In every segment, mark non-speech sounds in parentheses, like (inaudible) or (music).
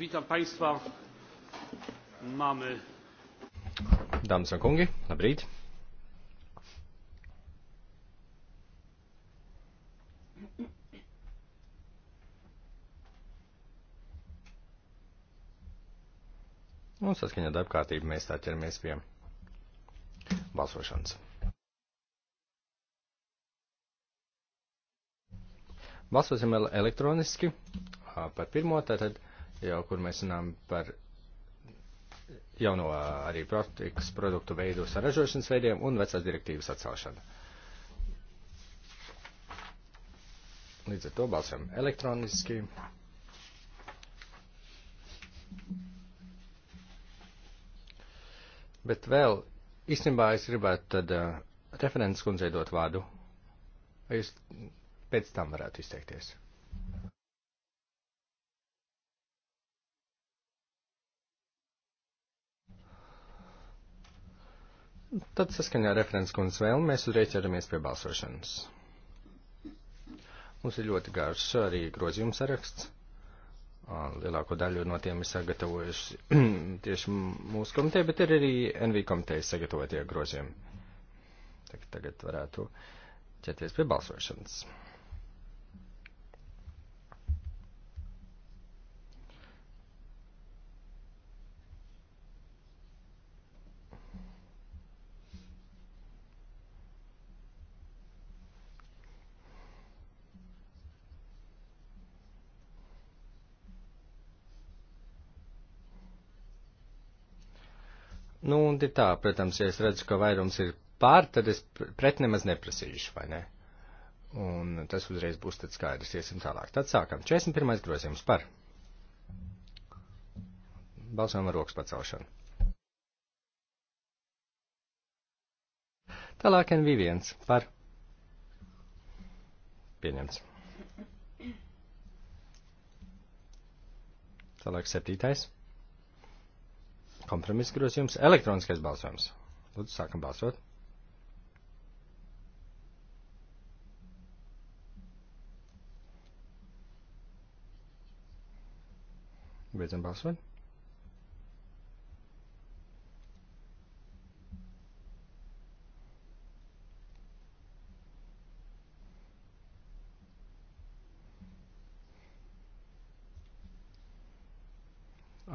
Witam Państwa. Mamy. Dāmas un kungi, labrīt! Un saskaņā darbkārtību mēs tā ķeramies pie balsošanas. Balsosim elektroniski par pirmo, tātad. Tā jau kur mēs runājam par jauno arī pārtikas produktu veidu saražošanas veidiem un vecās direktīvas atcelšanu. Līdz ar to balsam elektroniski. Bet vēl, īstenībā es gribētu tad uh, referents kundzei dot vārdu. Vai jūs pēc tam varētu izteikties? Tad saskaņā referents kundas vēlmi mēs uzreiz ķeramies pie balsošanas. Mums ir ļoti garš arī grozījums saraksts. Lielāko daļu no tiem ir sagatavojuši (clears throat) tieši mūsu komiteja, bet ir arī NV komitejas sagatavotie grozījumi. Tagad varētu ķerties pie balsošanas. nu, un ir tā, protams, ja es redzu, ka vairums ir pār, tad es pret nemaz neprasīšu, vai ne? Un tas uzreiz būs tad skaidrs, iesim tālāk. Tad sākam. 41. grozījums par. Balsojam ar rokas pacelšanu. Tālāk NV1 par. Pieņemts. Tālāk septītais. Kompromiss grozījums - elektroniskais balsojums. Lūdzu, sākam balsot. Beidzam balsot.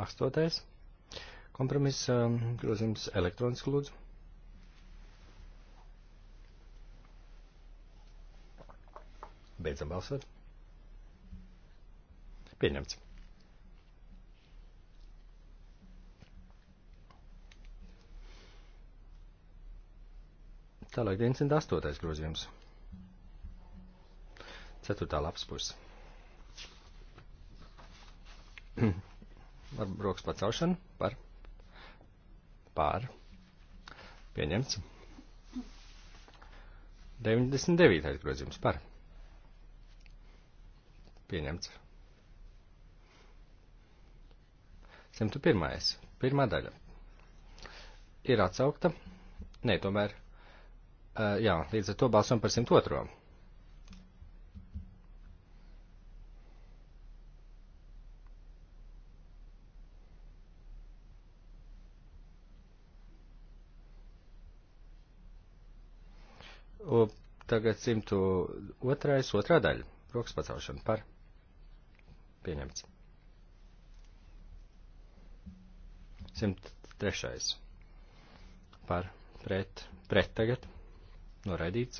Astotais. Kompromiss um, grozījums elektroniski lūdzu. Beidzam balsot. Pieņemts. Tālāk 98. grozījums. 4. lapas puse. Ar rokas (clears throat) pacelšanu par pār. Pieņemts. 99. grozījums par. Pieņemts. 101. Pirmā daļa. Ir atsaukta. Nē, tomēr. Uh, jā, līdz ar to balsojam par 102. O tagad 102. otrā daļa. Rokas pacelšana par. Pieņemts. 103. Par. Pret. Pret tagad. Noraidīts.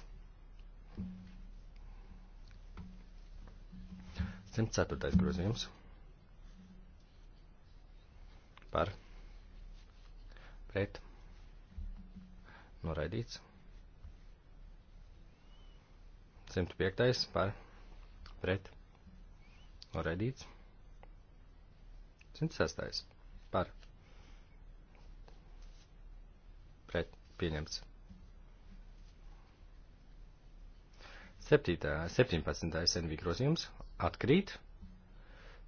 104. grozījums. Par. Pret. Noraidīts. 105. par pret noraidīts. 106. par pret pieņemts. 7. 17. NV grozījums atkrīt.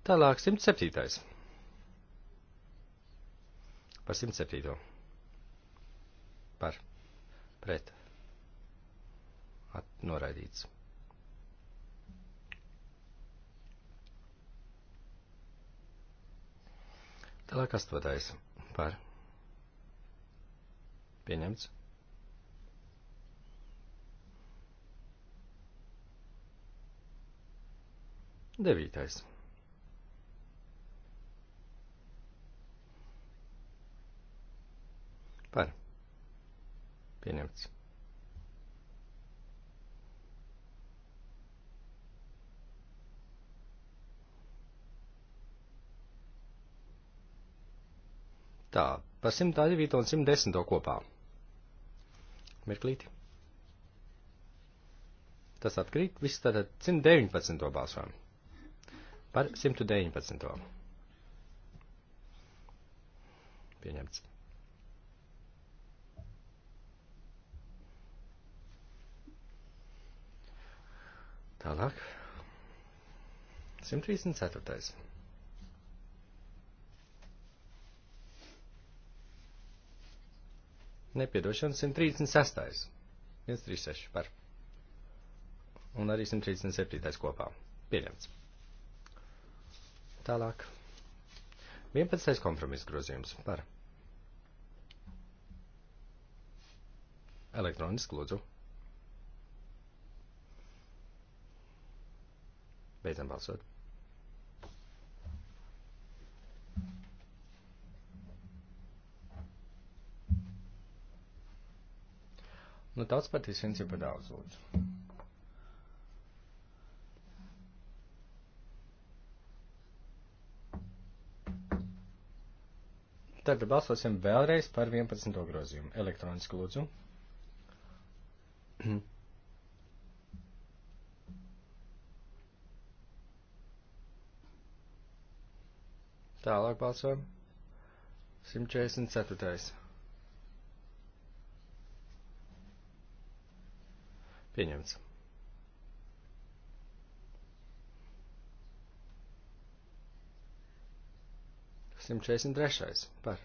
Tālāk 107. Par 107. Par pret. At, noraidīts. Tālāk astotais par pieņemts. Devītais. Par. Pieņemts. Tā, par 109 un 110 kopā. Mirklīti. Tas atkrīt, viss tātad 119 balsojam. Par 119. Pieņemts. Tālāk. 134. nepiedošana 136. 136 par. Un arī 137. kopā. Pieņemts. Tālāk. 11. kompromiss grozījums par. Elektroniski lūdzu. Beidzam balsot. Nu, tāds patīs viens ir par daudz, lūdzu. Tad balsosim vēlreiz par 11. grozījumu. Elektroniski lūdzu. Tālāk balsojam. 144. Pieņemts. Simt četrdesmit trešais par.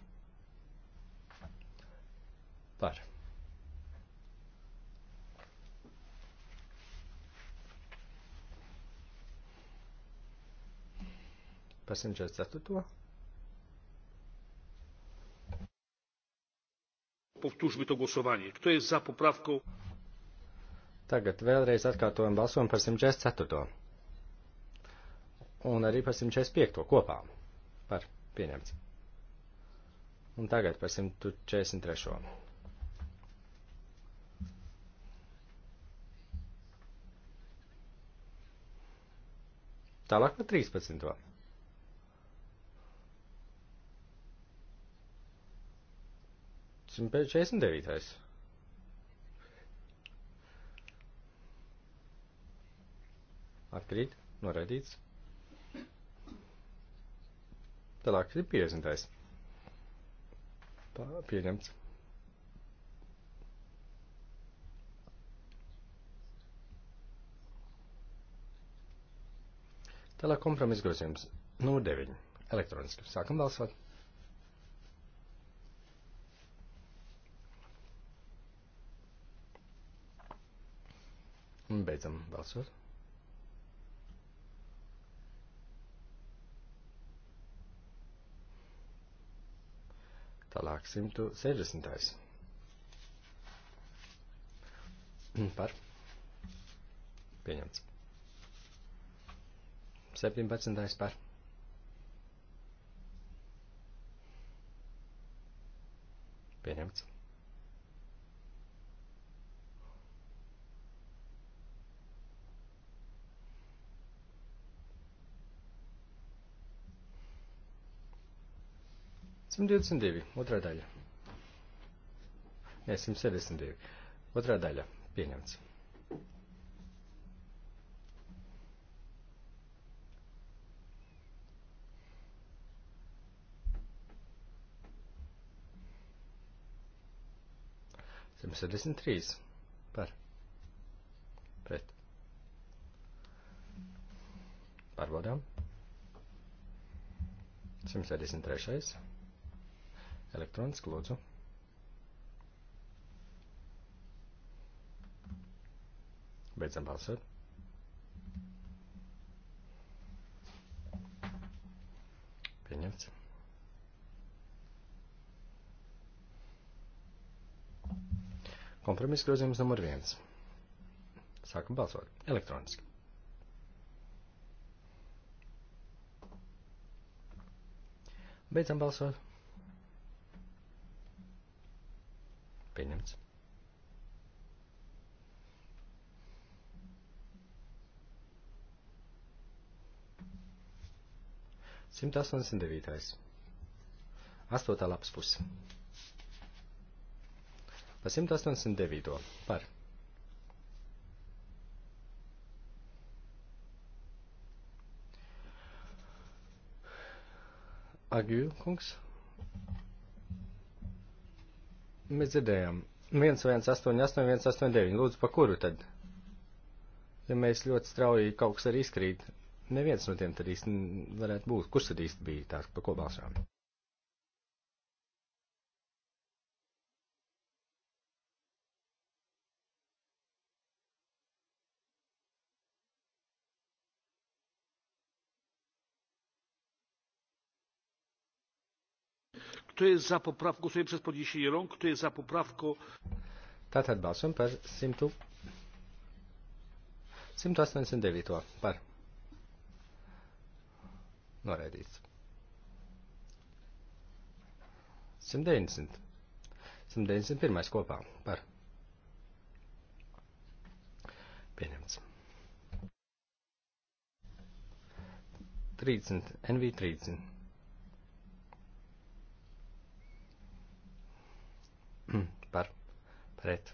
Par. Par simt četrdesmit ceturto. Powtórzmy to głosowanie. Kto jest za poprawką? Tagad vēlreiz atkārtojam balsojumu par 144. Un arī par 145. kopā. Par pieņemts. Un tagad par 143. Tālāk par 13. Simt pēc 49. Atkrīt. Noraidīts. Tālāk ir 50. Pieņemts. Tālāk kompromis grozījums. Nu, 9. Elektroniski. Sākam balsot. Un beidzam balsot. Tālāk 160. Mm, par. Pieņemts. 17. par. Pieņemts. 122. Otrā daļa. Nē, 172. Otrā daļa. Pieņemts. Simt sešdesmit trīs par pret. Pārbaudām. Simt sešdesmit trešais. Elektroniski lūdzu. Beidzam balsot. Pieņemts. Kompromiss grozījums numur viens. Sākam balsot elektroniski. Beidzam balsot. Pieņemts. Simt astoņdesmit devītais. Astotā lapas puse. Pa 189. par. Agil kungs. Mēs dzirdējām 1188, 189. Lūdzu, pa kuru tad? Ja mēs ļoti strauji kaut kas arī izkrīt, neviens no tiem tad īsti varētu būt. Kurš tad īsti bija tās, pa ko balsām? Kto ir za poprawką? Głosuję przez podniesienie rąk. Kto jest za poprawką? Tātad balsojam par 100, 189. Par. Noraidīts. 190. 191. kopā. Par. Pieņemts. 30. NV 30. (clears throat) par pret.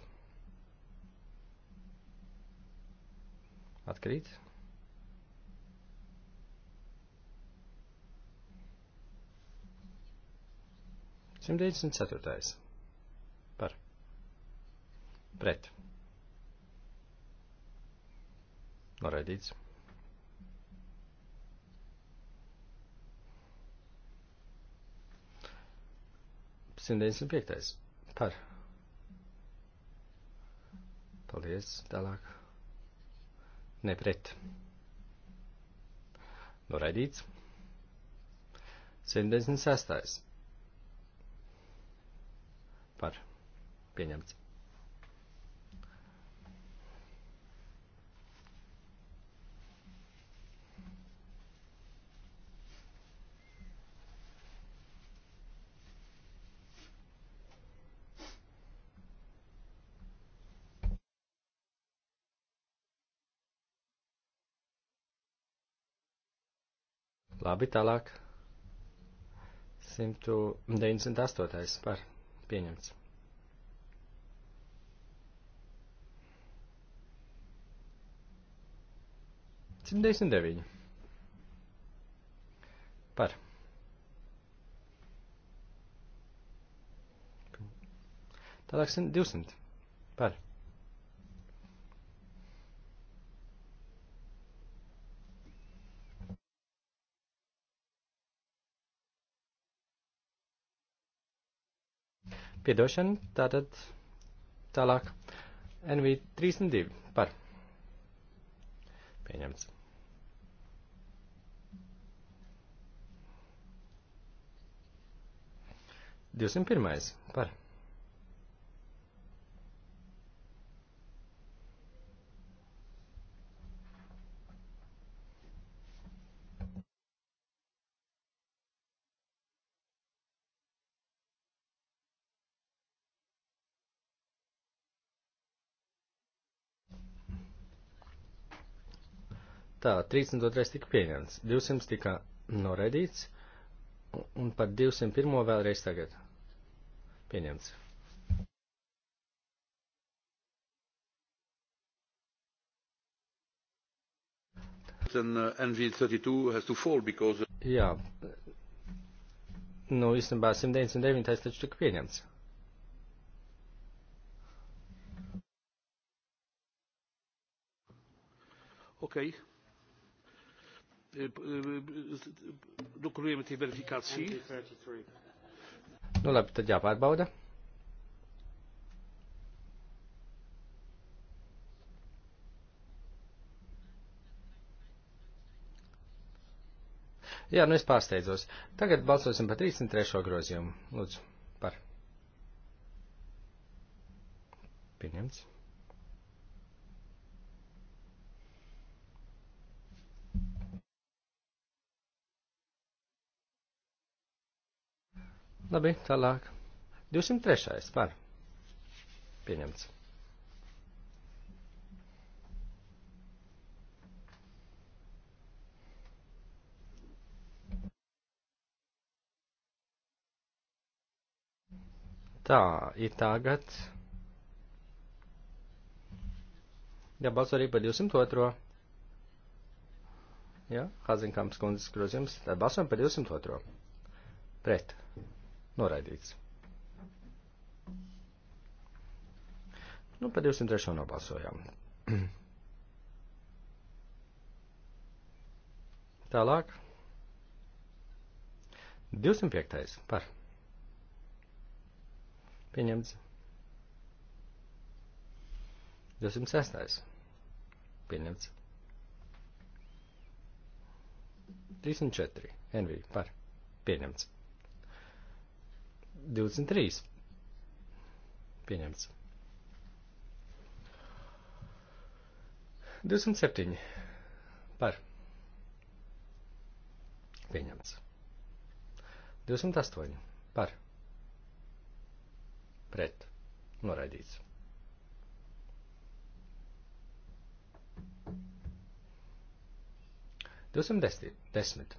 Atkrīt. Simt deviņdesmit ceturtais par pret. Noraidīts. Simt deviņdesmit piektais par. Paldies, tālāk. Ne pret. Noraidīts. 76. Par. Pieņemts. Labi, tālāk. 198. par pieņemts. Simt desmit deviņi. Par. Tālāk simt divsimt. Par. Piedošana, tātad tālāk. NV32 par. Pieņemts. Divsimt pirmais par. Tā, 32. tika pieņemts, 200 tika noraidīts, un par 201. vēlreiz tagad pieņemts. And, uh, NV32 has to fall because... Jā, nu, īstenībā 199. taču tika pieņemts. Okay dokonujemy tej weryfikacji. Nu labi, tad jāpārbauda. Jā, nu es pārsteidzos. Tagad balsosim par 33. grozījumu. Lūdzu, par. Pieņemts. Labi, tālāk. 203. par. Pieņemts. Tā, ir tagad. Jābalso arī par 202. Jā, Hazinkamps kundzes grozījums. Tad balsojam par 202. Pret. Noraidīts. Nu, par 203. nobalsojām. (clears throat) Tālāk. 205. par. Pieņemts. 206. Pieņemts. 304. NV par. Pieņemts. 23. Pieņemts. 207. Par. Pieņemts. 208. Par. Pret. Noraidīts. Dosim desmit. desmit.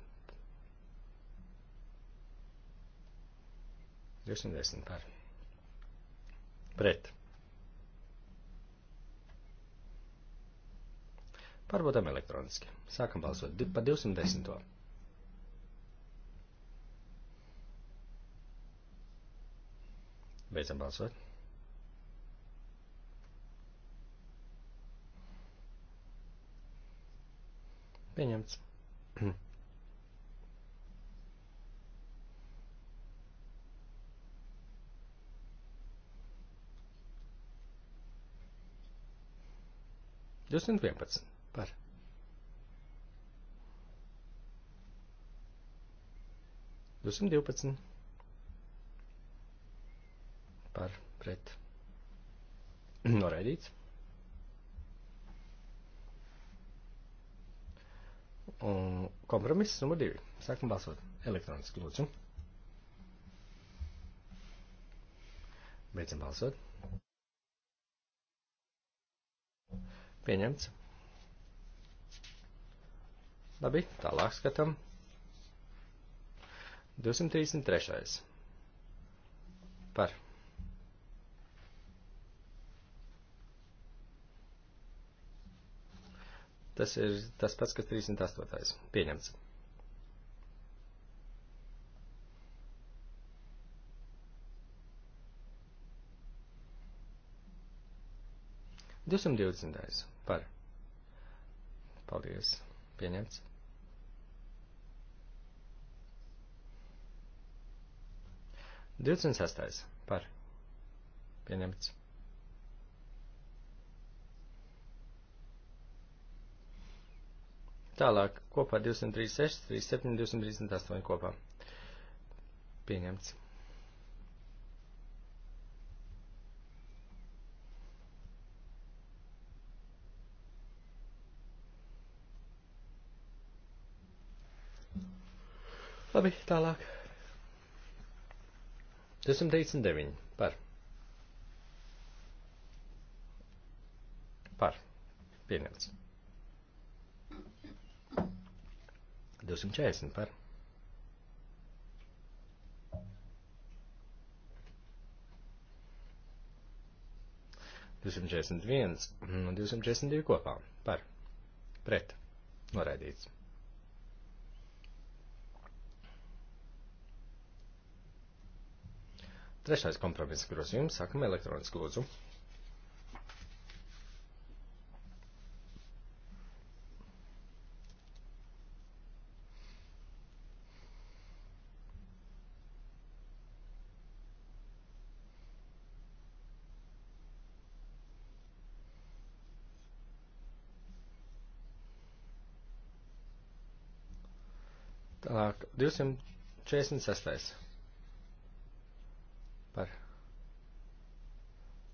210 par. Pret. Pārbaudām elektroniski. Sākam balsot par 210. Beidzam balsot. Pieņemts. (clears throat) 211 par. Dosim 12 par pret noraidīts. Un kompromiss numur 2. Sākam balsot elektroniski lūdzu. Beidzam balsot. Pieņemts. Labi, tālāk skatām. 233. Par. Tas ir tas pats, kas 38. Pieņemts. 220. par. Paldies. Pieņemts. Divdesmit sestais par pieņemts. Tālāk kopā 236, 37, 238 kopā pieņemts. Labi, tālāk. 239 par. Par. Pieņemts. 240 par. Divsimt četrdesmit viens un divsimt četrdesmit divi kopā par pret noraidīts. Trešais kompromiss grozījums. Sākam elektroniski lūdzu. Tālāk, 246.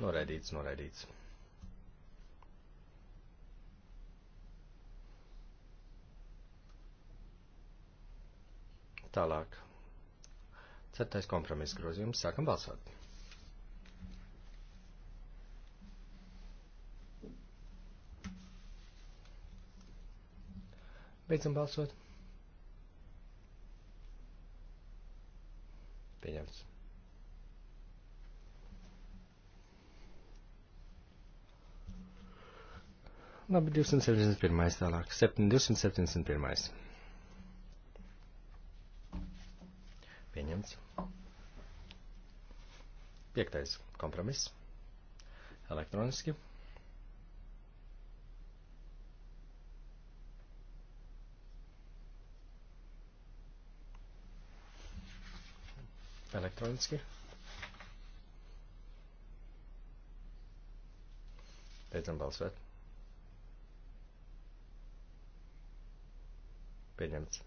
Noraidīts, noraidīts. Tālāk. Ceturtais kompromiss grozījums. Sākam balsot. Beidzam balsot. Pieņemts. Labi, 271. tālāk. 7, 271. Pieņemts. Piektais kompromiss. Elektroniski. Elektroniski. Beidzam balsot. Pieņemts.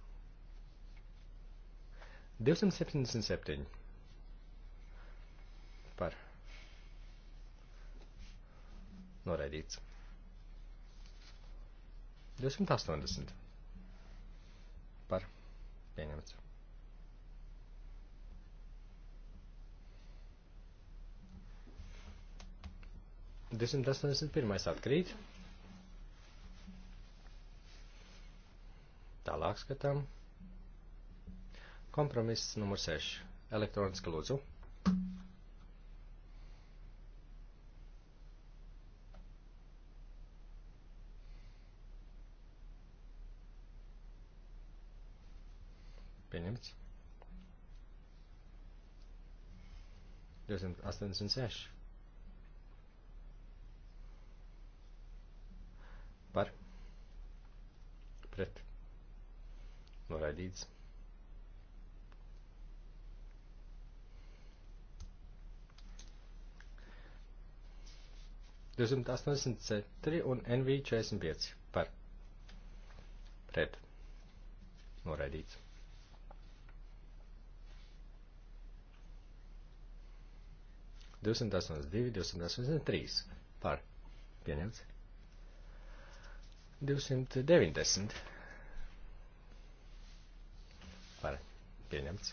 277 par noraidīts. 280 par pieņemts. Divsimt astoņdesmit pirmais atkrīt. Tālāk skatām. Kompromiss numur 6. Elektroniski lūdzu. Pieņemts. 286. Par. Pret noraidīts. Nu, divsimt astoņdesmit četri un NV četrdesmit pieci par pret noraidīts. Nu, divsimt astoņdesmit divi, divsimt astoņdesmit trīs par pieņemts. Divsimt deviņdesmit pieņemts.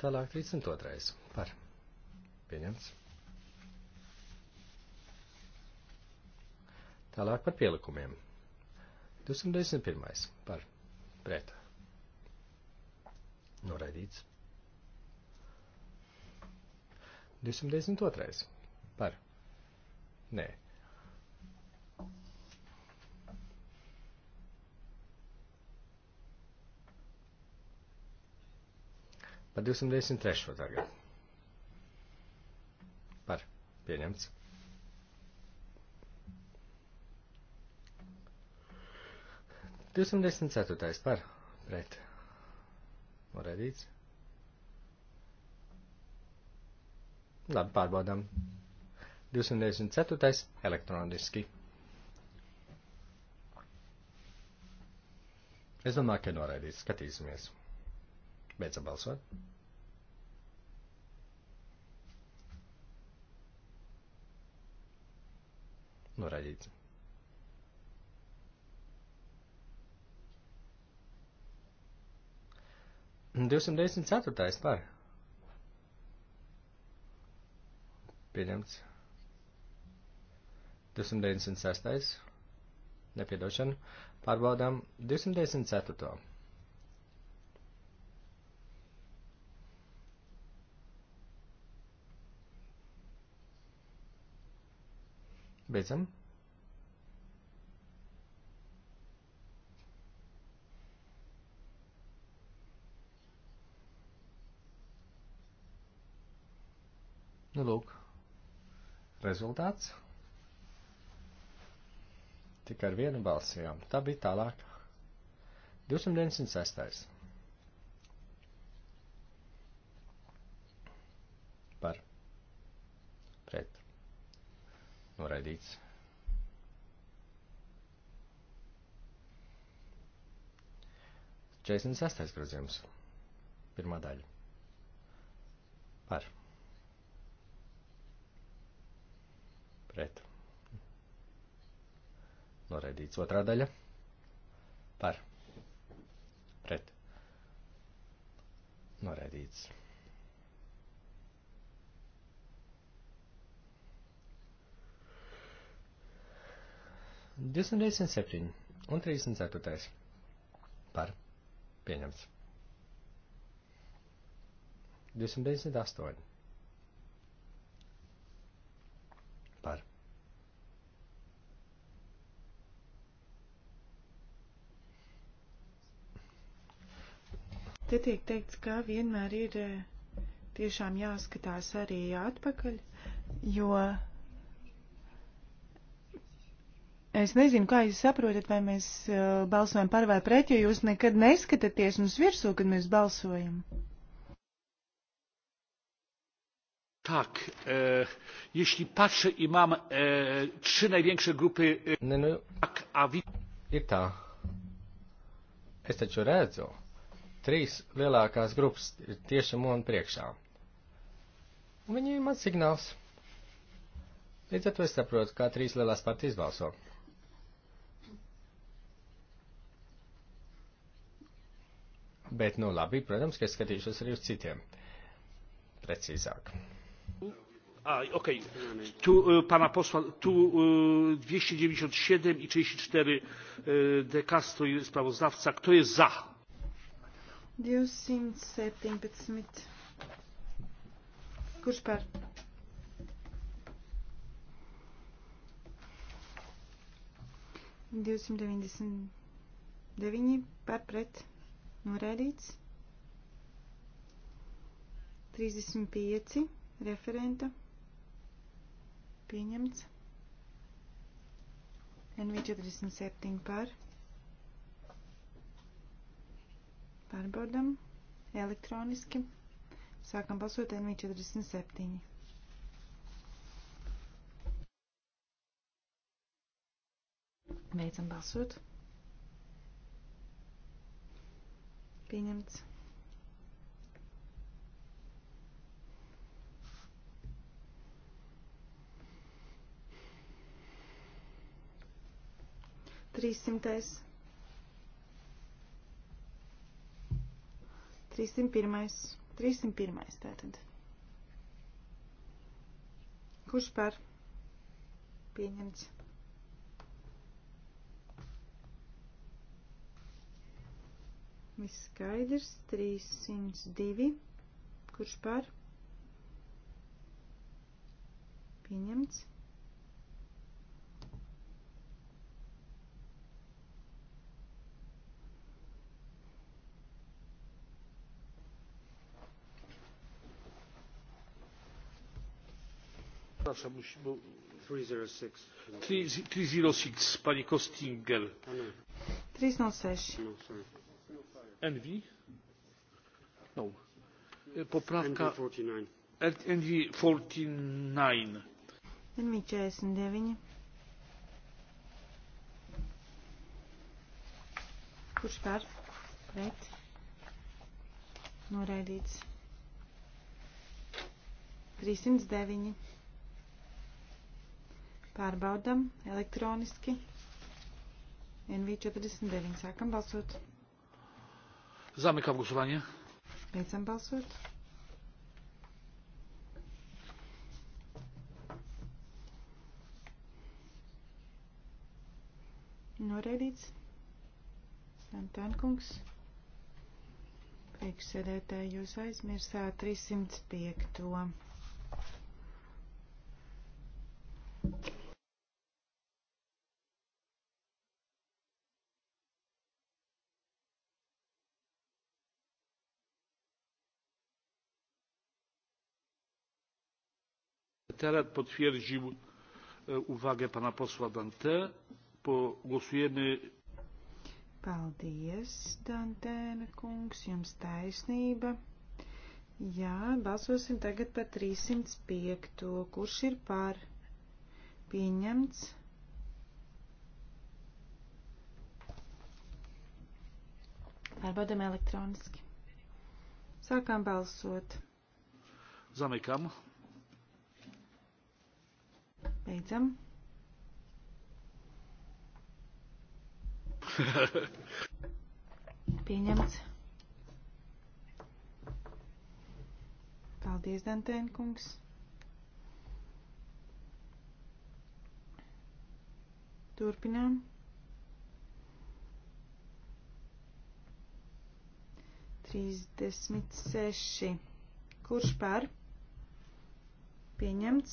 Tālāk 32. par pieņemts. Tālāk par pielikumiem. 291. par pret. Noraidīts. 292. par. Nē. Par 293. tagad. Par. Pieņemts. Divsimtdesmit ceturtais par pret. Redīts. Labi, pārbaudām. 294. elektroniski. Es domāju, ka noraidīts. Skatīsimies. Beidzam balsot. Noraidīts. Divsimt desmit ceturtais par. Pieņemts. 296. Nepiedošana. Pārbaudām 294. Beidzam. Nu, lūk, rezultāts. Tikai ar vienu balsījām. Tā bija tālāk. 296. Par. Pret noraidīts. Četrdesmit sestais grozījums, pirmā daļa. Par. Pret. Noraidīts otrā daļa. Par. Pret. Noraidīts. 27 un 34. par pieņemts. 298 par Te tiek teikts, ka vienmēr ir eh, tiešām jāskatās arī atpakaļ, jo Es nezinu, kā jūs saprotat, vai mēs uh, balsojam par vai pret, jo jūs nekad neskatāties mums virsū, kad mēs balsojam. Tak, e, jeśli patrzę i mam e, trzy największe grupy e, ne, nu, tak, a vi... Ir tā. Es taču redzu, trīs lielākās grupas ir tieši man priekšā. Un viņi ir mans signāls. Līdz ar to es saprotu, kā trīs lielās partijas balso. bet, nu, labi, protams, ka es skatīšos arī uz citiem precīzāk. Okej, okay. tu e, pana posła, tu 297 e, i 34 e, De Castro i sprawozdawca. Kto jest za? 217. Kurš par? Divsimt deviņdesmit deviņi par pret. Norādīts. 35 referenta pieņemts. NV47 par. Pārbaudam elektroniski. Sākam balsot NV47. Beidzam balsot. Pieņemts. Trīsimtais. Trīsim pirmais. Trīsim pirmais tātad. Kurš par? Pieņemts. Viss skaidrs. 302. Kurš par? Pieņemts. przepraszam bo pani kstinger envi no poprawka envi 49 envi 49 kurš par pret noraidīts 309 pārbaudam elektroniski NV49 sākam balsot Zamykam głosowanie. Beidzam balsot. Noraidīts. Antānkungs. Priekšsēdētāji, jūs aizmirsāt 305. sekretariat potwierdził e, uwagę pana posła Dante. Głosujemy. Paldies, Dantēna kungs, jums taisnība. Jā, balsosim tagad par 305. Kurš ir par? Pieņemts. Pārbaudam elektroniski. Sākām balsot. Zamykam. Beidzam. (laughs) Pieņemts. Paldies, Dantēna kungs. Turpinām. Trīsdesmit seši. Kurš par? Pieņemts.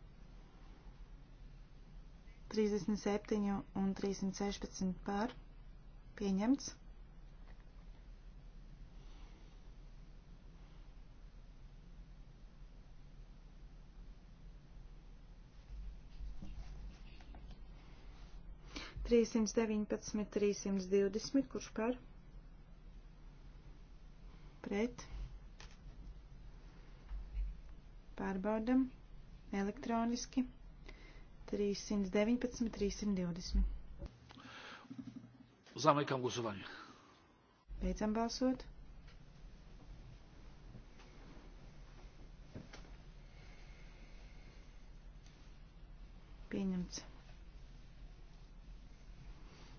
37 un 316 par pieņemts. Trīsimts deviņpadsmit, trīsimts divdesmit, kurš par? Pret. Pārbaudam elektroniski. 319. 319, 320. Zamykam głosowanie. Beidzam balsot. Pieņemts.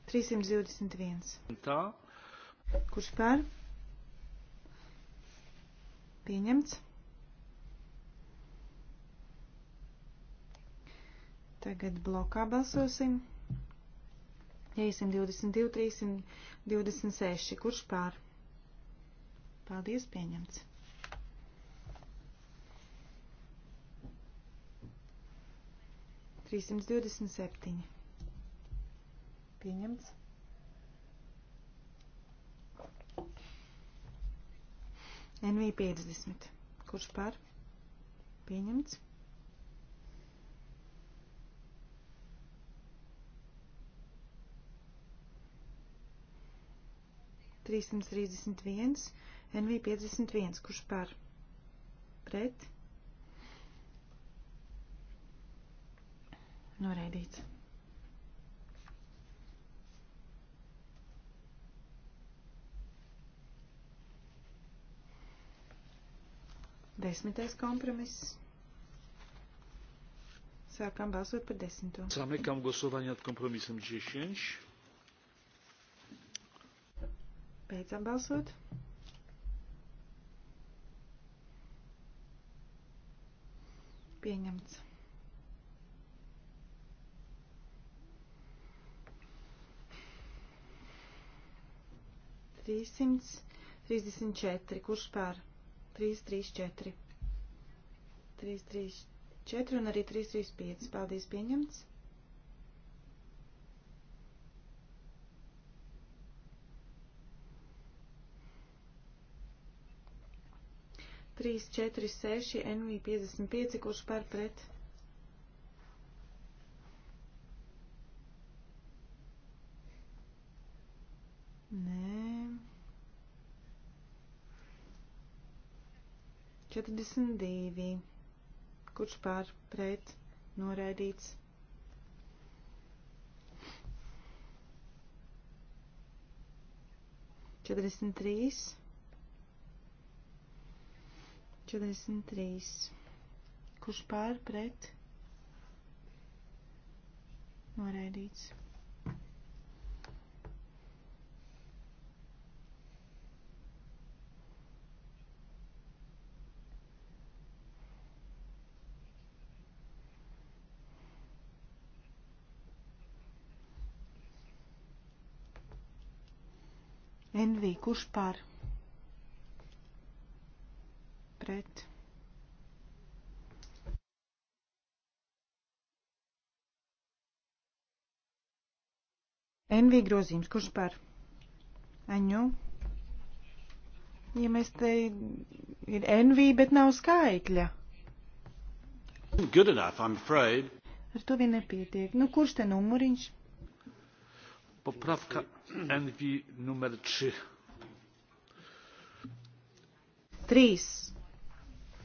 321. Tā. Kurš pār? Pieņemts. Tagad blokā balsosim. 322, 326. Kurš pār? Paldies, pieņemts. Trīsimt divdesmit septiņi. Pieņemts. NV 50. Kurš par? Pieņemts. 331, NV51, kurš par pret noraidīts. Desmitais kompromiss. Sākam balsot par desmito. Zamykam głosowanie nad kompromisem 10. Beidzam balsot. Pieņemts. Trīsimts trīsdesmit četri. Kurš pār? Trīs, trīs, četri. Trīs, trīs, četri un arī trīs, trīs, pieci. Paldies, pieņemts. 3, 4, 6, NV 55, kurš par pret. Nē. 42. Kurš pār pret noraidīts? Četrdesmit trīs. 43. Kurš pār pret noraidīts. Envī, kurš par? pret. NV grozījums, kurš par aņu? Ja mēs te ir NV, bet nav skaitļa. Good enough, I'm afraid. Ar to vien nepietiek. Nu, kurš te numuriņš? Poprawka NV numer 3. 3.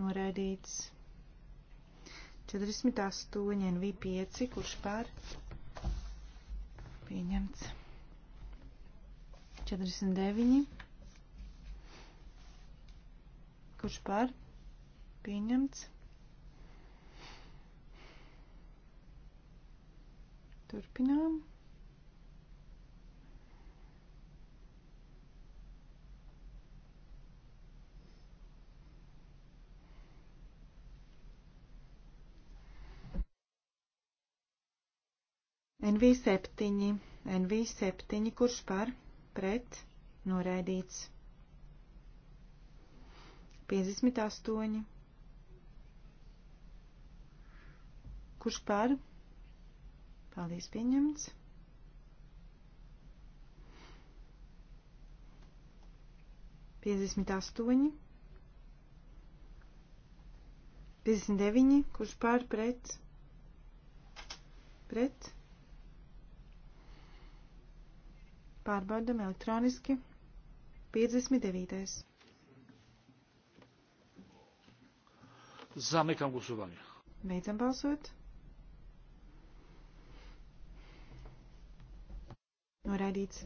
Noraidīts. 48 NV5, kurš pār? Pieņemts. 49. Kurš pār? Pieņemts. Turpinām. NV7, NV7, kurš par pret noraidīts. 58. Kurš par? Paldies, pieņemts. Piecdesmit astoņi, piecdesmit deviņi, kurš pār pret, pret, Pārbaudam elektroniski. 59. Zamykam głosowanie. Beidzam balsot. Noraidīts.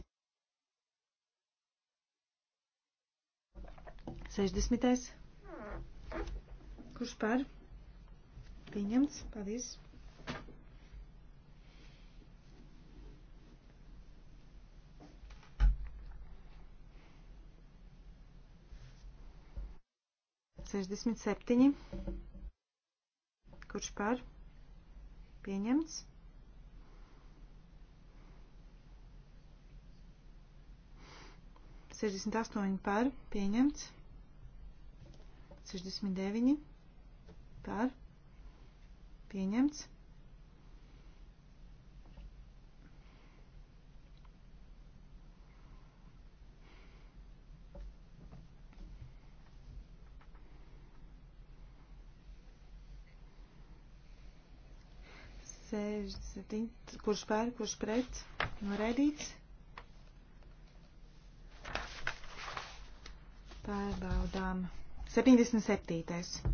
60. Kurš par? Pieņemts. Paldies. 67. Kurš par? Pieņemts. Sešdesmit astoņi par, pieņemts. Sešdesmit deviņi par, pieņemts. 67, kurš pār, kurš pret, noraidīts. Pārbaudām. 77.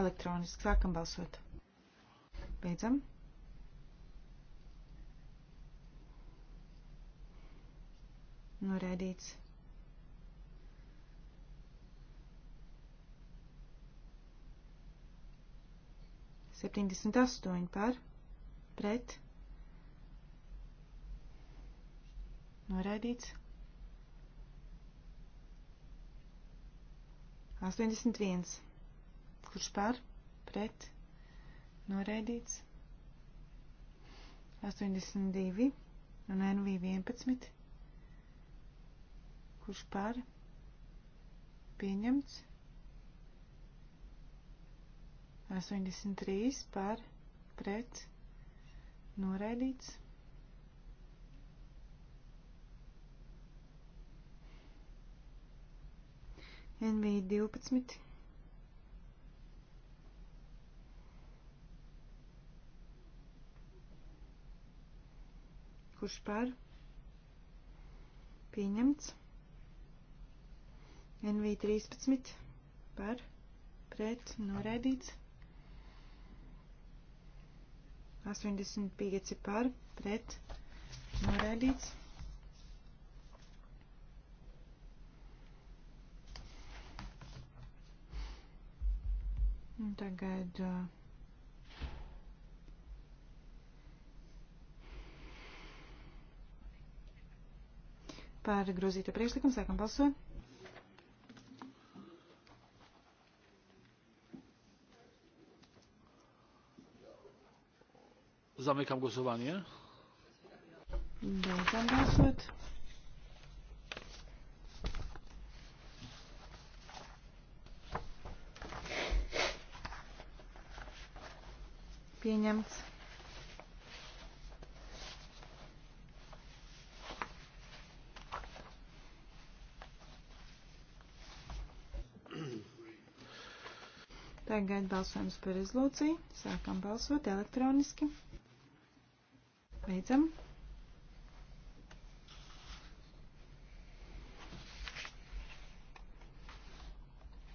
Elektroniski sākam balsot. Beidzam. Noraidīts. Septiņdesmit astoņi par pret, noraidīts. 81. Kurš par, pret, noraidīts. 82 un NV11. Kurš par, pieņemts. 83 par, pret, noraidīts. Noraidīts. NV 12. Kurš par? Pieņemts. NV 13. Par? Pret? Noraidīts. 85 par pret norēdīts. Un tagad uh, par grozīto priekšlikumu sākam balsot. Zamykam głosowanie. Błagam głosować. Pieniądz. Tagad balsojums par rezolūciju. Sākam balsot elektroniski. Beidzam.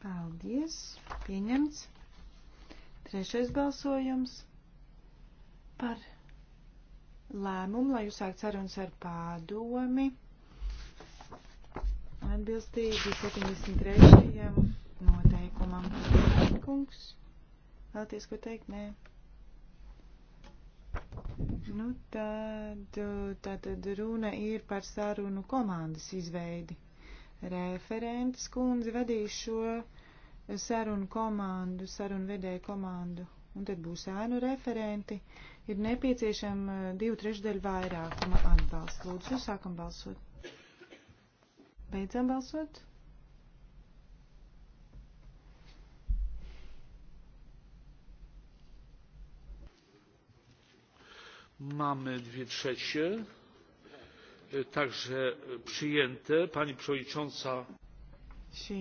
Paldies. Pieņemts. Trešais balsojums par lēmumu, lai uzsākt sarunas ar pādomi. Atbilstīgi 73. noteikumam. Kungs, vēlties ko teikt? Nē. Nu, tad, tad runa ir par sarunu komandas izveidi. Referentes kundze vadīs šo sarunu komandu, sarunu vedēju komandu, un tad būs ēnu referenti. Ir nepieciešama divu trešdaļu vairākuma atbalsts. Lūdzu, sākam balsot. Beidzam balsot. mamy dwie trzecie e, także przyjęte. Pani przewodnicząca. Šī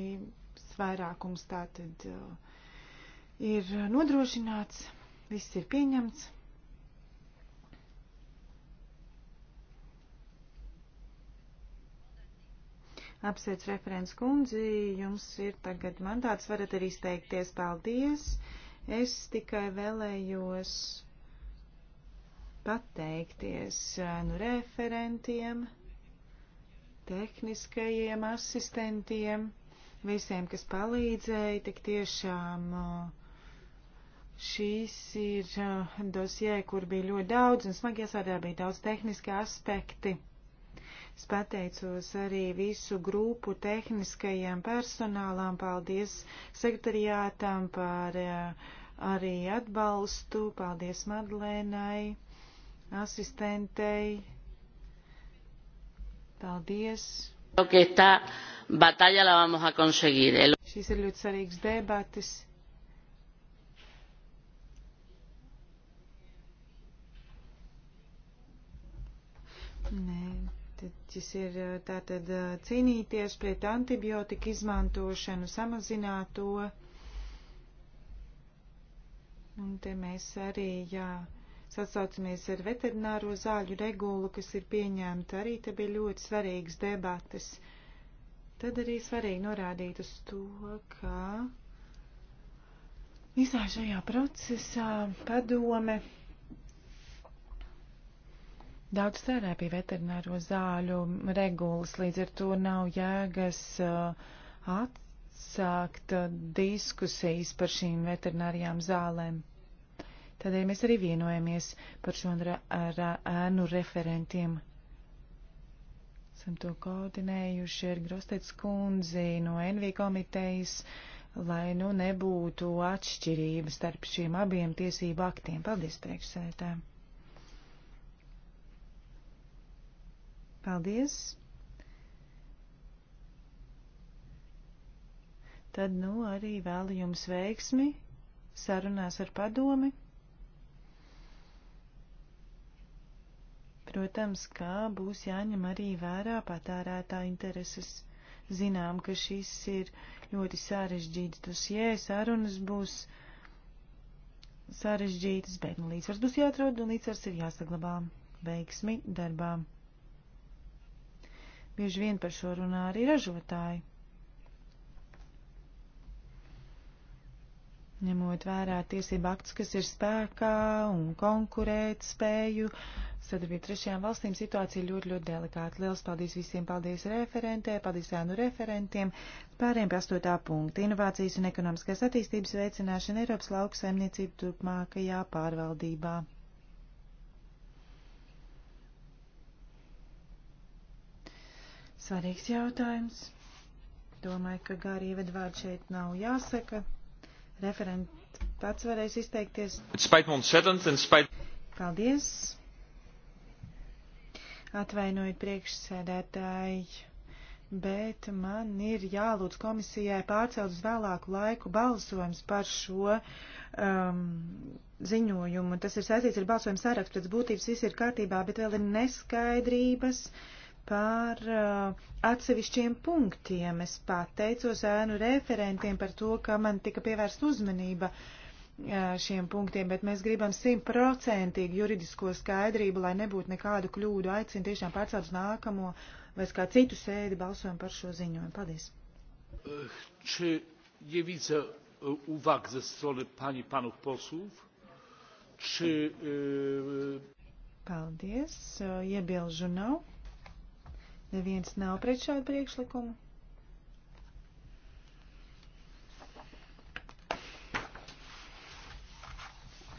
svairākums tātad ir nodrošināts, viss ir pieņemts. Apsveic referents kundzi, jums ir tagad mandāts, varat arī izteikties paldies. Es tikai vēlējos pateikties eh, nu, referentiem, tehniskajiem asistentiem, visiem, kas palīdzēja, tik tiešām eh, šīs ir eh, dosie, kur bija ļoti daudz un smagi iesādā bija daudz tehniski aspekti. Es pateicos arī visu grupu tehniskajiem personālām, paldies sekretariātām par arī atbalstu, paldies Madlēnai asistentei. Paldies! ka esta batalla la vamos a conseguir. El... Šis ir ļoti svarīgs debatis. Nē, tad šis ir eh, tātad eh, cīnīties pret antibiotika izmantošanu, samazināt to. Un te mēs arī, jā. Ja, sasaucamies ar veterināro zāļu regulu, kas ir pieņēmta, arī te bija ļoti svarīgas debates. Tad arī svarīgi norādīt uz to, ka visā šajā procesā padome daudz strādā pie veterināro zāļu regulas, līdz ar to nav jēgas uh, atsākt uh, diskusijas par šīm veterinārijām zālēm. Tādēļ mēs arī vienojamies par šo ar ēnu referentiem. Esam to koordinējuši ar Grostets kundzi no NV komitejas, lai nu nebūtu atšķirības starp šiem abiem tiesību aktiem. Paldies, priekšsēdētājiem! Paldies! Tad, nu, arī vēlu jums veiksmi sarunās ar padomi. Protams, kā būs jāņem arī vērā patērētā intereses. Zinām, ka šis ir ļoti sarežģīts dosie, sarunas būs sarežģītas, bet nu, līdzsvars būs jāatrod un līdzsvars ir jāsaglabā veiksmi darbā. Bieži vien par šo runā arī ražotāji. ņemot vērā tiesību aktus, kas ir spēkā un konkurēt spēju. Sadarbība trešajām valstīm situācija ļoti, ļoti delikāta. Liels paldies visiem, paldies referentē, paldies ēnu referentiem. Pāriem pie astotā punkta. Inovācijas un ekonomiskās attīstības veicināšana Eiropas lauksaimniecību turpmākajā pārvaldībā. Svarīgs jautājums. Domāju, ka gārī ievadvārds šeit nav jāsaka. Referent pats varēs izteikties. Paldies. Atvainojiet priekšsēdētāji, bet man ir jālūdz komisijai pārcelt uz vēlāku laiku balsojums par šo um, ziņojumu. Tas ir saistīts ar balsojumu sarakstu, pēc būtības viss ir kārtībā, bet vēl ir neskaidrības. Uh, par uh, atsevišķiem punktiem. Es pateicos ēnu referentiem par to, ka man tika pievērsta uzmanība uh, šiem punktiem, bet mēs gribam simtprocentīgi juridisko skaidrību, lai nebūtu nekādu kļūdu. Aicinu tiešām pārcelt uz nākamo vai kā citu sēdi balsojumu par šo ziņojumu. Paldies. Či eh, nie widzę uwag ze strony pani panów posłów? Czy... Y... Paldies. Iebilžu nav. Neviens nav pret šādu priekšlikumu.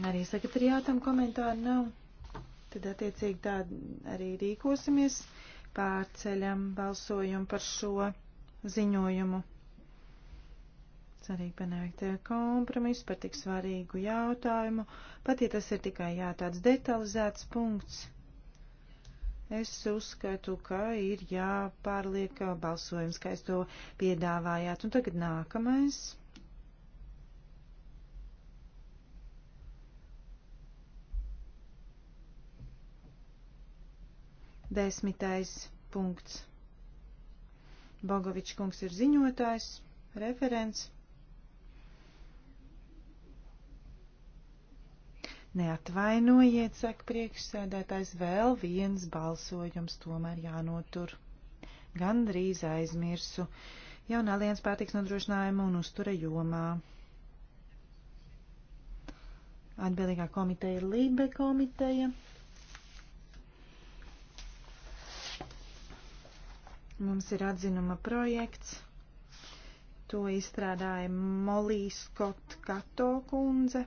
Arī sekretariātam komentāru nav. Tad attiecīgi tā arī rīkosimies. Pārceļam balsojumu par šo ziņojumu. Svarīgi panākt kompromisu par tik svarīgu jautājumu, pat ja tas ir tikai jā, tāds detalizēts punkts. Es uzskatu, ka ir jāpārliek balsojums, kā es to piedāvājāt. Un tagad nākamais. Desmitais punkts. Bogovičs kungs ir ziņotājs, referents. Neatvainojiet, saka priekšsēdētājs, vēl viens balsojums tomēr jānotur. Gan drīz aizmirsu. Jauna alians pārtiks nodrošinājuma un uztura jomā. Atbildīgā komiteja ir Lībe komiteja. Mums ir atzinuma projekts. To izstrādāja Molī Skot Kato kundze.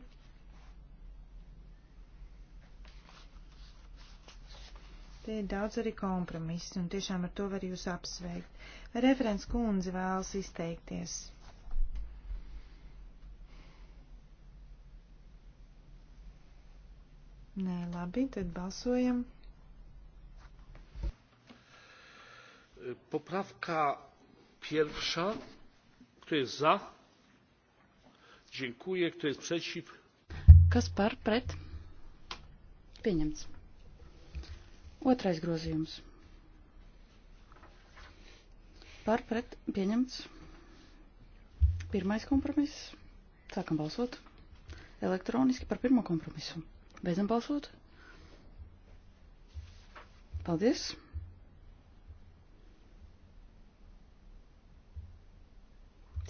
Te ir daudz arī kompromiss, un tiešām ar to var jūs apsveikt. Referents kundze vēlas izteikties. Nē, labi, tad balsojam. Poprawka pierwsza. Kto jest za? Dziękuję. Kto jest przeciw? Kas par pret? Pieņemts. Otrais grozījums. Par pret pieņemts. Pirmais kompromiss. Sākam balsot. Elektroniski par pirmo kompromisu. Beidzam balsot. Paldies.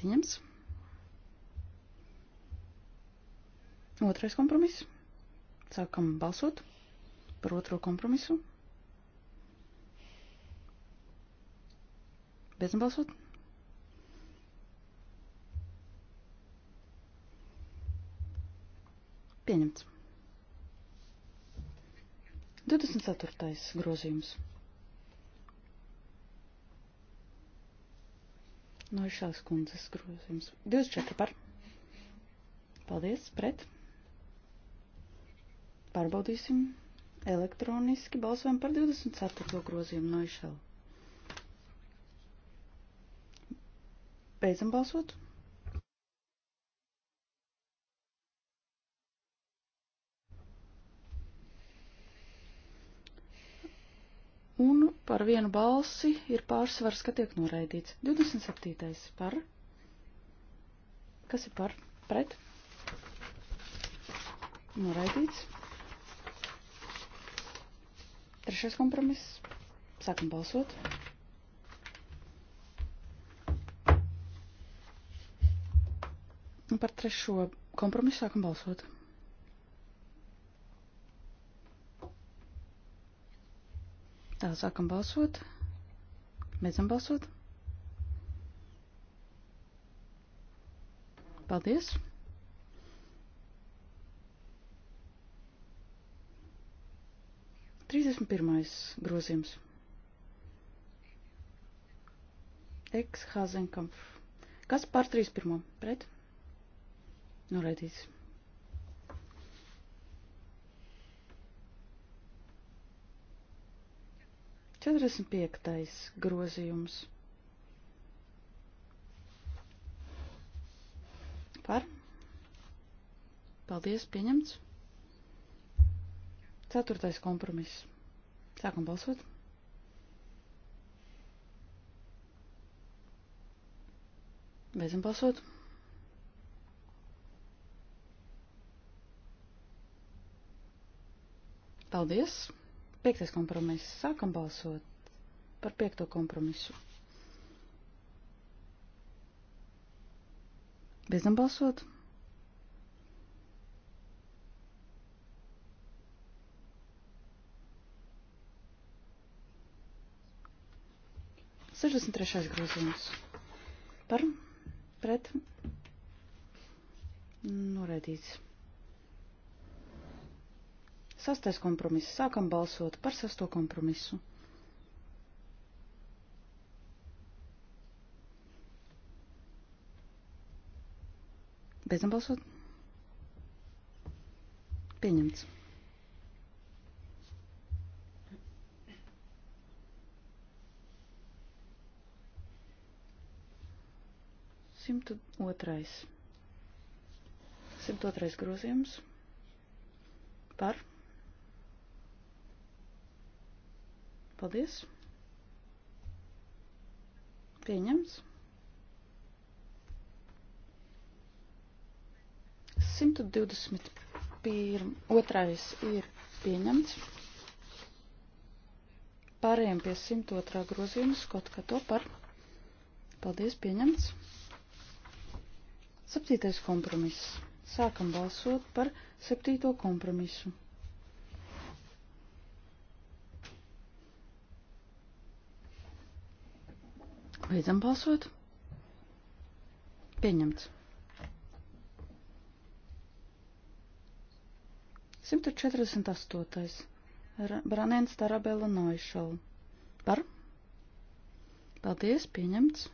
Pieņemts. Otrais kompromiss. Sākam balsot par otro kompromisu. Beidzam balsot. Pieņemts. 24. grozījums. No šās kundzes grozījums. 24 par. Paldies, pret. Pārbaudīsim elektroniski balsojumu par 24. grozījumu no Išela. Beidzam balsot. Un par vienu balsi ir pārsvars, ka tiek noraidīts. 27. par. Kas ir par? Pret. Noraidīts. Trešais kompromiss. Sākam balsot. Nu, par trešo kompromisu sākam balsot. Tā, sākam balsot. Beidzam balsot. Paldies! Trīsdesmit pirmais grozījums. Ex Hazenkampf. Kas par 31? Pret? Noraidīts. Četrdesmit piektais grozījums. Par. Paldies, pieņemts. Ceturtais kompromiss. Sākam balsot. Beidzam balsot. Paldies! Piektais kompromiss. Sākam balsot par piekto kompromisu. Beidzam balsot. Sešdesmit trešais grozījums. Par, pret, noraidīts. Sastais kompromiss. Sākam balsot par sasto kompromisu. Beidzam balsot. Pieņemts. Simtu otrais. Simtu otrais grozījums par Paldies. Pieņems. 121. Otrais ir pieņemts. Pārējiem pie 102. grozījuma skot, ka to par. Paldies, pieņemts. Septītais kompromiss. Sākam balsot par septīto kompromisu. Beidzam balsot. Pieņemts. 148. Branēns Tarabela Noišala. Par? Paldies, pieņemts.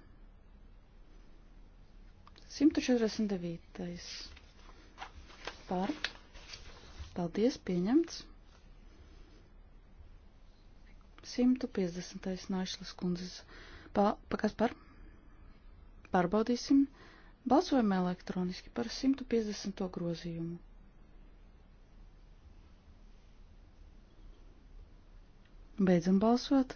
149. Par? Paldies, pieņemts. 150. Noišlas kundzes Pa, pa kas par? Pārbaudīsim. Balsojam elektroniski par 150. grozījumu. Beidzam balsot.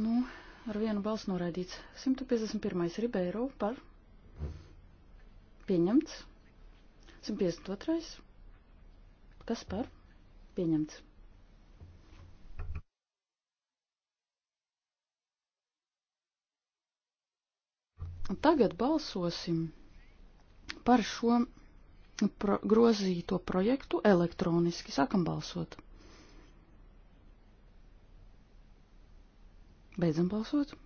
Nu, ar vienu balsu noraidīts. 151. Ribeiro par pieņemts. 152. Kas par? Pieņemts. Un tagad balsosim par šo pro grozīto projektu elektroniski. Sākam balsot. Beidzam balsot.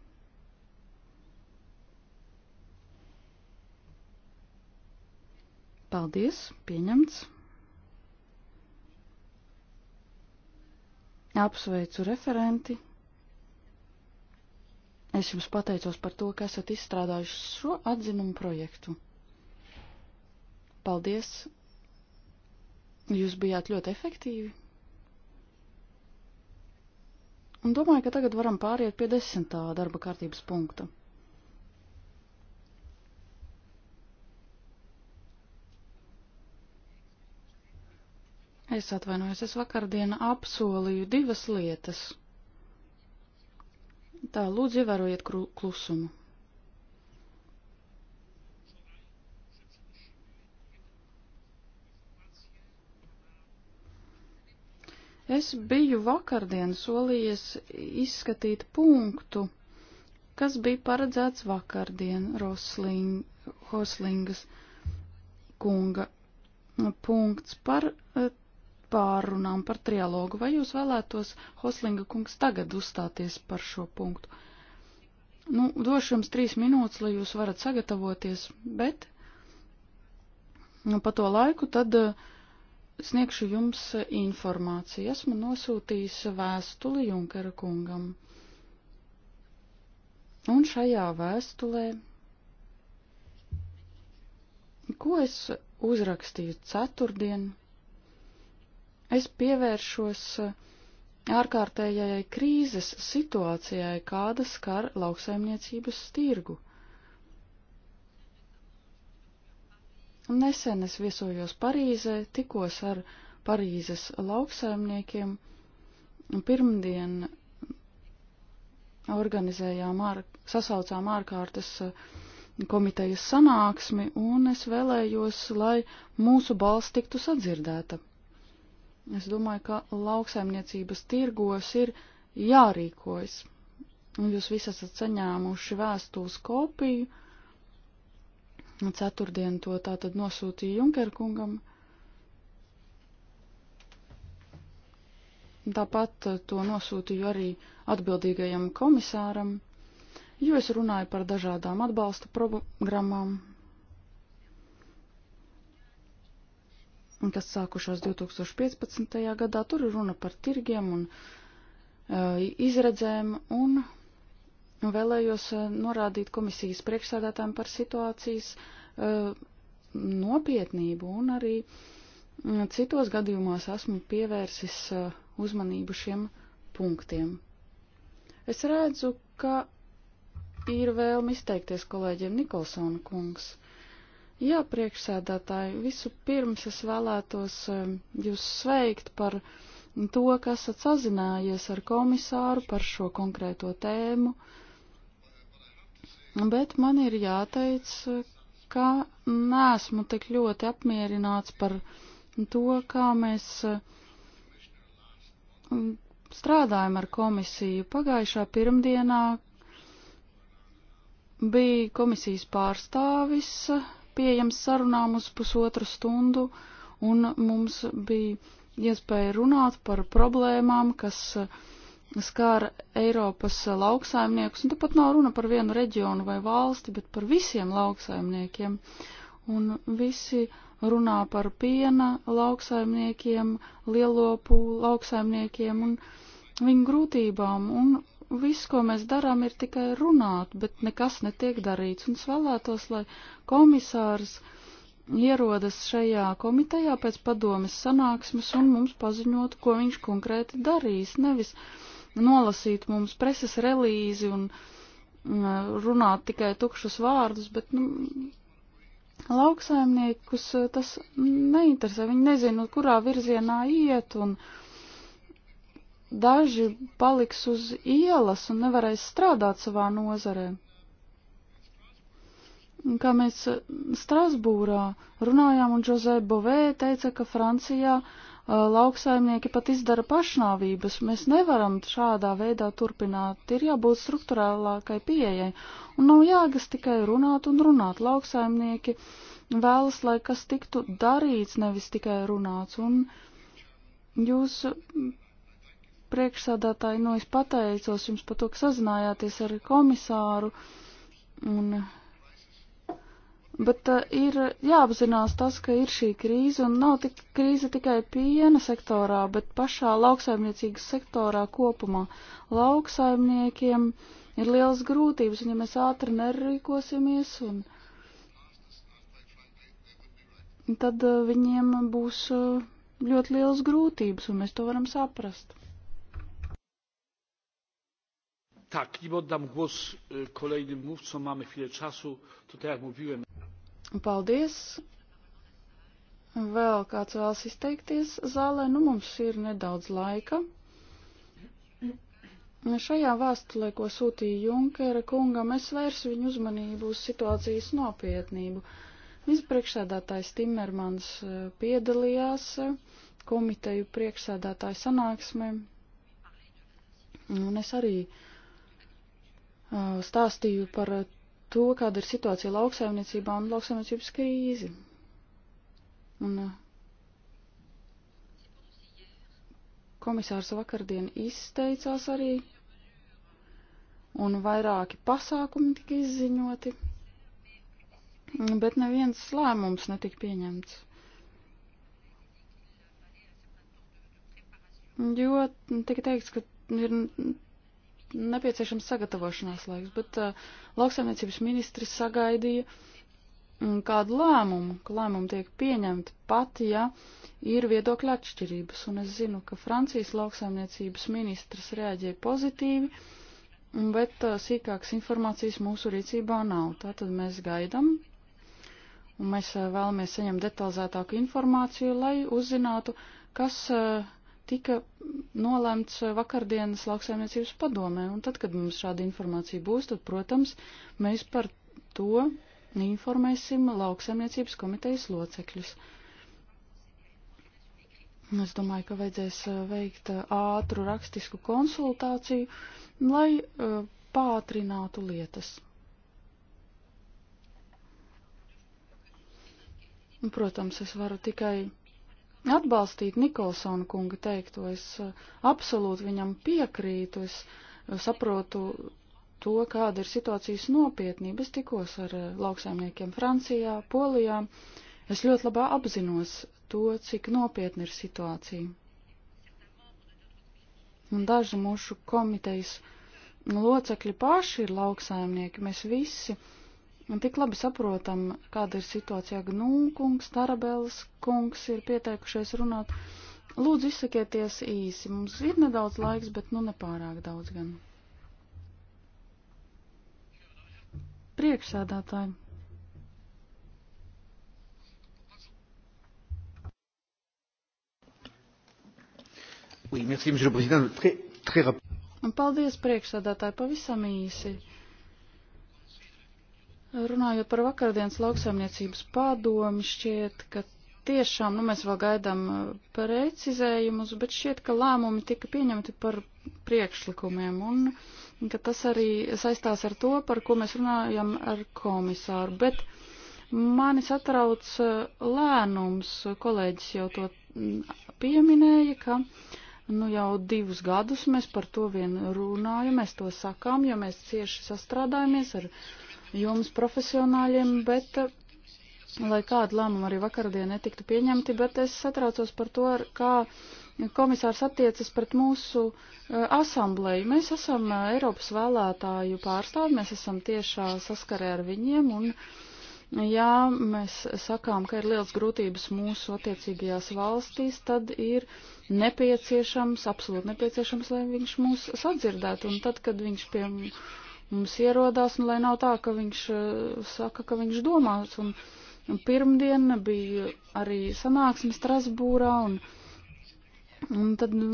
Paldies, pieņemts. Apsveicu referenti. Es jums pateicos par to, ka esat izstrādājuši šo atzinumu projektu. Paldies! Jūs bijāt ļoti efektīvi. Un domāju, ka tagad varam pāriet pie desmitā darba kārtības punkta. Es atvainojos, es vakardien apsolīju divas lietas. Tā, lūdzu, ievērojiet klusumu. Es biju vakardien solījies izskatīt punktu, kas bija paredzēts vakardien Rosling, Hoslingas kunga punkts par eh, pārunām par trialogu. Vai jūs vēlētos, Hoslinga kungs, tagad uzstāties par šo punktu? Nu, došu jums trīs minūtes, lai jūs varat sagatavoties, bet nu, pa to laiku tad eh, sniegšu jums eh, informāciju. Esmu nosūtījis vēstuli Junkera kungam. Un šajā vēstulē, ko es uzrakstīju ceturtdienu, Es pievēršos eh, ārkārtējai krīzes situācijai, kāda skar lauksaimniecības tirgu. Nesen es viesojos Parīzē, tikos ar Parīzes lauksaimniekiem. Pirmdien organizējām, ār, sasaucām ārkārtas eh, komitejas sanāksmi, un es vēlējos, lai mūsu balss tiktu sadzirdēta. Es domāju, ka lauksaimniecības tirgos ir jārīkojas. Jūs visi esat saņēmuši vēstules kopiju. Ceturtdien to tātad nosūtīja Junkerkungam. Tāpat to nosūtīju arī atbildīgajam komisāram, jo es runāju par dažādām atbalsta programmām, kas sākušās 2015. gadā. Tur ir runa par tirgiem un uh, izredzēm, un vēlējos norādīt komisijas priekšsādātājiem par situācijas uh, nopietnību, un arī citos gadījumos esmu pievērsis uh, uzmanību šiem punktiem. Es redzu, ka ir vēlme izteikties kolēģiem Nikolsona kungs. Jā, priekšsēdētāji, visu pirms es vēlētos um, jūs sveikt par to, ka esat sazinājies ar komisāru par šo konkrēto tēmu. Bet man ir jāteic, ka nesmu tik ļoti apmierināts par to, kā mēs um, strādājam ar komisiju. Pagājušā pirmdienā bija komisijas pārstāvis pieejams sarunām uz pusotru stundu, un mums bija iespēja runāt par problēmām, kas eh, skāra Eiropas lauksaimniekus, un tepat nav runa par vienu reģionu vai valsti, bet par visiem lauksaimniekiem. Un visi runā par piena lauksaimniekiem, lielopu lauksaimniekiem un viņu grūtībām, un viss, ko mēs darām, ir tikai runāt, bet nekas netiek darīts. Un es vēlētos, lai komisārs ierodas šajā komitejā pēc padomes sanāksmes un mums paziņot, ko viņš konkrēti darīs, nevis nolasīt mums preses relīzi un mm, runāt tikai tukšus vārdus, bet, nu, lauksaimniekus tas neinteresē, viņi nezina, kurā virzienā iet un. Uh, daži paliks uz ielas un nevarēs strādāt savā nozarē. Kā mēs Strasbūrā runājām, un Jose Bovē teica, ka Francijā uh, lauksaimnieki pat izdara pašnāvības. Mēs nevaram šādā veidā turpināt. Ir jābūt struktūrālākai pieejai. Un nav jāgas tikai runāt un runāt. Lauksaimnieki vēlas, lai kas tiktu darīts, nevis tikai runāts. Un jūs priekšsādātāji, nu es pateicos jums par to, ka sazinājāties ar komisāru. Un, bet uh, ir jāapzinās tas, ka ir šī krīze un nav tik krīze tikai piena sektorā, bet pašā lauksaimniecības sektorā kopumā. Lauksaimniekiem ir liels grūtības, un ja mēs ātri nerīkosimies un. Tad uh, viņiem būs uh, ļoti liels grūtības, un mēs to varam saprast. tak nim oddam głos kolejnym mówcom mamy chwilę czasu to tak jak mówiłem Paldies! Vēl kāds vēlas izteikties zālē, nu mums ir nedaudz laika. Šajā vēstulē, ko sūtīja Junkera kungam, es vērsu viņu uzmanību uz situācijas nopietnību. Vispriekšsēdātājs Timermans e, piedalījās e, komiteju priekšsēdātāju sanāksmē, un es arī uh, stāstīju par to, kāda ir situācija lauksaimniecībā un lauksaimniecības krīzi. Un komisārs vakardien izteicās arī, un vairāki pasākumi tika izziņoti, bet neviens lēmums netika pieņemts. Jo tika teikts, ka ir nepieciešams sagatavošanās laiks, bet uh, lauksaimniecības ministri sagaidīja mm, kādu lēmumu, ka lēmumu tiek pieņemti pat, ja ir viedokļa atšķirības. Un es zinu, ka Francijas lauksaimniecības ministrs reaģēja pozitīvi, mm, bet uh, sīkākas informācijas mūsu rīcībā nav. Tātad mēs gaidam un mēs uh, vēlamies saņemt detalizētāku informāciju, lai uzzinātu, kas uh, tika nolemts vakardienas lauksaimniecības padomē, un tad, kad mums šāda informācija būs, tad, protams, mēs par to informēsim lauksaimniecības komitejas locekļus. Es domāju, ka vajadzēs uh, veikt uh, ātru rakstisku konsultāciju, lai uh, pātrinātu lietas. Protams, es varu tikai atbalstīt Nikolsona kunga teikto. Es eh, absolūti viņam piekrītu. Es eh, saprotu to, kāda ir situācijas nopietnība. Es tikos ar eh, lauksaimniekiem Francijā, Polijā. Es ļoti labā apzinos to, cik nopietna ir situācija. Un daži mūsu komitejas locekļi paši ir lauksaimnieki. Mēs visi Un tik labi saprotam, kāda ir situācija. Gnū kungs, Tarabels kungs ir pieteikušies runāt. Lūdzu, izsakieties īsi. Mums ir nedaudz laiks, bet nu nepārāk daudz gan. Priekšsēdētāji. Oui, merci, Monsieur le Président. Très, très rapide. Un paldies priekšsēdētāji pavisam īsi. Uh, Runājot par vakardienas lauksaimniecības padomi, šķiet, ka tiešām, nu mēs vēl gaidām uh, precizējumus, bet šķiet, ka lēmumi tika pieņemti par priekšlikumiem un ka tas arī saistās ar to, par ko mēs runājam ar komisāru. Bet mani satrauc uh, lēnums, kolēģis jau to mm, pieminēja, ka nu jau divus gadus mēs par to vien runājam, mēs to sakām, jo mēs cieši sastrādājamies ar jomas profesionāļiem, bet eh, lai kādu lēmumu arī vakardien netiktu pieņemti, bet es satraucos par to, kā komisārs attiecas pret mūsu eh, asamblēju. Mēs esam eh, Eiropas vēlētāju pārstāvi, mēs esam tiešā saskarē ar viņiem un, ja mēs sakām, ka ir liels grūtības mūsu attiecīgajās valstīs, tad ir nepieciešams, absolūti nepieciešams, lai viņš mūs sadzirdētu un tad, kad viņš pie mums mums ierodās, un lai nav tā, ka viņš eh, saka, ka viņš domās. Un, un pirmdien bija arī sanāksme Strasbūrā, un, un tad, nu,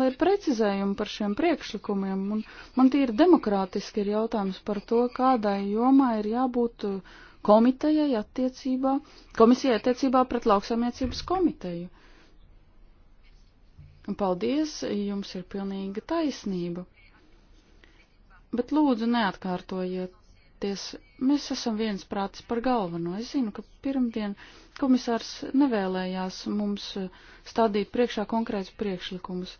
lai ir precizējumi par šiem priekšlikumiem, un man tīri demokrātiski ir jautājums par to, kādai jomai ir jābūt eh, komitejai attiecībā, komisijai attiecībā pret lauksaimniecības komiteju. Paldies, jums ir pilnīga taisnība. Bet lūdzu, neatkārtojieties. Mēs esam viensprātis par galveno. Es zinu, ka pirmdien komisārs nevēlējās mums stādīt priekšā konkrēts priekšlikumus.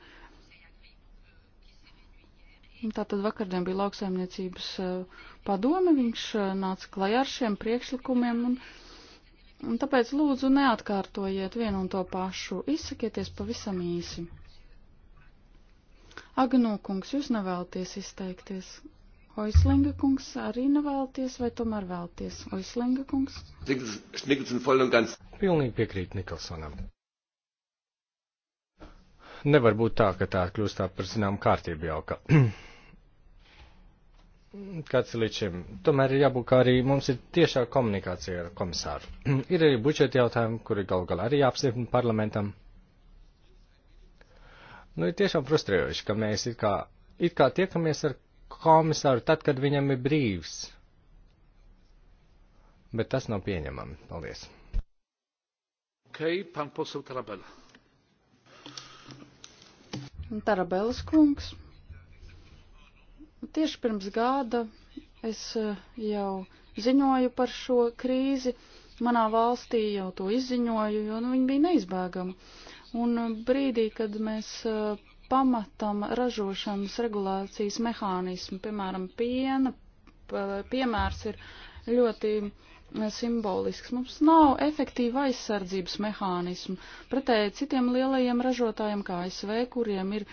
Tātad vakardien bija lauksaimniecības eh, padome, viņš eh, nāca klajā ar šiem priekšlikumiem un, un tāpēc lūdzu neatkārtojiet vienu un to pašu. Izsakieties pavisam īsi. Agno kungs, jūs nevēlaties izteikties. Oislinga kungs arī nevēlaties, vai tomēr vēlaties? Oislinga kungs? Pilnīgi piekrīt Nikolsonam. Nevar būt tā, ka tā kļūst tā par zinām kārtību jauka. (clears throat) Kāds ir līdz šim? Tomēr ir jābūt, kā arī mums ir tiešā komunikācija ar komisāru. (clears throat) ir arī budžeta jautājumi, kuri gal galā arī jāapstiprina parlamentam. Nu, ir tiešām frustrējoši, ka mēs it kā, it kā tiekamies ar komisāru tad, kad viņam ir brīvs. Bet tas nav pieņemami. Paldies. Okay, pan poseł Tarabella. Tarabellas kungs. Tieši pirms gada es eh, jau ziņoju par šo krīzi. Manā valstī jau to izziņoju, jo nu, viņa bija neizbēgama. Un brīdī, kad mēs eh, pamatam ražošanas regulācijas mehānismu, piemēram, piena, piemērs ir ļoti Eh, simbolisks. Mums nav efektīva aizsardzības mehānismu. Pretēji citiem lielajiem ražotājiem, kā ASV, kuriem ir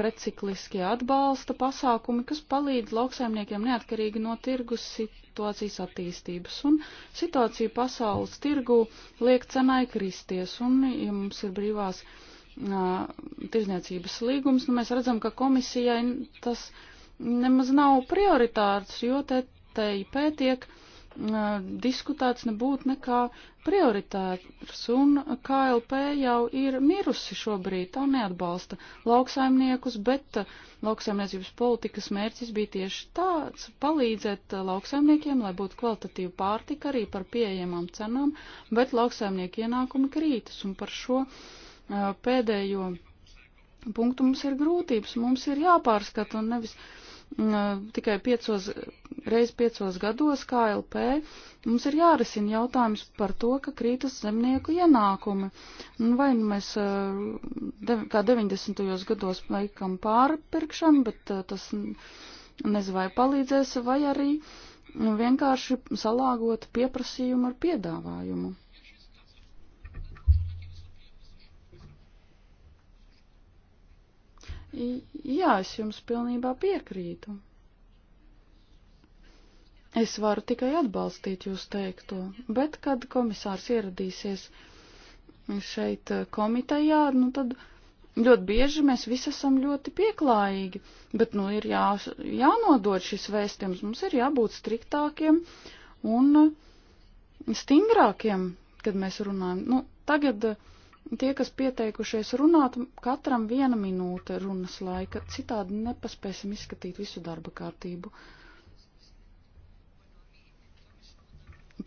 precikliskie atbalsta pasākumi, kas palīdz lauksaimniekiem neatkarīgi no tirgus situācijas attīstības. Un situācija pasaules tirgu liek cenai kristies, un ja mums ir brīvās uh, tirzniecības līgums, nu mēs redzam, ka komisijai tas nemaz nav prioritārs, jo te TIP tiek uh, diskutēts nebūtu nekā prioritārs, un KLP jau ir mirusi šobrīd, tā neatbalsta lauksaimniekus, bet lauksaimniecības politikas mērķis bija tieši tāds - palīdzēt lauksaimniekiem, lai būtu kvalitatīva pārtika arī par pieejamām cenām, bet lauksaimnieku ienākumi krītas, un par šo pēdējo punktu mums ir grūtības, mums ir jāpārskata un nevis. Uh, Mm, eh, tikai piecos, reiz piecos gados KLP, mums ir jārisina jautājums par to, ka krītas zemnieku ienākumi. Vai nu mēs eh, kā 90. gados veikam pārpirkšanu, bet eh, tas nezinu vai palīdzēs, vai arī vienkārši salāgot pieprasījumu ar piedāvājumu. Jā, es jums pilnībā piekrītu. Es varu tikai atbalstīt jūs teikto, bet kad komisārs ieradīsies šeit eh, komitejā, nu tad ļoti bieži mēs visi esam ļoti pieklājīgi, bet nu ir jā, jānodod šis vēstījums, mums ir jābūt striktākiem un stingrākiem, kad mēs runājam. Nu, tagad uh, Tie, kas pieteikušies runāt, katram viena minūte runas laika, citādi nepaspēsim izskatīt visu darba kārtību.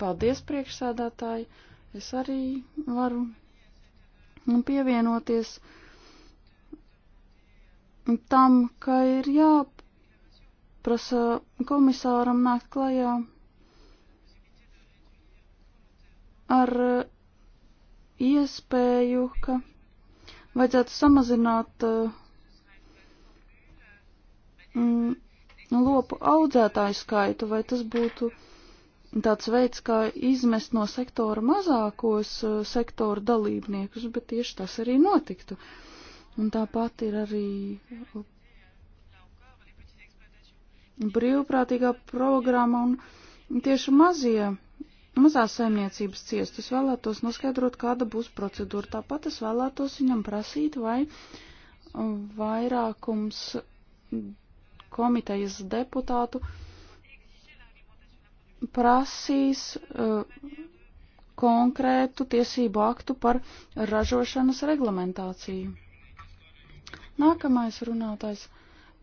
Paldies, priekšsēdētāji! Es arī varu pievienoties tam, ka ir jāprasa komisāram nākt klajā ar iespēju, ka vajadzētu samazināt uh, mm, lopu audzētāju skaitu, vai tas būtu tāds veids, kā izmest no sektora mazākos uh, sektoru dalībniekus, bet tieši tas arī notiktu. Un tāpat ir arī brīvprātīgā programma un tieši mazie mazās saimniecības ciest. Es vēlētos noskaidrot, kāda būs procedūra. Tāpat es vēlētos viņam prasīt, vai vairākums komitejas deputātu prasīs uh, konkrētu tiesību aktu par ražošanas reglamentāciju. Nākamais runātājs.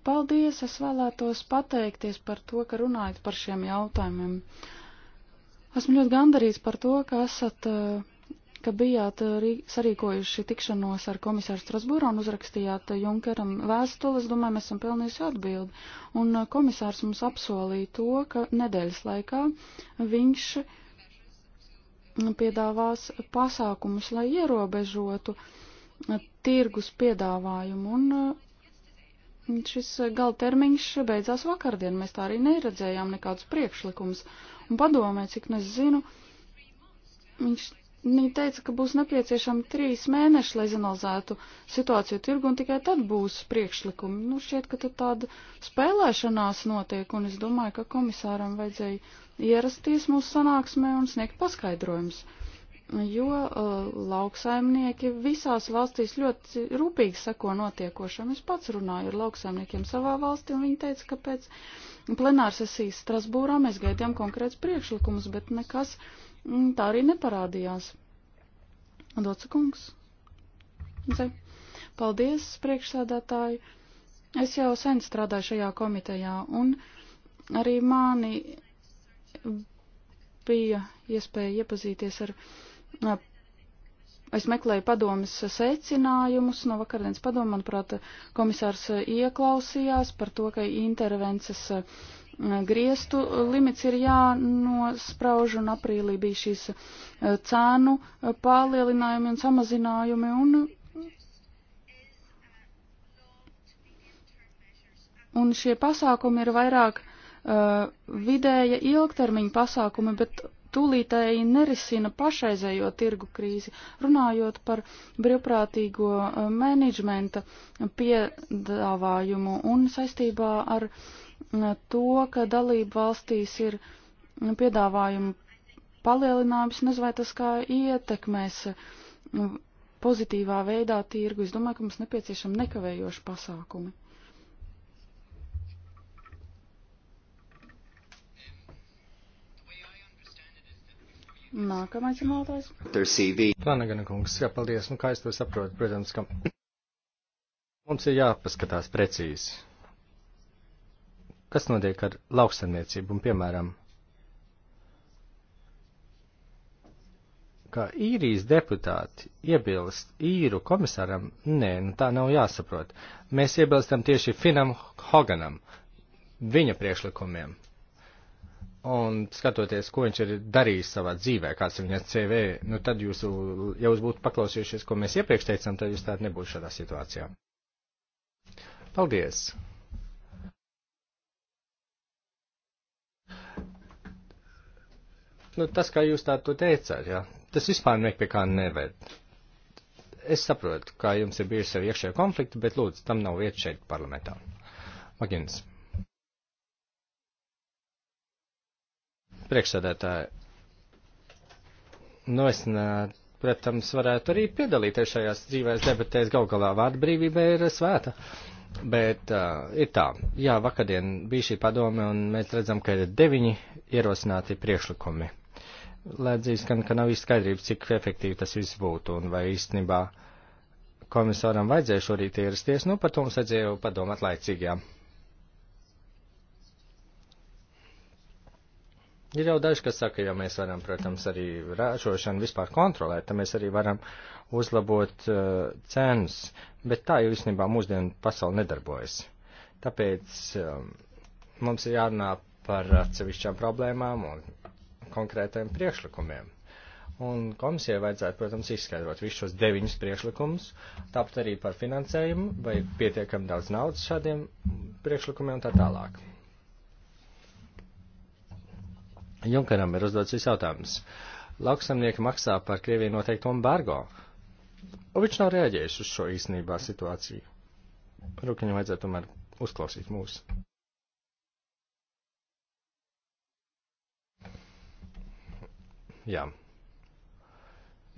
Paldies, es vēlētos pateikties par to, ka runājat par šiem jautājumiem. Uh, Esmu ļoti gandarīts par to, ka esat, eh, ka bijāt eh, sarīkojuši tikšanos ar komisāru Strasbūru un uzrakstījāt eh, Junkeram vēstuli. Es domāju, mēs esam pelnījuši atbildi. Un komisārs mums apsolīja to, ka nedēļas laikā viņš mm, piedāvās pasākumus, lai ierobežotu tirgus piedāvājumu. Un šis gala termiņš beidzās vakardien. Mēs tā arī neredzējām nekādus priekšlikumus padomē, cik es zinu, viņš Viņa teica, ka būs nepieciešami trīs mēneši, lai analizētu situāciju tirgu, un tikai tad būs priekšlikumi. Nu, šķiet, ka tad tāda spēlēšanās notiek, un es domāju, ka komisāram vajadzēja ierasties mūsu sanāksmē un sniegt paskaidrojumus. Uh, jo uh, lauksaimnieki visās valstīs ļoti rūpīgi seko notiekošam. Es pats runāju ar lauksaimniekiem savā valstī, un viņi teica, ka pēc plenārsesijas Strasbūrā mēs gaidījām konkrēts priekšlikumus, bet nekas mm, tā arī neparādījās. Doca kungs. Zai. Paldies, priekšsādātāji. Es jau sen strādāju šajā komitejā, un arī mani bija iespēja iepazīties ar Es meklēju padomas secinājumus no vakardienas padomu. Manuprāt, komisārs ieklausījās par to, ka intervences griestu limits ir jānosprauž, un aprīlī bija šīs cēnu palielinājumi un samazinājumi. Un, un šie pasākumi ir vairāk uh, vidēja ilgtermiņa pasākumi, bet tūlītēji nerisina pašreizējo tirgu krīzi. Runājot par brīvprātīgo eh, menedžmenta piedāvājumu un saistībā ar eh, to, ka dalību valstīs ir mm, piedāvājumu palielinājums, nezinu, vai tas kā ietekmēs mm, pozitīvā veidā tirgu. Es domāju, ka mums nepieciešami nekavējoši pasākumi. Nākamais runātājs. Planagana kungs, jā, paldies. Nu, kā es to saprotu, protams, ka mums ir jāpaskatās precīzi, kas notiek ar lauksaimniecību un, piemēram, ka īrijas deputāti iebilst īru komisāram, nē, nu tā nav jāsaprot. Mēs iebilstam tieši Finam Hoganam, viņa priekšlikumiem un skatoties, ko viņš ir darījis savā dzīvē, kāds ir viņa CV, nu tad jūs, ja jūs būtu paklausījušies, ko mēs iepriekš teicām, tad jūs tādā nebūtu šādā situācijā. Paldies! Nu, tas, kā jūs tā to teicāt, jā, tas vispār nek pie kā neved. Es saprotu, kā jums ir bijuši sev iekšējā konflikta, bet lūdzu, tam nav vieta šeit parlamentā. Magins. priekšsēdētāji. Nu, es, ne, protams, varētu arī piedalīties šajās dzīvēs debatēs. Gal galā vārda brīvība ir svēta. Bet uh, ir tā, jā, vakardien bija šī padome un mēs redzam, ka ir deviņi ierosināti priekšlikumi. Lai dzīves gan, ka nav īsti skaidrības, cik efektīvi tas viss būtu un vai īstenībā komisāram vajadzēja šorīt ierasties, nu par to mums vajadzēja padomāt laicīgajām. Ja Ir jau daži, kas saka, ja mēs varam, protams, arī ražošanu vispār kontrolēt, tad mēs arī varam uzlabot uh, cenas, bet tā jau īstenībā mūsdienu pasauli nedarbojas. Tāpēc um, mums ir jārunā par atsevišķām problēmām un konkrētiem priekšlikumiem. Un komisijai vajadzētu, protams, izskaidrot visus šos deviņus priekšlikumus, tāpat arī par finansējumu, vai pietiekam daudz naudas šādiem priekšlikumiem un tā tālāk. Junkaram ir uzdots šis jautājums. Lauksamnieki maksā par Krieviju noteikto embargo. Un viņš nav rēģējis uz šo īstenībā situāciju. Rukiņam vajadzētu tomēr uzklausīt mūs. Jā.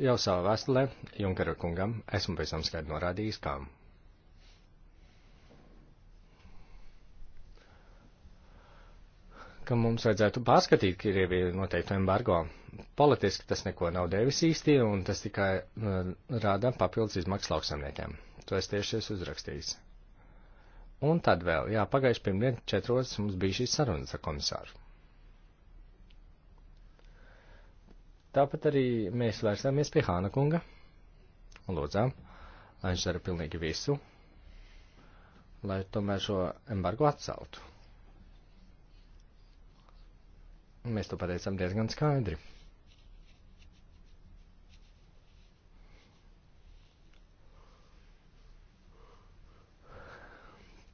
Jau savā vēstulē Junkara kungam esmu pēc tam skaidri norādījis, kam ka mums vajadzētu pārskatīt Krieviju noteiktu embargo. Politiski tas neko nav devis īsti, un tas tikai eh, rāda papildus izmaksas lauksamniekiem. To es tieši esmu uzrakstījis. Un tad vēl, jā, pagājuši pirmdien četros mums bija šīs sarunas ar komisāru. Tāpat arī mēs vērsāmies pie Hāna kunga un lūdzām, lai viņš dara pilnīgi visu, lai tomēr šo embargo atceltu. Mēs to pateicam diezgan skaidri.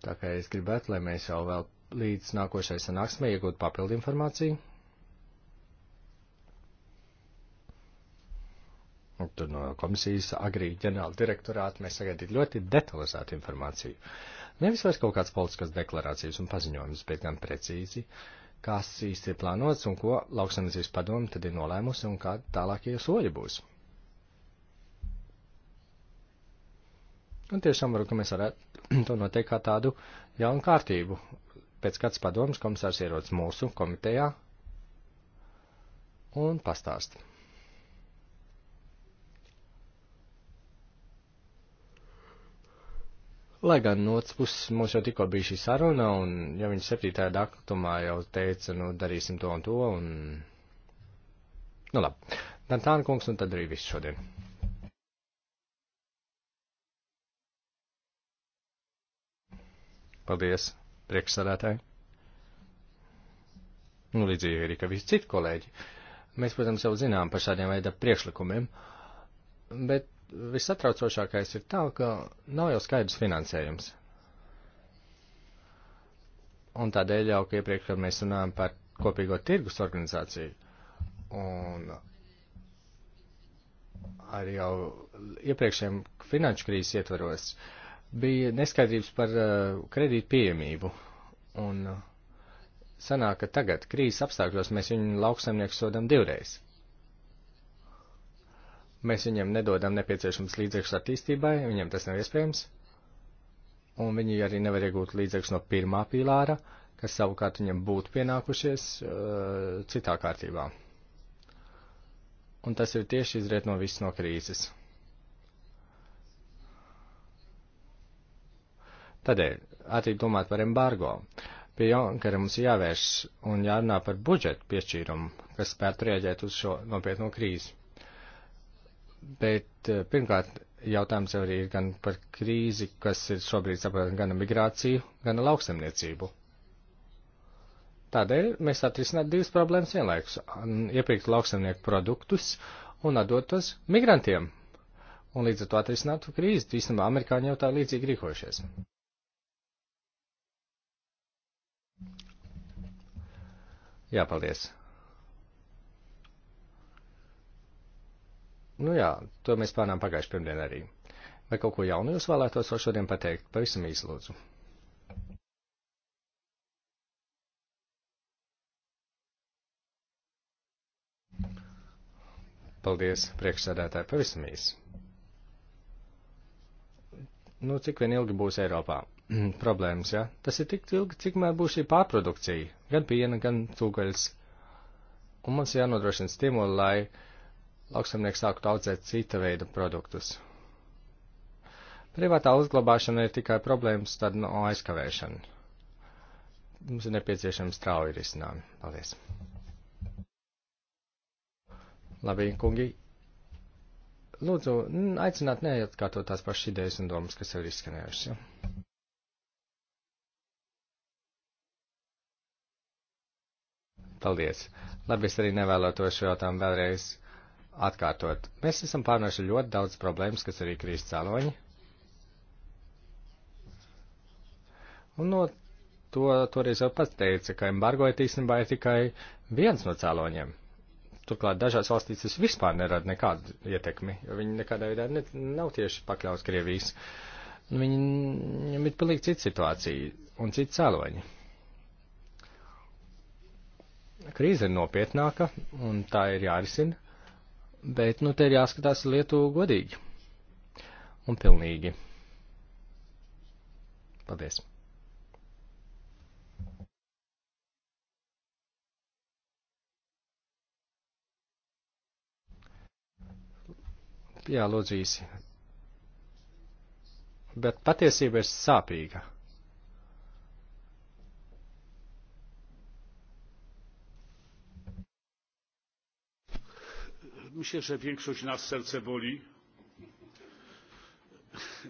Tā kā es gribētu, lai mēs jau vēl līdz nākošai sanāksmē iegūtu papildu informāciju. Un tur no komisijas agrī ģenerāla direktorāta mēs sagaidītu ļoti detalizētu informāciju. Nevis vairs kaut kāds politiskas deklarācijas un paziņojums, bet gan precīzi kas īsti ir plānots un ko lauksaimniecības padomu tad ir nolēmusi un kādi tālākie soļi būs. Un tiešām varu, ka mēs varētu to noteikt kā tādu jaunu kārtību. Pēc kāds padomas komisārs ierodas mūsu komitejā un pastāst. Lai gan no otras puses mums jau tikko bija šī saruna, un ja viņš 7. datumā jau teica, nu, darīsim to un to, un. Nu, labi. Dantāna kungs, un tad arī viss šodien. Paldies, priekšsādātāji. Nu, līdzīgi arī, ka visi citi kolēģi. Mēs, protams, jau zinām par šādiem veida priekšlikumiem, bet visatraucošākais ir tā, ka nav jau skaidrs finansējums. Un tādēļ jau, ka iepriekš, kad mēs runājam par kopīgo tirgus organizāciju, un arī jau iepriekšējiem finanšu krīzes ietvaros, bija neskaidrības par uh, kredītu pieejamību. Un uh, sanāk, ka tagad krīzes apstākļos mēs viņu lauksaimnieku sodam divreiz. Mēs viņiem nedodam nepieciešams līdzekļus attīstībai, viņiem tas nav iespējams, un viņi arī nevar iegūt līdzekļus no pirmā pīlāra, kas savukārt viņiem būtu pienākušies uh, citā kārtībā. Un tas ir tieši izriet no viss no krīzes. Tādēļ, arī domāt par embargo. Pie Junkera mums jāvērš un jārunā par budžetu piešķīrumu, kas spētu rēģēt uz šo nopietno krīzi bet eh, pirmkārt jautājums jau arī ir gan par krīzi, kas ir šobrīd saprotam gan migrāciju, gan lauksemniecību. Tādēļ mēs atrisināt divas problēmas vienlaikus - iepirkt lauksemnieku produktus un atdot tos migrantiem. Un līdz ar to atrisinātu krīzi, īstenībā amerikāņi jau tā līdzīgi rīkojušies. Jā, paldies. Nu jā, to mēs pārnām pagājuši pirmdien arī. Vai kaut ko jaunu jūs vēlētos vēl šodien pateikt? Pavisam īsi lūdzu. Paldies, priekšsēdētāji, pavisam īsi. Nu, cik vien ilgi būs Eiropā (clears throat) problēmas, ja? Tas ir tik ilgi, cik mēr būs šī pārprodukcija, gan piena, gan cūgaļas. Un mums jānodrošina stimuli, lai lauksamnieki sāktu audzēt cita veida produktus. Privātā uzglabāšana ir tikai problēmas tad no aizkavēšana. Mums ir nepieciešams strauji risinājumi. Paldies! Labi, kungi! Lūdzu, aicināt neatkārtot tās pašas idejas un domas, kas jau ir izskanējušas. Ja? Paldies! Labi, es arī nevēlētos šo jautājumu vēlreiz atkārtot. Mēs esam pārnājuši ļoti daudz problēmas, kas arī krīzes cēloņi. Un no to toreiz jau pats teica, ka embargo ir īstenībā tikai viens no cēloņiem. Turklāt dažās valstīs tas vispār nerada nekādu ietekmi, jo viņi nekādā veidā ne, nav tieši pakļauts Krievijas. Nu, viņi, viņam ir pilnīgi cita situācija un cita cēloņi. Krīze ir nopietnāka un tā ir jārisina bet, nu, te ir jāskatās lietu godīgi un pilnīgi. Paldies! Jā, lūdzu īsi. Bet patiesība ir sāpīga. myślę że większość nas serce boli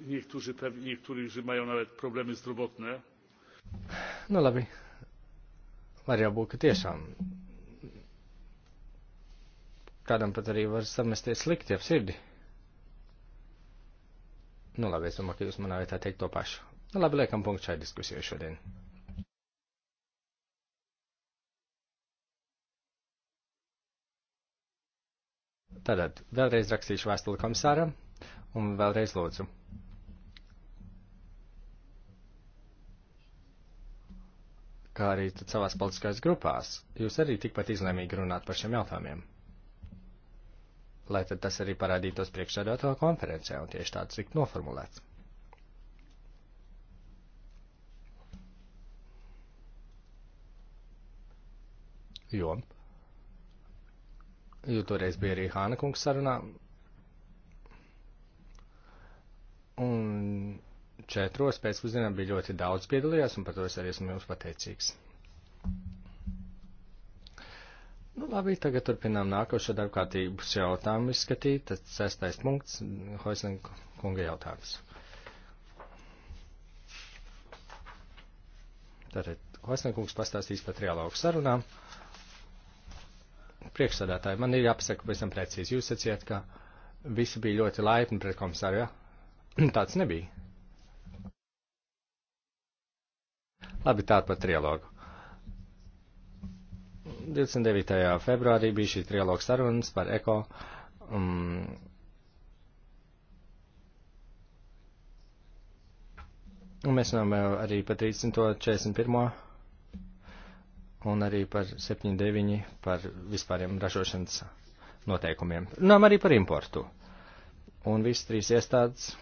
niektórzy niektórzy mają nawet problemy zdrowotne nu labi var jau būt ka tiešām kādam pat arī var samesties slikti ap sirdi nu labi es domāju ka jūs manā vietā teikt to pašu nu labi liekam punktu šai diskusijai šodien Tātad vēlreiz rakstīšu vēstuli komisāram un vēlreiz lūdzu. Kā arī savās politiskās grupās, jūs arī tikpat izlēmīgi runāt par šiem jautājumiem. Lai tad tas arī parādītos priekšsēdētāju konferencē un tieši tāds tikt noformulēts. Jo jo toreiz bija arī Hāna kungs sarunā. Un četros pēcpusdienā bija ļoti daudz piedalījās, un par to es arī esmu jums pateicīgs. Nu, labi, tagad turpinām nākošo darbkārtības jautājumu izskatīt. Tad sestais punkts - Hoislinga kunga jautājums. Tātad Hoislinga kungs pastāstīs par trialogu sarunām priekšsādātāji, man ir jāpasaka pavisam precīzi. Jūs sacījāt, ka visi bija ļoti laipni pret komisāru, ja? (clears throat) Tāds nebija. Labi, tādu par trilogu. 29. februārī bija šī trilogu sarunas par eko. Um, un mēs runājam uh, arī par 30. 41 un arī par 7.9. par vispāriem ražošanas noteikumiem. Runājam arī par importu. Un visas trīs iestādes.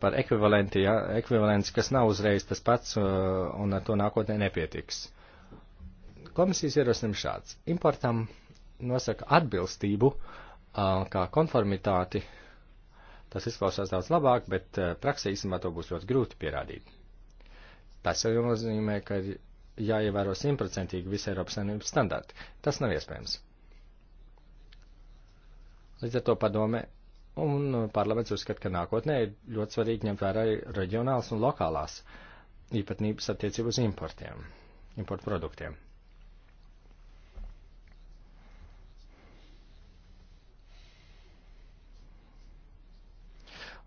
Par ekvivalenti, ja, ekvivalents, kas nav uzreiz tas pats un ar to nākotnē nepietiks. Komisijas ierosinājums šāds. Importam nosaka atbilstību kā konformitāti Tas izklausās daudz labāk, bet eh, praksē īstenībā to būs ļoti grūti pierādīt. Tas jau nozīmē, ka ir jāievēro simtprocentīgi visi Eiropas Savienības standarti. Tas nav iespējams. Līdz ar to padome un parlaments uzskata, ka nākotnē ir ļoti svarīgi ņemt vērā reģionālas un lokālās īpatnības attiecību uz importiem, importu produktiem.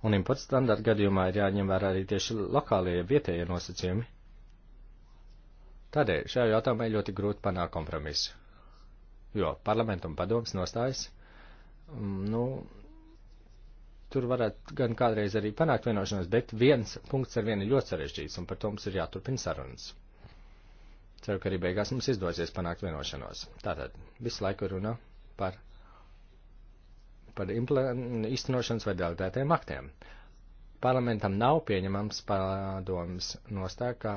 un importa standarta gadījumā ir jāņem vērā arī tieši lokālie vietējie nosacījumi. Tādēļ šajā jautājumā ir ļoti grūti panākt kompromisu, jo parlamentu un padoms nostājas, mm, nu, tur varētu gan kādreiz arī panākt vienošanos, bet viens punkts ar vienu ļoti sarežģīts, un par to mums ir jāturpina sarunas. Ceru, ka arī beigās mums izdosies panākt vienošanos. Tātad visu laiku runa par par īstenošanas vai delegētiem aktiem. Parlamentam nav pieņemams padomas nostāja, ka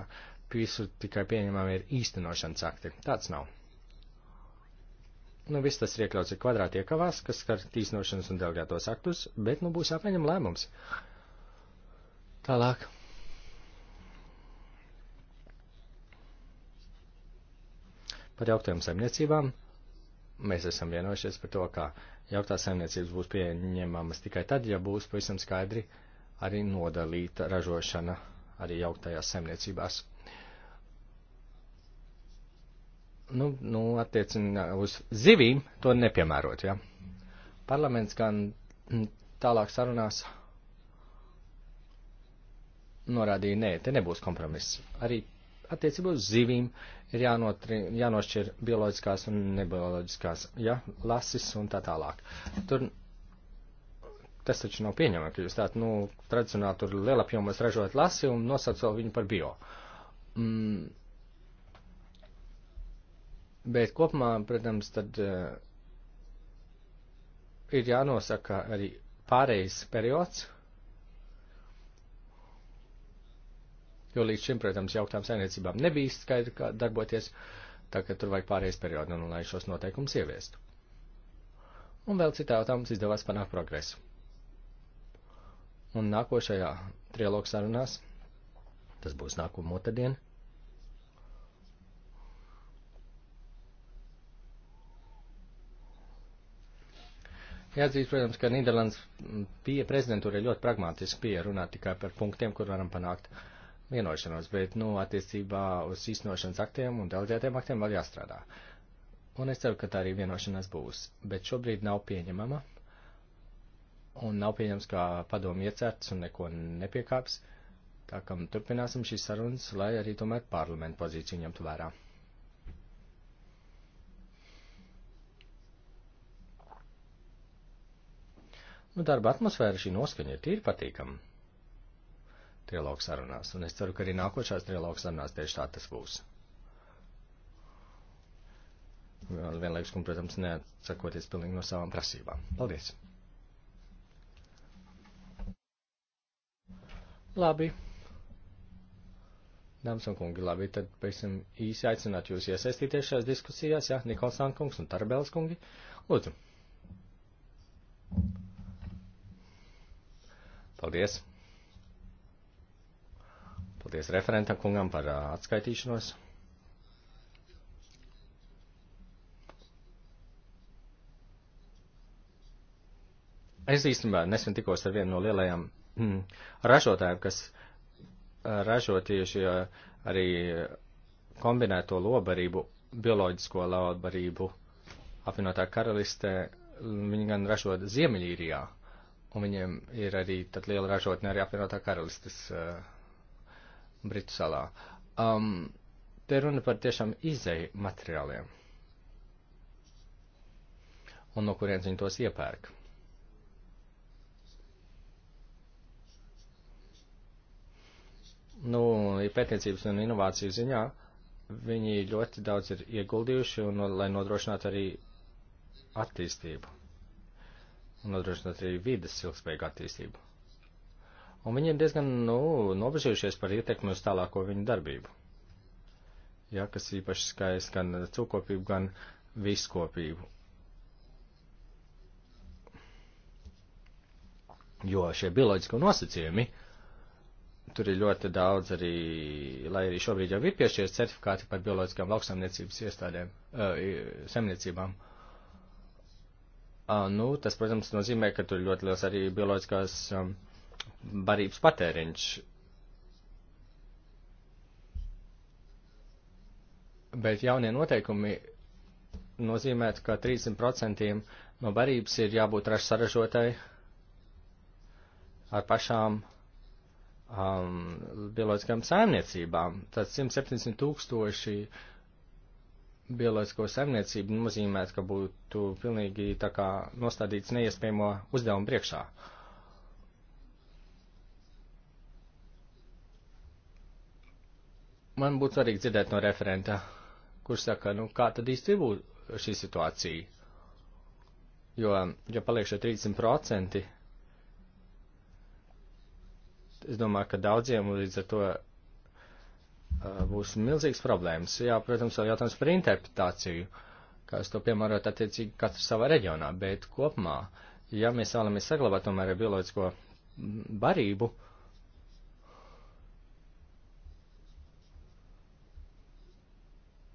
visu tikai pieņemami ir īstenošanas akti. Tāds nav. Nu, viss tas ir iekļauts ir kvadrāti iekavās, kas skar īstenošanas un delegētos aktus, bet, nu, būs jāpieņem lēmums. Tālāk. Par jauktajām saimniecībām mēs esam vienojušies par to, ka jauktās saimniecības būs pieņemamas tikai tad, ja būs pavisam skaidri arī nodalīta ražošana arī jauktajās saimniecībās. Nu, nu attiecina uz zivīm, to nepiemērot, ja. Parlaments gan tālāk sarunās norādīja, nē, te nebūs kompromiss. Arī attiecībā uz zivīm ir jānotri, jānošķir bioloģiskās un nebioloģiskās, ja, lasis un tā tālāk. Tur tas taču nav pieņemami, ka jūs tādu, nu, tradicionāli tur lielapjomos ražojat lasi un nosaucat viņu par bio. Mm. Bet kopumā, protams, tad uh, ir jānosaka arī pārējais periods, Jo līdz šim, protams, jauktām saimniecībām nebija skaidri, kā darboties, tā ka tur vajag pārējais periodu, nu, nu, lai šos noteikumus ieviestu. Un vēl citā jautājums izdevās panākt progresu. Un nākošajā trialogu sarunās, tas būs nākamā otrdiena, Jāatzīst, protams, ka Nīderlandes pie prezidentūra ir ļoti pragmātiski pieeja runāt tikai par punktiem, kur varam panākt uh, vienošanos, bet, nu, attiecībā uz īstenošanas aktiem un delģētiem aktiem vēl jāstrādā. Un es ceru, ka tā arī vienošanās būs, bet šobrīd nav pieņemama un nav pieņems, ka padomu iecerts un neko nepiekāps. Tā kā turpināsim šīs sarunas, lai arī tomēr parlamentu pozīciju ņemtu vērā. Nu, darba atmosfēra šī noskaņa ir tīri patīkama trialogu sarunās, un es ceru, ka arī nākošās trialogu sarunās tieši tā tas būs. Vienlaikus, un, protams, neatsakoties pilnīgi no savām prasībām. Paldies! Labi. Dāmas un kungi, labi, tad pavisam īsi aicināt jūs iesaistīties šajās diskusijās, jā, Nikolsāna kungs un Tarabels kungi. Lūdzu. Paldies. Paldies referentam kungam par atskaitīšanos. Es īstenībā nesen tikos ar vienu no lielajām mm, ražotājiem, kas ražo tieši arī kombinēto lobarību, bioloģisko lobarību apvienotā karalistē. Viņi gan ražo Ziemeļīrijā, un viņiem ir arī tad liela ražotne arī apvienotā karalistes uh, Britu salā. Um, te runa par tiešām izēju materiāliem. Un no kurienes viņi tos iepērk. Nu, pētniecības un inovāciju ziņā viņi ļoti daudz ir ieguldījuši, un, lai nodrošinātu arī attīstību. Un nodrošināt arī vidas ilgspējīgu attīstību un viņi ir diezgan, nu, nobežījušies par ietekmi uz tālāko viņu darbību. Jā, kas īpaši skaists gan cūkopību, gan viskopību. Jo šie bioloģisko nosacījumi, tur ir ļoti daudz arī, lai arī šobrīd jau ir piešķies certifikāti par bioloģiskām lauksaimniecības iestādēm, uh, saimniecībām. Uh, nu, tas, protams, nozīmē, ka tur ļoti liels arī bioloģiskās um, barības patēriņš. Bet jaunie noteikumi nozīmē, ka 30% no barības ir jābūt ražsaražotai ar pašām um, bioloģiskām saimniecībām. Tad 170 tūkstoši bioloģisko saimniecību nozīmē, ka būtu pilnīgi tā kā nostādīts neiespējamo uzdevumu priekšā. Uh, Man būtu svarīgi dzirdēt no referenta, kurš saka, nu kā tad īsti būtu šī situācija. Jo, ja paliek šie 30%, es domāju, ka daudziem līdz ar to būs milzīgas problēmas. Jā, protams, vēl jautājums par interpretāciju, kā es to piemērot attiecīgi katru savā reģionā, bet kopumā, ja mēs vēlamies saglabāt tomēr bioloģisko barību, uh,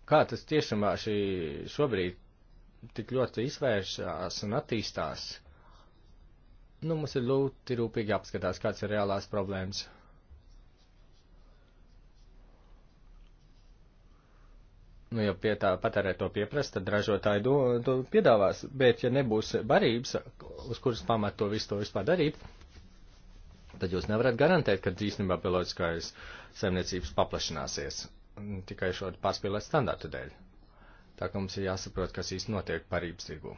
kā tas tiešumā šī šobrīd tik ļoti izvēršās un attīstās, nu, mums ir ļoti rūpīgi apskatās, kāds ir reālās problēmas. Nu, ja pie tā patērēt to pieprast, tad ražotāji to, to piedāvās, bet ja nebūs barības, uz kuras pamat to visu to vispār darīt, tad jūs nevarat garantēt, ka īstenībā bioloģiskais saimniecības paplašināsies tikai šo pārspīlēt standartu dēļ. Tā ka mums ir jāsaprot, kas īsti notiek parības tirgū.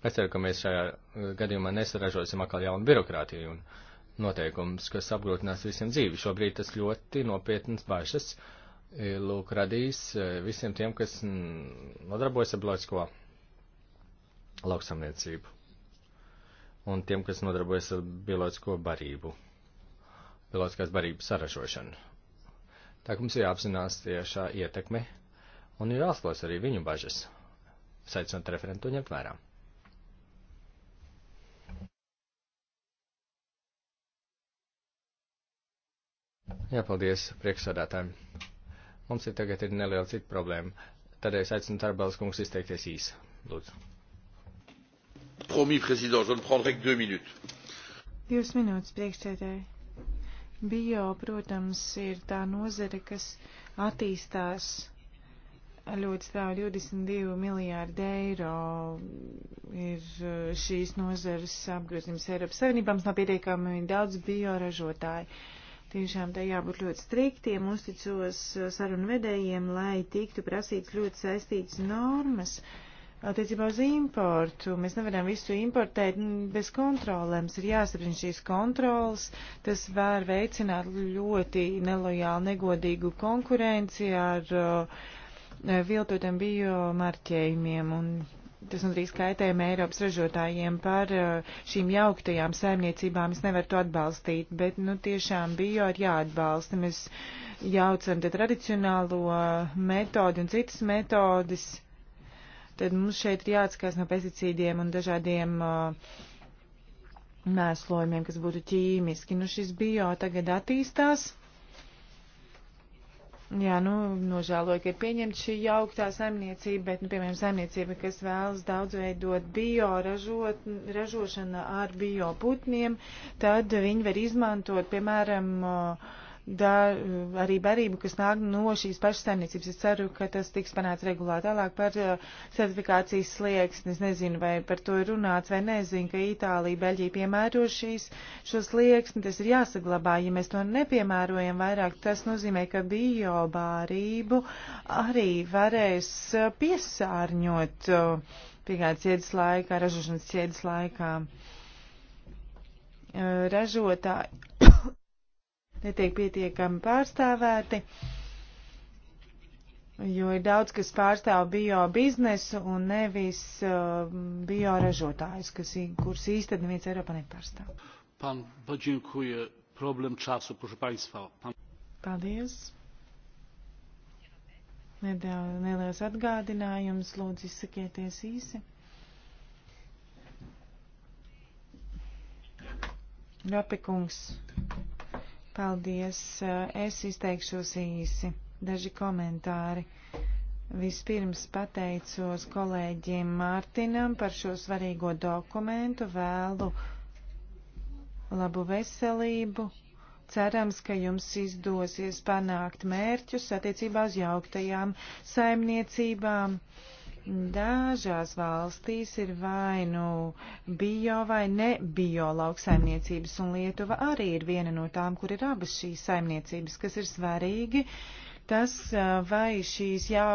Es ceru, ka mēs šajā uh, gadījumā nesaražosim atkal jaunu birokrātiju un noteikumus, kas apgrūtinās visiem dzīvi. Šobrīd tas ļoti nopietnas bažas eh, lūk radīs eh, visiem tiem, kas mm, nodarbojas ar bioloģisko lauksamniecību un tiem, kas nodarbojas ar bioloģisko barību, bioloģiskās barības saražošanu. Tā kā mums ir jāapzinās tiešā ietekme un ir jāsklās arī viņu bažas, saicinot referentu ņemt vērā. Jā, paldies priekšsādātājiem. Mums ir tagad ir neliela cita problēma. Tādēļ es aicinu Tarbēlas kungs izteikties īsi. Lūdzu. Promis, prezident, je ne prendrai que deux minutes. Divas minūtes priekšsēdēji. Bio, protams, ir tā nozare, kas attīstās ļoti strauji 22 miljārdi eiro ir eh, šīs nozares apgrozījums Eiropas Savienībā. Mums nav pietiekami daudz bioražotāju. Tiešām te jābūt ļoti striktiem, uzticos eh, sarunu vedējiem, lai tiktu prasīts ļoti saistīts normas. Uh, Attiecībā uz importu mēs nevaram visu importēt nu, bez kontrolēm. Mums ir jāsaprina šīs kontrolas. Tas var veicināt ļoti nelojālu, negodīgu konkurenci ar uh, viltotiem biomarķējumiem. Un tas nodarīs kaitējumu Eiropas ražotājiem par uh, šīm jauktajām saimniecībām. Es nevaru to atbalstīt, bet nu, tiešām bio ir jāatbalsta. Mēs jaucam te tradicionālo metodi un citas metodas Tad mums šeit ir jāatskās no pesticīdiem un dažādiem uh, mēslojumiem, kas būtu ķīmiski. Nu, šis bio tagad attīstās. Jā, nu, nožēloju, ka ir pieņemta šī jauktā saimniecība, bet, nu, piemēram, saimniecība, kas vēlas daudz veidot bio ražot, ražošana ar bio putniem, tad viņi var izmantot, piemēram, uh, da, eh, arī barību, kas nāk no šīs pašas saimniecības. Es ceru, ka tas tiks panāts regulā tālāk par eh, certifikācijas slieksni. Es nezinu, vai par to ir runāts, vai nezinu, ka Itālija, Beļģija piemēro šīs, šo slieksni. Tas ir jāsaglabā. Ja mēs to nepiemērojam vairāk, tas nozīmē, ka biobārību arī varēs eh, piesārņot piegādes ķēdes laikā, ražošanas ķēdes laikā. Ražotāji (coughs) netiek pietiekami pārstāvēti, jo ir daudz, kas pārstāv bio biznesu un nevis uh, bio ražotājus, kas, kurus īstenībā neviens Eiropā nepārstāv. Pan, dziękuję. Problem czasu, proszę Państwa. Pan... Paldies. Nedaudz neliels atgādinājums, lūdzu, izsakieties īsi. Rapikungs. Paldies. Es izteikšos īsi. Daži komentāri. Vispirms pateicos kolēģim Mārtinam par šo svarīgo dokumentu, vēlu labu veselību. Cerams, ka jums izdosies panākt mērķus attiecībā uz jauktajām saimniecībām. Uh, Dažās valstīs ir vai nu bio vai ne bio lauksaimniecības, un Lietuva arī ir viena no tām, kur ir abas šīs saimniecības, kas ir svarīgi. Tas, vai šīs jau,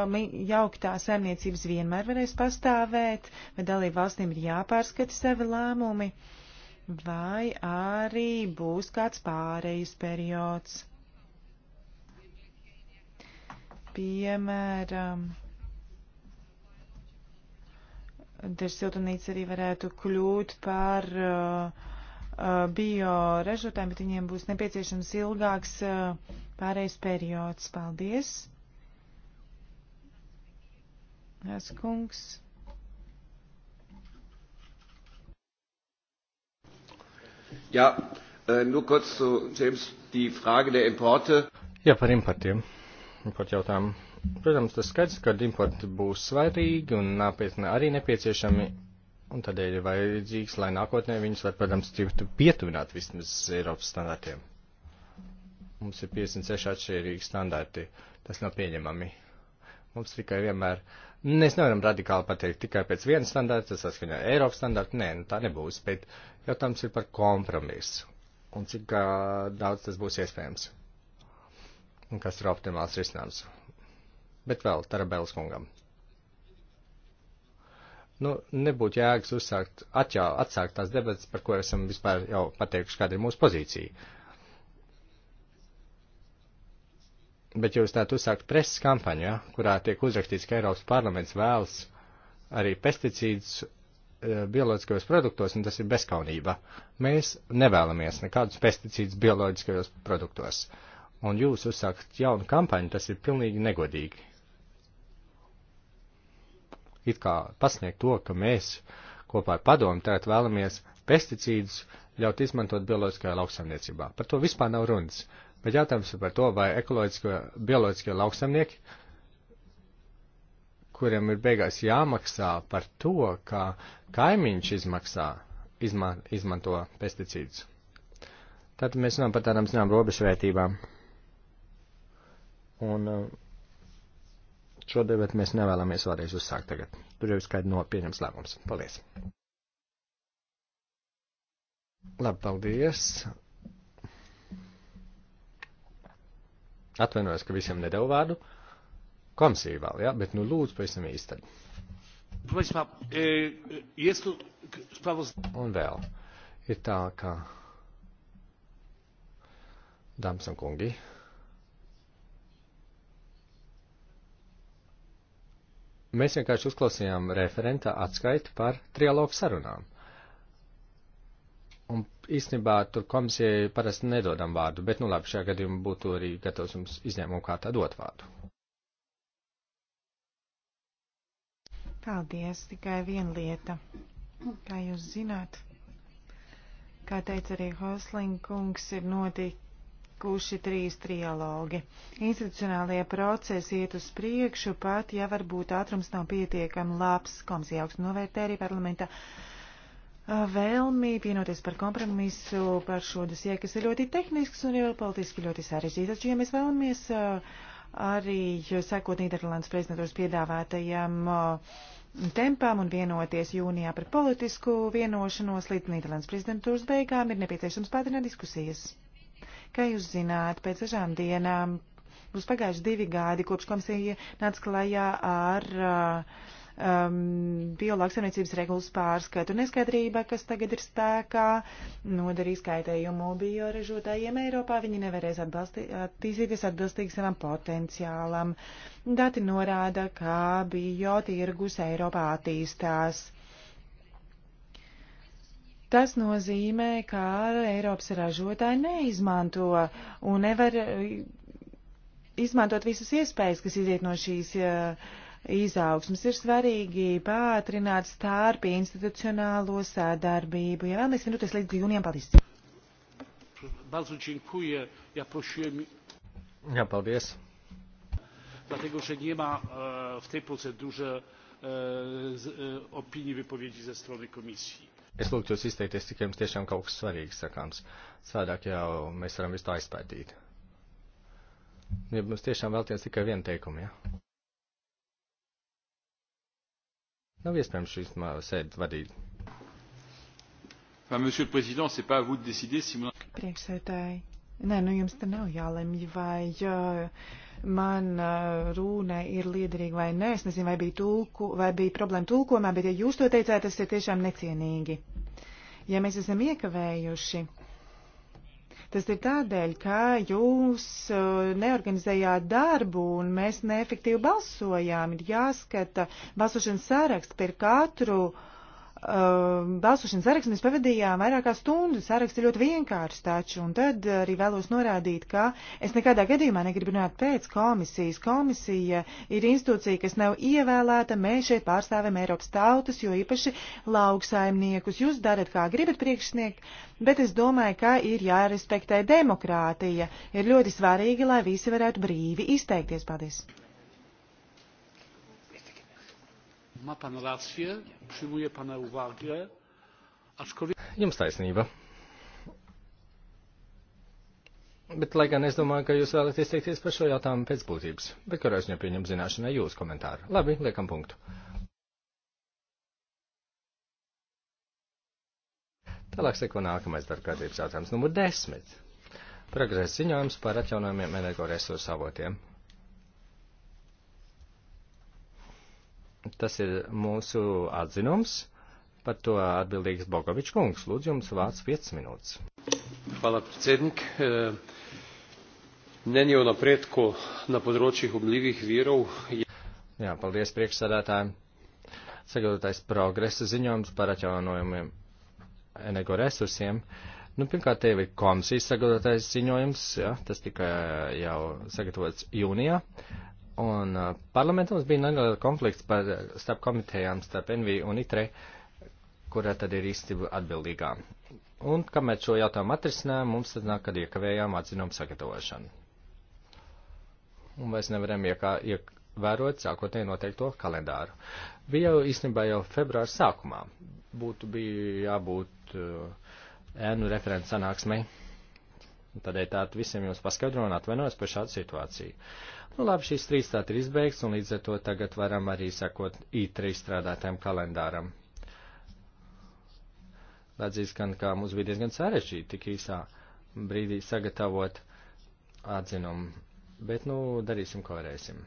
jauktā saimniecības vienmēr varēs pastāvēt, vai dalību valstīm ir jāpārskata savi lēmumi, vai arī būs kāds pārejas periods. Piemēram, Tieši siltumnīca arī varētu kļūt par uh, uh bioražotājiem, bet viņiem būs nepieciešams ilgāks uh, pārējais periods. Paldies! Es kungs. Ja, äh, nur kurz zu James, die Frage der Importe. Ja, par importiem. Import jautājumu. Protams, tas skaidrs, ka importi būs svarīgi un nāpietnē arī nepieciešami, un tādēļ ir vajadzīgs, lai nākotnē viņus var, protams, pietuvināt vismaz Eiropas standartiem. Mums ir 56 atšķirīgi standarti. Tas nav pieņemami. Mums tikai vienmēr. Mēs nevaram radikāli pateikt tikai pēc viena standarta, tas saskaņā Eiropas standarta. Nē, nu tā nebūs, bet jautājums ir par kompromisu un cik uh, daudz tas būs iespējams un kas ir optimāls risinājums. Bet vēl Tarabēlas kungam. Nu, nebūtu jēgas uzsākt, atjā, atsākt tās debatas, par ko esam vispār jau pateikuši, kāda ir mūsu pozīcija. Bet jūs tātad uzsākt preses kampaņu, ja, kurā tiek uzrakstīts, ka Eiropas parlaments vēlas arī pesticīdus e, bioloģiskajos produktos, un tas ir bezkaunība. Mēs nevēlamies nekādus pesticīdus bioloģiskajos produktos. Un jūs uzsākt jaunu kampaņu, tas ir pilnīgi negodīgi it kā pasniegt to, ka mēs kopā ar padomu tagad vēlamies pesticīdus ļaut izmantot bioloģiskajā lauksaimniecībā. Par to vispār nav runas. Bet jautājums ir par to, vai ekoloģiskie, bioloģiskie lauksaimnieki, kuriem ir beigās jāmaksā par to, ka kaimiņš izmaksā, izman, izmanto pesticīdus. Tātad mēs runājam par tādām zinām robežvērtībām. Un uh, šo debatu mēs nevēlamies vēlreiz uzsākt tagad. Tur jau ir skaidri nopieņems lēmums. Paldies! Labi, paldies! Atvainojos, ka visiem nedevu vārdu. Komisija vēl, jā, ja? bet nu lūdzu pavisam īsti tad. E, un vēl ir tā, ka. Dāmas un kungi, Mēs vienkārši uzklausījām referenta atskaitu par trialogu sarunām. Un īstenībā tur komisijai parasti nedodam vārdu, bet nu labi, šajā gadījumā būtu arī gatavs jums izņēmumu kā tā dot vārdu. Paldies, tikai viena lieta. Kā jūs zināt, kā teica arī Hoslinkungs, ir notik, notikuši trīs trialogi. Institucionālie procesi iet uz priekšu, pat ja varbūt ātrums nav pietiekami labs, komisija augstu novērtē arī parlamenta uh, vēlmi vienoties par kompromisu par šo dosie, kas ir ļoti tehnisks un jau politiski ļoti sarežģīts. Taču, ja mēs vēlamies uh, arī sekot Nīderlandes prezidentūras piedāvātajam uh, tempām un vienoties jūnijā par politisku vienošanos līdz Nīderlandes prezidentūras beigām, ir nepieciešams pātrināt diskusijas. Kā jūs zināt, pēc dažām dienām būs pagājuši divi gadi, kopš komisija nāca klajā ar uh, um, biolāksaimniecības regulas pārskatu. Neskaidrība, kas tagad ir spēkā, nodarīs kaitējumu bioražotājiem Eiropā. Viņi nevarēs attīstīties atbilstīgi savam potenciālam. Dati norāda, kā biotirgus Eiropā attīstās. Tas nozīmē, ka Eiropas ražotāji neizmanto un nevar eh, izmantot visas iespējas, kas iziet no šīs uh, izaugsmas ir svarīgi pātrināt starp institucionālo sadarbību. Ja vēlamies vienoties līdz jūnijam, paldies. Bardzo dziękuję. Ja prosiłem... Ja, paldies. Dlatego, że nie ma e, w tej procedurze e, e, opinii wypowiedzi ze strony komisji. Es lūgtu jūs izteikties, cik jums tiešām kaut kas svarīgs sakāms. Sādāk jau mēs varam visu tā aizpētīt. Ja mums tiešām vēlties tikai vienu teikumu, ja? Nav iespējams šīs sēdes vadīt. Monsieur le Président, c'est pas à vous de décider si mon... Priekšsētāji, nē, nu jums te nav jālemj, vai uh, man uh, rūne ir liederīga vai nē. Es nezinu, vai bija, tulku, vai bija problēma tulkojumā, bet ja jūs to teicāt, tas ir tiešām necienīgi. Ja mēs esam iekavējuši, tas ir tādēļ, ka jūs uh, neorganizējāt darbu un mēs neefektīvi balsojām. Ir jāskata balsošanas saraksts par katru uh, uh, balsošanas sarakstu mēs pavadījām vairāk kā stundu. Saraksts ir ļoti vienkāršs taču, un tad arī vēlos norādīt, ka es nekādā gadījumā negribu runāt pēc komisijas. Komisija ir institūcija, kas nav ievēlēta. Mēs šeit pārstāvam Eiropas tautas, jo īpaši lauksaimniekus. Jūs darat, kā gribat priekšniek, bet es domāju, ka ir jārespektē demokrātija. Ir ļoti svarīgi, lai visi varētu brīvi izteikties. Paldies! Ma pan rację, przyjmuję pana uwagę, aczkolwiek... Jums taisnība. Bet, lai gan es domāju, ka jūs vēlaties teikties par šo jautājumu pēc būtības, bet kurā ziņā pieņem zināšanai jūsu komentāru. Labi, liekam punktu. Tālāk seko nākamais darbkārtības jautājums, numur desmit. Progress ziņojums par atjaunojumiem energoresursu avotiem. Tas ir mūsu atzinums. Par to atbildīgs Bogovičs kungs. Lūdzu, jums vārds 5 minūtes. Hvala, predsednik. E, mnenje o napredku na področjih obljivih virov. Jā, paldies priekšsādātājiem. Sagatavotais progresa ziņojums par atjaunojumiem energoresursiem. Nu, pirmkārt, tev ir komisijas sagatavotais ziņojums, ja, tas tika jau sagatavots jūnijā. Un uh, parlamentā mums bija neliela konflikts par, uh, starp komitejām, starp NV un ITRE, kurā tad ir īstenība atbildīgā. Un kamēr šo jautājumu atrisinājām, mums tad nāk, kad iekavējām atzinumu sagatavošanu. Un mēs nevaram iekā, ievērot sākotnēji noteikto kalendāru. Bija jau īstenībā jau februāra sākumā. Būtu bija jābūt uh, ēnu referents sanāksmei Tādēļ tātad visiem jums paskaidro un atvainojos par šādu situāciju. Nu, labi, šīs trīs tātad ir izbeigts, un līdz ar to tagad varam arī sakot ītri izstrādātājiem kalendāram. Lēdzīst, gan kā mums bija diezgan sarežģīti tik īsā brīdī sagatavot atzinumu, bet, nu, darīsim, ko varēsim.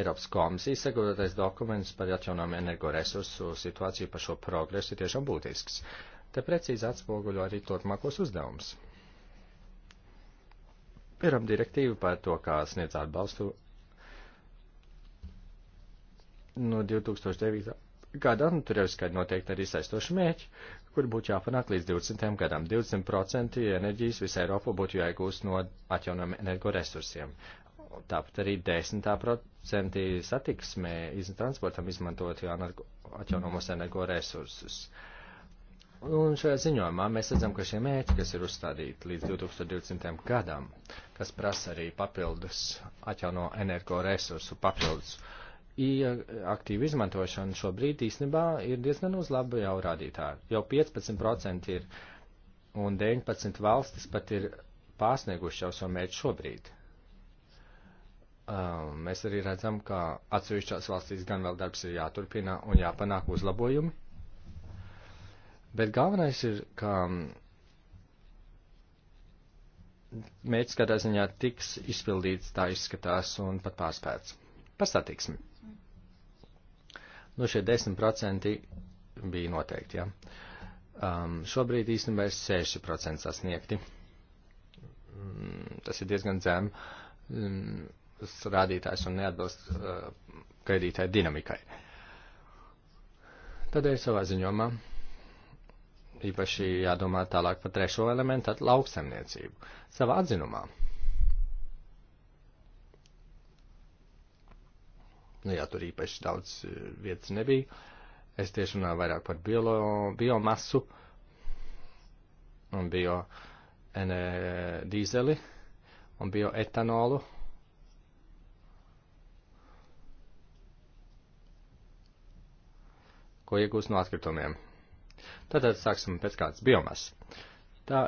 Eiropas komisijas sagatavotais dokuments par atjaunām energoresursu situāciju par šo progresu ir tiešām būtisks. Uh, te precīzi atspoguļo arī turpmākos uzdevumus. Piram direktīva par to, kā sniedz atbalstu no 2009. gadā, nu, tur jau skaidri noteikti arī saistoši mēķi, kur būtu jāpanāk līdz 20. gadam. 20% enerģijas visā Eiropā būtu jāiegūst no atjaunām energoresursiem. Tāpat arī 10% satiksmē iz transportam izmantot atjaunamos energoresursus. Uh, Un šajā ziņojumā mēs redzam, ka šie mērķi, kas ir uzstādīti līdz 2020. gadam, kas prasa arī papildus atjauno energoresursu papildus, aktīvu izmantošanu šobrīd īstenībā ir diezgan uz labu jau rādītāju. Jau 15% ir un 19 valstis pat ir pārsnieguši jau savu mērķu šobrīd. Um, mēs arī redzam, ka atsevišķās valstīs gan vēl darbs ir jāturpina un jāpanāk uzlabojumi Bet galvenais ir, ka mm, mērķis kādā ziņā tiks izpildīts, tā izskatās, un pat pārspēts. Par satiksmi. Nu, šie 10% bija noteikti, jā. Ja? Um, šobrīd īstenībā ir 6% sasniegti. Mm, tas ir diezgan zem mm, rādītājs un neatbilst uh, gaidītāju dinamikai. Tādēļ savā ziņomā īpaši jādomā tālāk par trešo elementu, tad lauksemniecību savā atzinumā. Nu, jā, tur īpaši daudz e, vietas nebija. Es tieši runāju vairāk par biolo, biomasu un bio ene, dīzeli un bioetanolu. ko iegūst no atkritumiem, Tātad sāksim pēc kādas biomasas. Tā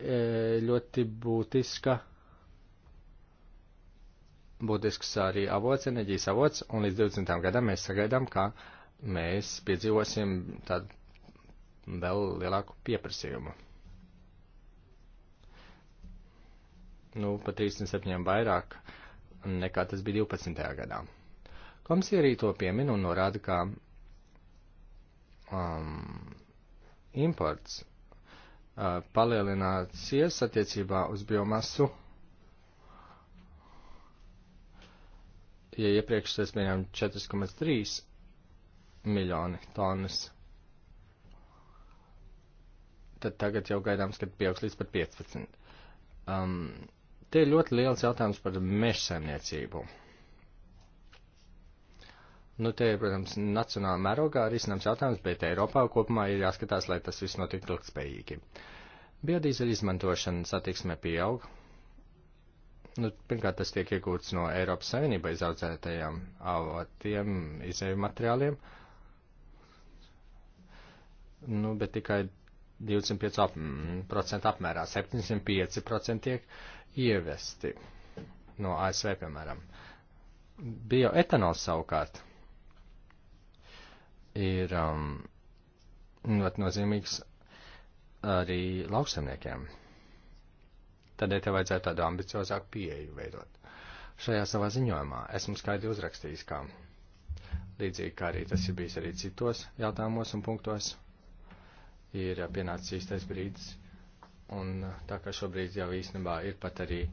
e, ļoti būtiska, būtisks arī avots, enerģijas avots, un līdz 20. gadam mēs sagaidām, ka mēs piedzīvosim tādu vēl lielāku pieprasījumu. Nu, pat 37 vairāk nekā tas bija 12. gadā. Komisija arī to piemin un norāda, ka um, imports uh, palielināsies attiecībā uz biomasu. Ja iepriekš mēs bijām 4,3 miljoni tonnas, tad tagad jau gaidāms, ka pieaugs līdz pat 15. Um, te ir ļoti liels jautājums par mežsaimniecību. Nu, te, protams, nacionālā mērogā arī snams jautājums, bet Eiropā kopumā ir jāskatās, lai tas viss notiktu ilgspējīgi. Biodīzeļu izmantošana satiksmē pieaug. Nu, pirmkārt, tas tiek iegūts no Eiropas Savienībā izaudzētajiem avotiem, izēju materiāliem. Nu, bet tikai 25% ap, mm, apmērā, 705% tiek ievesti no ASV, piemēram. Bioetanols savukārt ir um, ļoti nozīmīgs arī lauksemniekiem. Tādēļ te vajadzētu tādu ambiciozāku pieeju veidot. Šajā savā ziņojumā esmu skaidri uzrakstījis, ka līdzīgi kā arī tas ir bijis arī citos jautājumos un punktos, ir pienācis īstais brīdis. Un uh, tā kā šobrīd jau īstenībā ir pat arī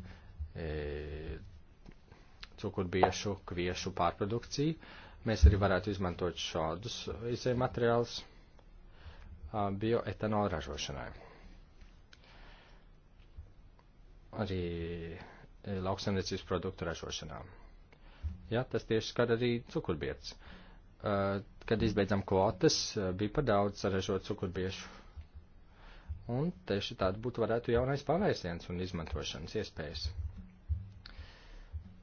e, cukurbiešu, kviešu pārprodukcija, Mēs arī varētu izmantot šādus izēju materiālus bioetanola ražošanai. Arī lauksaimniecības produktu ražošanā. Ja, tas tieši skar arī cukurbietas. Kad izbeidzam kvotas, bija par daudz saražot cukurbiešu. Un tieši tāda būtu varētu jaunais pavērsiens un izmantošanas iespējas.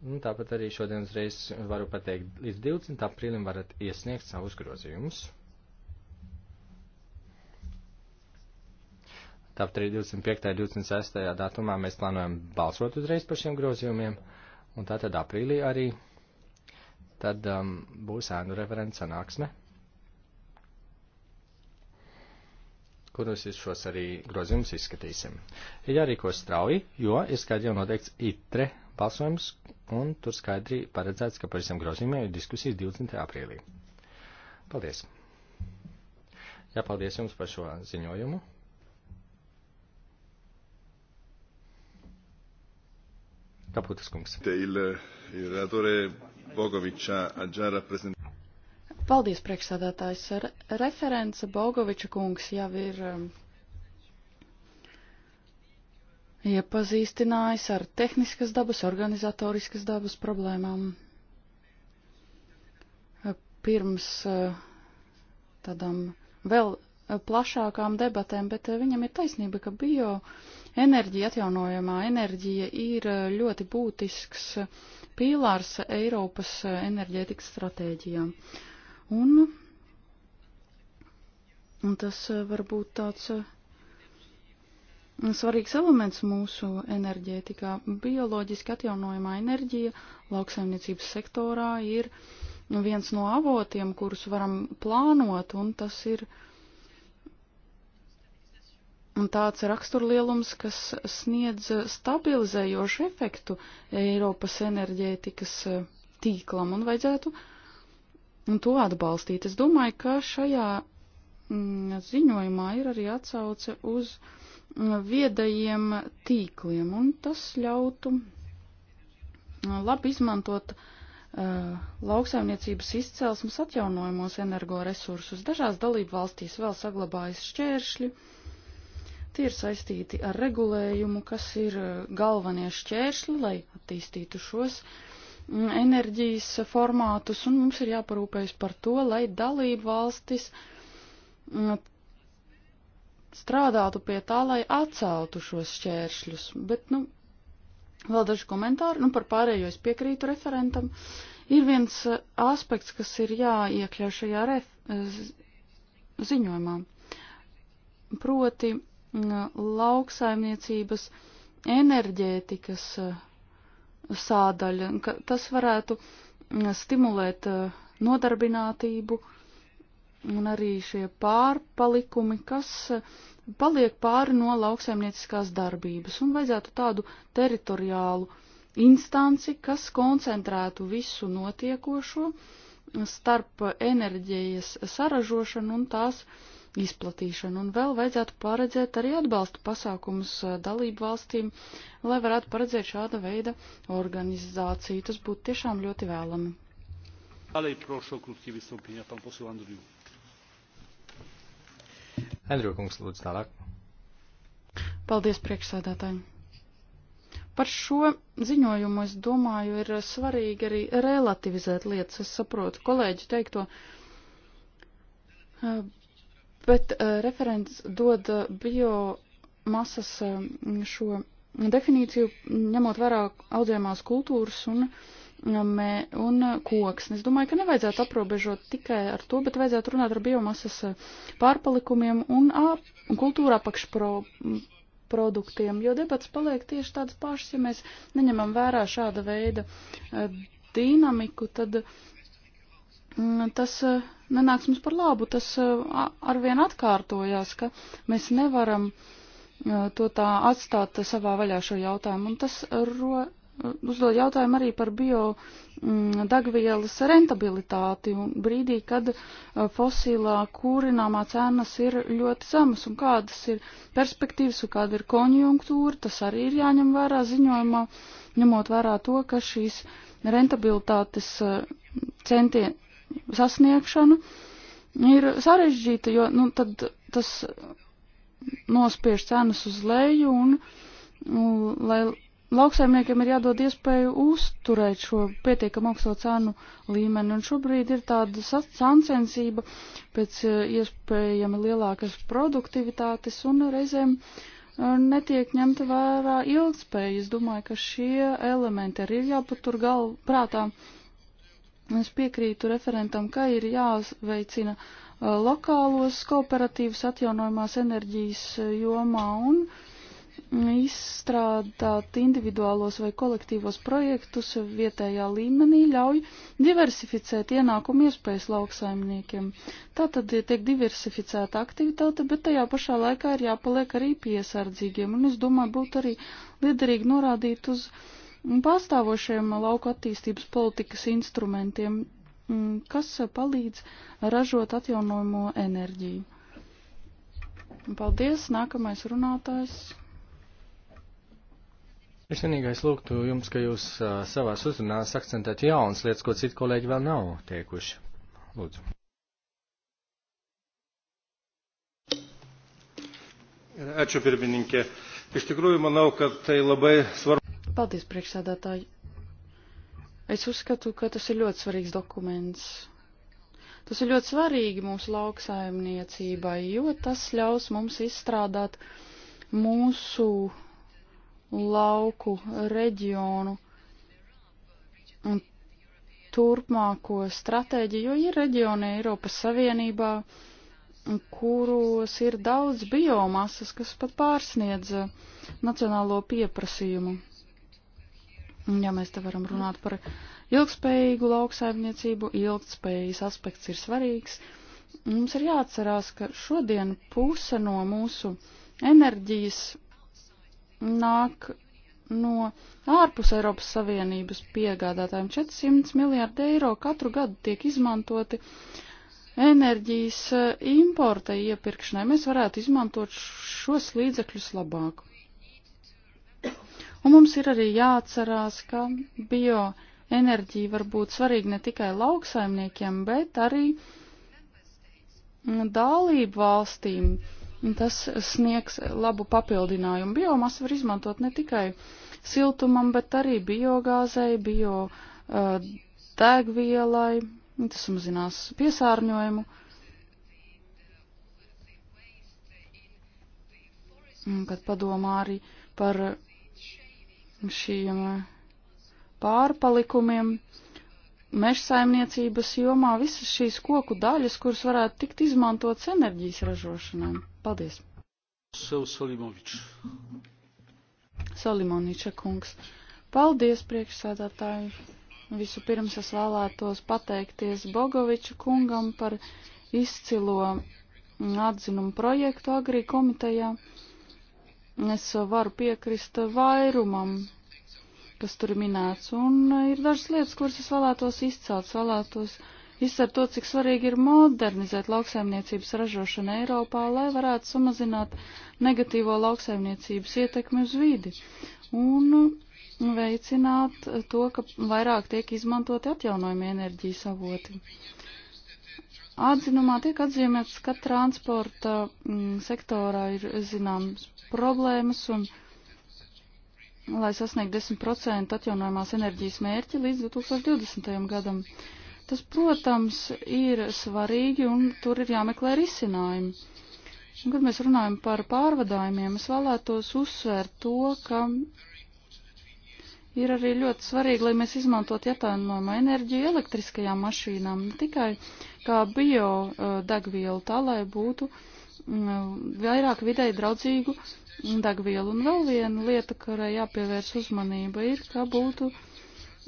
Un tāpat arī šodien uzreiz varu pateikt, līdz 20. aprīlim varat iesniegt savus grozījumus. Tāpat arī 25. un 26. datumā mēs plānojam balsot uzreiz par šiem grozījumiem, un tātad aprīlī arī tad um, būs ēnu referents sanāksme, kurus ir šos arī grozījumus izskatīsim. Ir jārīkos strauji, jo ir skaidri jau noteikts itre balsojums, un tur skaidri paredzēts, ka par visiem grozījumiem ir diskusijas 20. aprīlī. Paldies! Jā, paldies jums par šo ziņojumu. Caputas kungs. Paldies, priekšsādātājs. Referents Bogoviča kungs jau ir um, iepazīstinājis ar tehniskas dabas, organizatoriskas dabas problēmām. Pirms eh, tādām vēl eh, plašākām debatēm, bet eh, viņam ir taisnība, ka bioenerģija, atjaunojamā enerģija ir ļoti būtisks pīlārs Eiropas enerģētikas stratēģijām. Un, un tas var būt tāds uh, svarīgs elements mūsu enerģētikā. Bioloģiski atjaunojamā enerģija lauksaimniecības sektorā ir viens no avotiem, kurus varam plānot, un tas ir tāds raksturlielums, kas sniedz stabilizējošu efektu Eiropas enerģētikas eh, tīklam, un vajadzētu un to atbalstīt. Es domāju, ka šajā mm, ziņojumā ir arī atsauce uz uh, viedajiem tīkliem, un tas ļautu uh, labi izmantot uh, lauksaimniecības izcelsmes atjaunojumos energoresursus. Dažās dalību valstīs vēl saglabājas šķēršļi. Tie ir saistīti ar regulējumu, kas ir uh, galvenie šķēršļi, lai attīstītu šos mm, enerģijas formātus, un mums ir jāparūpējas par to, lai dalību valstis uh, strādātu pie tā, lai atceltu šos šķēršļus. Bet, nu, vēl daži komentāri, nu, par pārējo es piekrītu referentam. Ir viens eh, aspekts, kas ir jāiekļau šajā ref, eh, ziņojumā, proti mm, lauksaimniecības enerģētikas eh, sādaļa, ka tas varētu mm, stimulēt nodarbinātību, uh, un arī šie pārpalikumi, kas paliek pāri no lauksaimnieciskās darbības, un vajadzētu tādu teritoriālu instanci, kas koncentrētu visu notiekošo starp enerģijas saražošanu un tās izplatīšanu, un vēl vajadzētu paredzēt arī atbalstu pasākumus dalību valstīm, lai varētu paredzēt šāda veida organizāciju. Tas būtu tiešām ļoti vēlami. Dalej prošu o krótkie wystąpienia pan poseł Andriu. Andriju kungs, lūdzu tālāk. Paldies priekšsēdētājiem. Par šo ziņojumu, es domāju, ir svarīgi arī relativizēt lietas. Es saprotu kolēģi teikto, eh, bet eh, referents dod eh, biomasas šo definīciju, ņemot vērā audzējumās kultūras un uh, un koksni. Es domāju, ka nevajadzētu aprobežot tikai ar to, bet vajadzētu runāt ar biomasas pārpalikumiem un, ap, un kultūra apakšproduktiem, jo debats paliek tieši tāds pašs, ja mēs neņemam vērā šāda veida e, dinamiku, tad mm, tas e, nenāks mums par labu. Tas e, arvien atkārtojās, ka mēs nevaram to tā atstāt savā vaļā šo jautājumu, un tas ro uzdod jautājumu arī par bio mm, dagvielas rentabilitāti un brīdī, kad uh, fosilā kūrināmā cenas ir ļoti zemas un kādas ir perspektīvas un kāda ir konjunktūra, tas arī ir jāņem vērā ziņojumā, ņemot vērā to, ka šīs rentabilitātes uh, centien sasniegšana ir sarežģīta, jo, nu, tad tas nospiež cenas uz leju un, un lai lauksaimniekiem ir jādod iespēju uzturēt šo pietiekam augsto cenu līmeni, un šobrīd ir tāda sacensība pēc eh, iespējami lielākas produktivitātes un reizēm eh, netiek ņemta vērā ilgspēja. Es domāju, ka šie elementi arī ir jāpatur galv prātā. Es piekrītu referentam, ka ir jāveicina eh, lokālos kooperatīvas atjaunojumās enerģijas jomā un uh, izstrādāt individuālos vai kolektīvos projektus vietējā līmenī ļauj diversificēt ienākumu iespējas lauksaimniekiem. Tā tad tiek diversificēta aktivitāte, bet tajā pašā laikā ir jāpaliek arī piesardzīgiem, un es domāju, būtu arī liederīgi norādīt uz pastāvošiem lauku attīstības politikas instrumentiem, mm, kas palīdz ražot atjaunojamo enerģiju. Paldies, nākamais runātājs. Es vienīgais lūgtu jums, ka jūs uh, savās uzrunās akcentētu jaunas lietas, ko citi kolēģi vēl nav teikuši. Lūdzu. Ačiū pirmininkė. Iš tikrųjų, manau, kad tai labai svarbu. Paldies, priekšsēdētāji. Es uzskatu, ka tas ir ļoti svarīgs dokuments. Tas ir ļoti svarīgi mūsu lauksaimniecībai, jo tas ļaus mums izstrādāt mūsu lauku reģionu un turpmāko stratēģiju, jo ir reģioni Eiropas Savienībā, kuros ir daudz biomasas, kas pat pārsniedz uh, nacionālo pieprasījumu. Ja mēs te varam runāt par ilgspējīgu lauksaimniecību, ilgspējas aspekts ir svarīgs. Mums ir jāatcerās, ka šodien puse no mūsu enerģijas nāk no ārpus Eiropas Savienības piegādātājiem. 400 miljārdi eiro katru gadu tiek izmantoti enerģijas eh, importa iepirkšanai. Mēs varētu izmantot šos līdzekļus labāk. Un mums ir arī jāatcerās, ka bioenerģija var būt svarīga ne tikai lauksaimniekiem, bet arī dalību valstīm. Uh, Tas sniegs labu papildinājumu. Biomasu var izmantot ne tikai siltumam, bet arī biogāzei, bio uh, degvielai, tas samazinās piesārņojumu. Kad padomā arī par šiem pārpalikumiem, uh, mežsaimniecības jomā visas šīs koku daļas, kuras varētu tikt izmantotas enerģijas ražošanai. Paldies! Salimovičs. Salimoniča kungs. Paldies, priekšsēdētāji! Visu pirms es vēlētos pateikties Bogoviču kungam par izcilo atzinumu projektu Agrī komitejā. Es varu piekrist vairumam kas tur ir minēts, un eh, ir dažas lietas, kuras es vēlētos izcelt, vēlētos izcelt to, cik svarīgi ir modernizēt lauksaimniecības ražošanu Eiropā, lai varētu samazināt negatīvo lauksaimniecības ietekmi uz vidi. Un eh, veicināt to, ka vairāk tiek izmantoti atjaunojumi enerģijas avoti. Atzinumā tiek atzīmēts, ka transporta m, mm, sektorā ir zināmas problēmas un uh, lai sasniegtu 10% atjaunojumās enerģijas mērķi līdz 2020. gadam. Tas, protams, ir svarīgi un tur ir jāmeklē risinājumi. Un, kad mēs runājam par pārvadājumiem, es vēlētos uzsvērt to, ka ir arī ļoti svarīgi, lai mēs izmantotu atjaunojumu enerģiju elektriskajām mašīnām, ne tikai kā biodegvielu, eh, tā lai būtu uh, vairāk videi draudzīgu degvielu. Un vēl viena lieta, kurai jāpievērš uzmanība, ir, ka būtu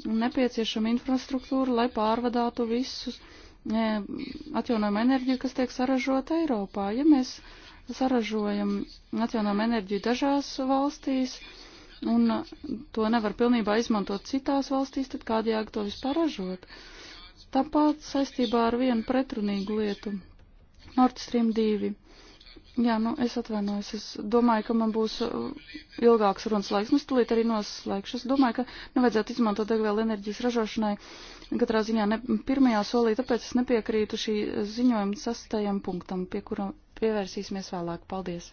nepieciešama infrastruktūra, lai pārvadātu visus e, atjaunojumu enerģiju, kas tiek saražota Eiropā. Ja mēs saražojam atjaunojumu enerģiju dažās valstīs un to nevar pilnībā izmantot citās valstīs, tad kādā jēga to vispār ražot? Tāpat saistībā ar vienu pretrunīgu lietu - Nord Stream 2. Jā, nu es atvainojos. Es domāju, ka man būs uh, ilgāks runas laiks. Nu, stulīt arī noslēgšu. Es domāju, ka nevajadzētu izmantot degvielu enerģijas ražošanai. Katrā ziņā ne, pirmajā solī, tāpēc es nepiekrītu šī ziņojuma sastajam punktam, pie kura pievērsīsimies vēlāk. Paldies.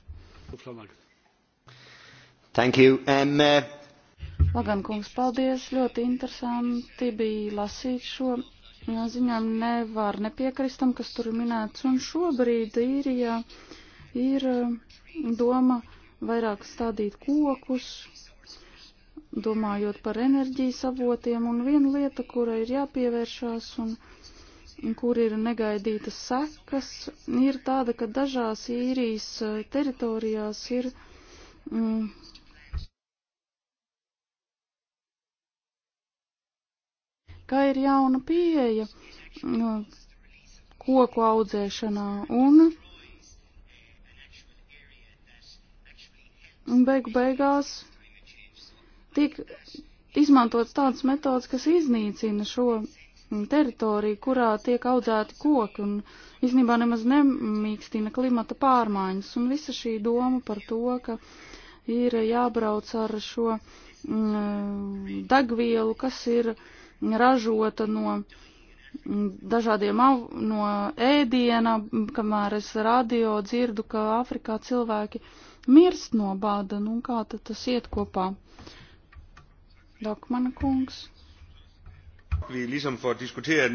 Thank you. Um, uh... Lagan kungs, paldies. Ļoti interesanti bija lasīt šo ziņām nevar nepiekrist tam, kas tur ir minēts. Un šobrīd īrijā. Ja ir eh, doma vairāk stādīt kokus, domājot par enerģijas avotiem, un viena lieta, kurai ir jāpievēršās un kur ir negaidītas sekas, ir tāda, ka dažās īrijas eh, teritorijās ir. Mm, kā ir jauna pieeja mm, koku audzēšanā un Un beigu beigās tiek izmantots tāds metods, kas iznīcina šo teritoriju, kurā tiek audzēti koki un īstenībā nemaz nemīkstina klimata pārmaiņas. Un visa šī doma par to, ka ir jābrauc ar šo mm, dagvielu, kas ir ražota no mm, dažādiem av, no ēdiena, kamēr es radio dzirdu, ka Āfrikā cilvēki uh, mirst no bāda, nu kā tad tas iet kopā? Dokmana kungs. Er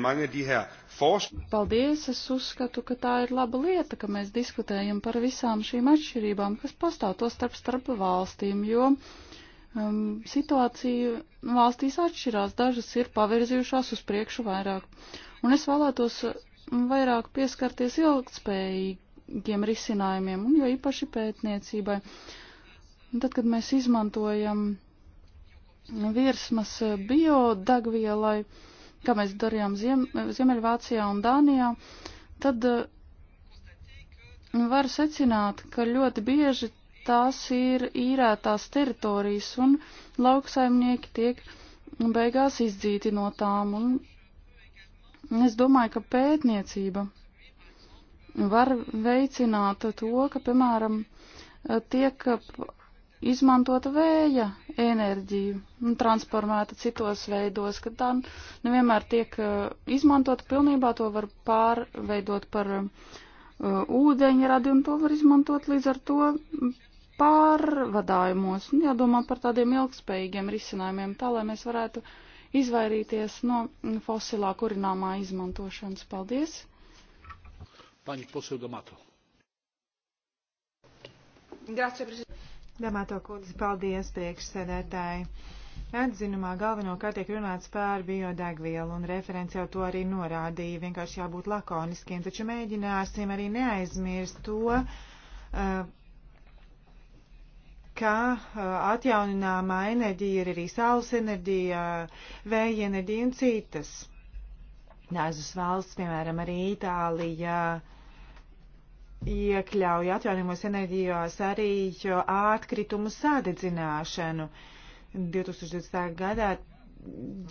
Paldies, es uzskatu, ka tā ir laba lieta, ka mēs diskutējam par visām šīm atšķirībām, kas pastāv to starp starp valstīm, jo um, situācija valstīs atšķirās, dažas ir pavirzījušās uz priekšu vairāk. Un es vēlētos um, vairāk pieskarties ilgtspējīgi giem risinājumiem, un jo īpaši pētniecībai. Un tad, kad mēs izmantojam virsmas biodegvielai, kā mēs darījām Ziem, Ziemeļvācijā un Dānijā, tad var secināt, ka ļoti bieži tās ir īrētās teritorijas un lauksaimnieki tiek beigās izdzīti no tām. Un es domāju, ka pētniecība var veicināt to, ka, piemēram, tiek izmantota vēja enerģija un transformēta citos veidos, ka tā nevienmēr tiek uh, izmantota pilnībā, to var pārveidot par uh, ūdeņa radi un to var izmantot līdz ar to pārvadājumos. Un jādomā par tādiem ilgspējīgiem risinājumiem, tā lai mēs varētu izvairīties no fosilā kurināmā izmantošanas. Paldies! Pani poseł Damato. Damato kundze, paldies priekšsēdētāji. Atzinumā galvenokārt tiek runāts par biodegvielu, un referents jau to arī norādīja. Vienkārši jābūt lakoniskiem, taču mēģināsim arī neaizmirst to, eh, ka eh, atjaunināmā enerģija ir arī saules enerģija, vēja enerģija un citas. Dažas valsts, piemēram, arī Itālija, uh, iekļauj atjaunojumos enerģijos arī atkritumu sadedzināšanu. 2020. gadā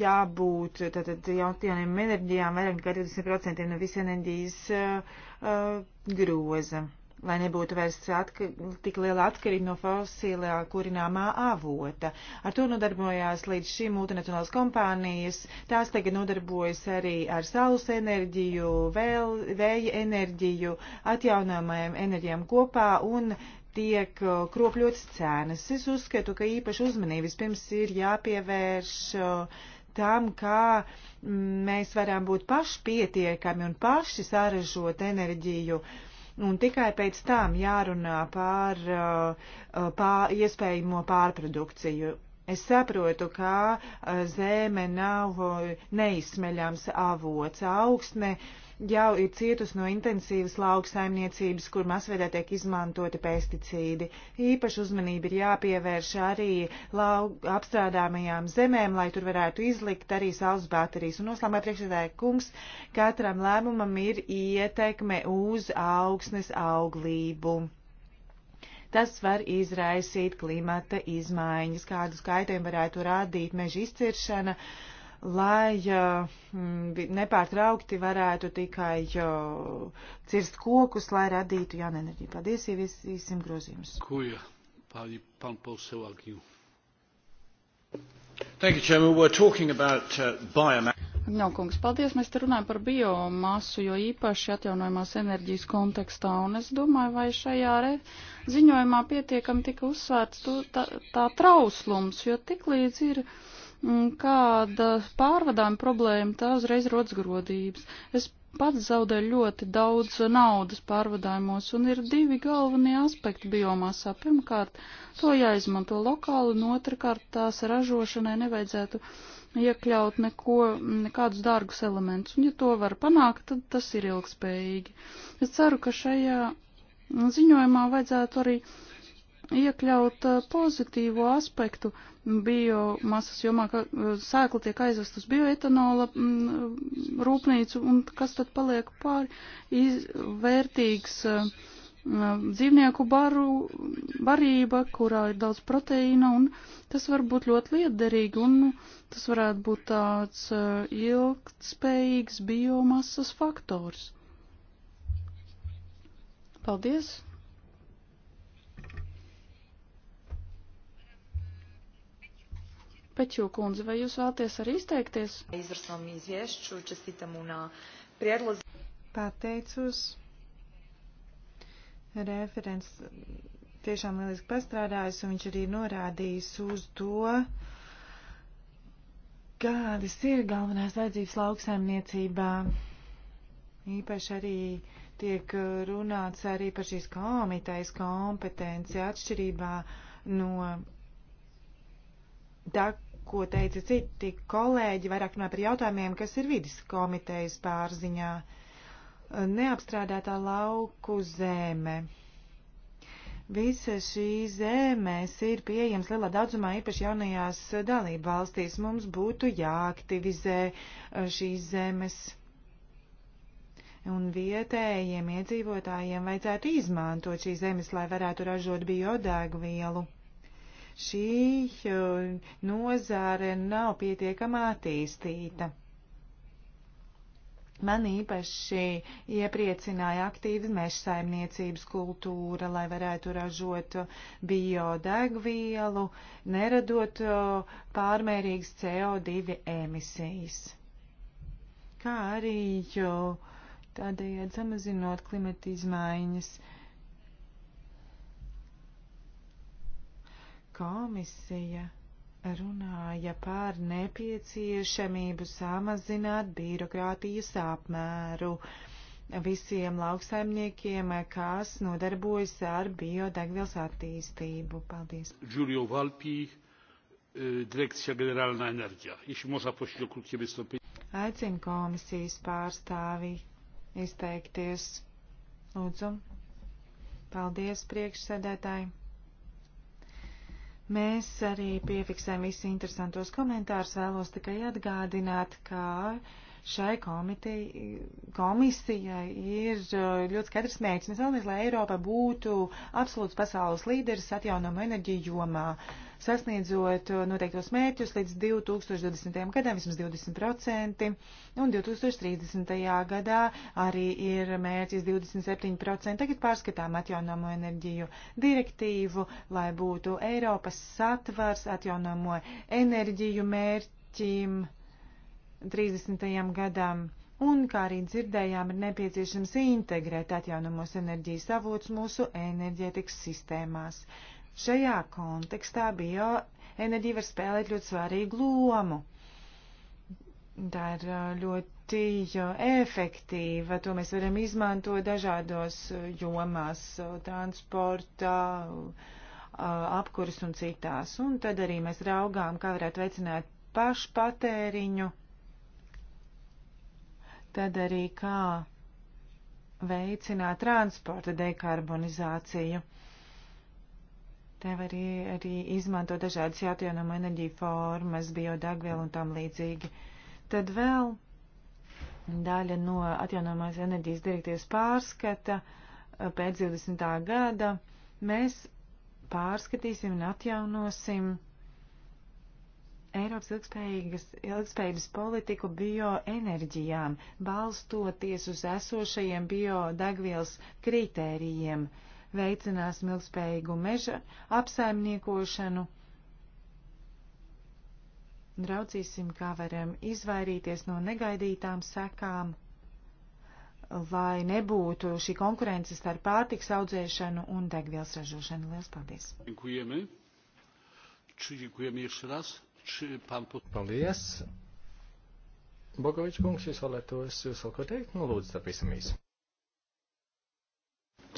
jābūt tātad jaunajām enerģijām vairāk nekā 20% no visas enerģijas uh, uh groza lai nebūtu vairs atka, tik liela atkarība no fosilā kurināmā avota. Ar to nodarbojās līdz šim multinacionālas kompānijas. Tās tagad nodarbojas arī ar saules enerģiju, vēl, vēja enerģiju, atjaunojamajiem enerģijām kopā un tiek uh, kropļotas cenas. Es uzskatu, ka īpaši uzmanības pirms ir jāpievērš uh, tam, kā mm, mēs varam būt pašpietiekami un paši saražot enerģiju. Uh, un tikai pēc tam jārunā par uh, uh, pār, iespējamo pārprodukciju. Es saprotu, ka uh, zeme nav neizsmeļams avots, augsne. Uh, jau ir cietusi no intensīvas lauksaimniecības, kur masveidā tiek izmantoti pesticīdi. Īpaši uzmanība ir jāpievērš arī laug, apstrādāmajām zemēm, lai tur varētu izlikt arī saules baterijas. Un noslēmumā priekšsēdētāja kungs, katram lēmumam ir ietekme uz augsnes auglību. Tas var izraisīt klimata izmaiņas, kādu skaitēm varētu rādīt meža izciršana. Uh, lai eh, nepārtraukti varētu tikai eh, cirst kokus, lai radītu jaunu enerģiju. Paldies, ieviesīsim grozījumus. Kuja, pārī, pan Pausev Agiju. Thank you, Chairman. We're talking about uh, biomass. Jā, kungs, paldies. Mēs te runājam par biomasu, jo īpaši atjaunojumās enerģijas kontekstā, un es domāju, vai šajā re ziņojumā pietiekam tika uzsvērts tā, tā trauslums, jo tik līdz ir. Uh, kāda pārvadājuma problēma, tā uzreiz rodas grodības. Es pats zaudēju ļoti daudz naudas pārvadājumos, un ir divi galvenie aspekti biomasā. Pirmkārt, to jāizmanto lokāli, un otrkārt, tās ražošanai nevajadzētu iekļaut neko, nekādus dārgus elementus, un ja to var panākt, tad tas ir ilgspējīgi. Es ceru, ka šajā ziņojumā vajadzētu arī uh, iekļaut eh, pozitīvo aspektu biomasas jomā, ka eh, sēkla tiek aizvest uz bioetanola mm, rūpnīcu, un kas tad paliek pāri vērtīgs eh, dzīvnieku baru, barība, kurā ir daudz proteīna, un tas var būt ļoti liederīgi, un tas varētu būt tāds ilgtspējīgs biomasas faktors. Paldies! Peķu kundze, vai jūs vēlties arī izteikties? Izrasnom izviešķu, čestitam un priedlozi. Pateicos. Referents tiešām lieliski pastrādājis, un viņš arī norādījis uz to, kādas ir galvenās vajadzības lauksaimniecībā. Īpaši arī tiek runāts arī par šīs komitejas kompetenci atšķirībā no tā, ko teica citi kolēģi, vairāk runā par jautājumiem, kas ir vidas komitejas pārziņā. Neapstrādātā lauku zeme. Visa šī zemēs ir pieejams lielā daudzumā, īpaši jaunajās dalību valstīs. Mums būtu jāaktivizē uh, šīs zemes. Un vietējiem iedzīvotājiem vajadzētu izmantot šīs zemes, lai varētu ražot biodegvielu šī nozāre nav pietiekama attīstīta. Man īpaši iepriecināja aktīva mežsaimniecības kultūra, lai varētu ražot biodegvielu, neradot pārmērīgas CO2 emisijas. Kā arī tādējādi samazinot klimatizmaiņas. Uh, Komisija runāja par nepieciešamību samazināt birokrātijas apmēru visiem lauksaimniekiem, kas nodarbojas ar biodegvielas attīstību. Paldies. Giulio Valpī, e, Direkcija Generālā Enerģija. Jeśli można prosić o krótkie wystąpienie. Aicinu komisijas pārstāvi izteikties. Lūdzu. Paldies, priekšsēdētāji. Mēs arī piefiksējam visus interesantos komentārus. Vēlos tikai atgādināt, ka šai komitei, komisijai ir uh, ļoti skaidrs mērķis. Mēs vēlamies, lai Eiropa būtu absolūts pasaules līderis atjaunojumu enerģiju jomā, sasniedzot uh, noteiktos mērķus līdz 2020. gadam vismaz 20%, un 2030. gadā arī ir mērķis 27%. Tagad pārskatām atjaunojumu enerģiju direktīvu, lai būtu Eiropas satvars atjaunojumu enerģiju mērķim 30. gadam. Un, kā arī dzirdējām, ir nepieciešams integrēt atjaunamos enerģijas avots mūsu enerģētikas sistēmās. Šajā kontekstā bioenerģija var spēlēt ļoti svarīgu lomu. Tā ir ļoti efektīva, to mēs varam izmantot dažādos jomās - transportā, apkuras un citās. Un tad arī mēs raugām, kā varētu veicināt pašpatēriņu Tad arī kā veicināt transporta dekarbonizāciju. Te var arī, arī izmantot dažādas jautājumu enerģiju formas, biodegvielu un tam līdzīgi. Tad vēl daļa no atjaunojumās enerģijas direktīvas pārskata eh, pēc 20. gada mēs pārskatīsim un atjaunosim Eiropas ilgspējības politiku bioenerģijām, balstoties uz esošajiem biodegvielas kritērijiem, veicināsim ilgspējīgu meža apsaimniekošanu raudzīsim, kā varam izvairīties no negaidītām sekām, lai nebūtu šī konkurence starp pārtiks audzēšanu un degvielas ražošanu. Lielas paldies! Dziękujemy. Czy dziękujemy jeszcze raz? Paldies! Bogovičs kungs, jūs vēlētos jūs vēl ko teikt? Nu, lūdzu, tapīsim īsi.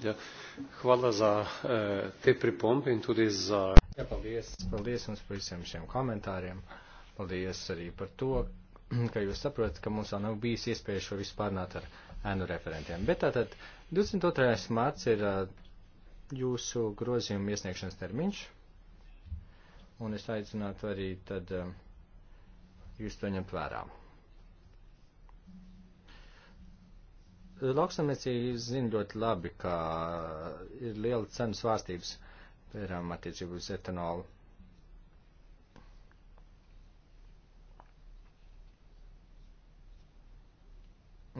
Ja, hvala za e, te pripombe in tudi za. Ja, paldies. Paldies jums par visiem šiem komentāriem. Paldies arī par to, (clears throat) ka jūs saprotat, ka mums vēl nav bijis iespēja šo visu pārnāt ar ēnu referentiem. Bet tātad 22. mārts ir e, jūsu grozījuma iesniegšanas termiņš un es aicinātu arī tad um, jūs to ņemt vērā. Lauksamniecība zina ļoti labi, ka ir liela cenu svārstības, piemēram, attiecību uz etanolu.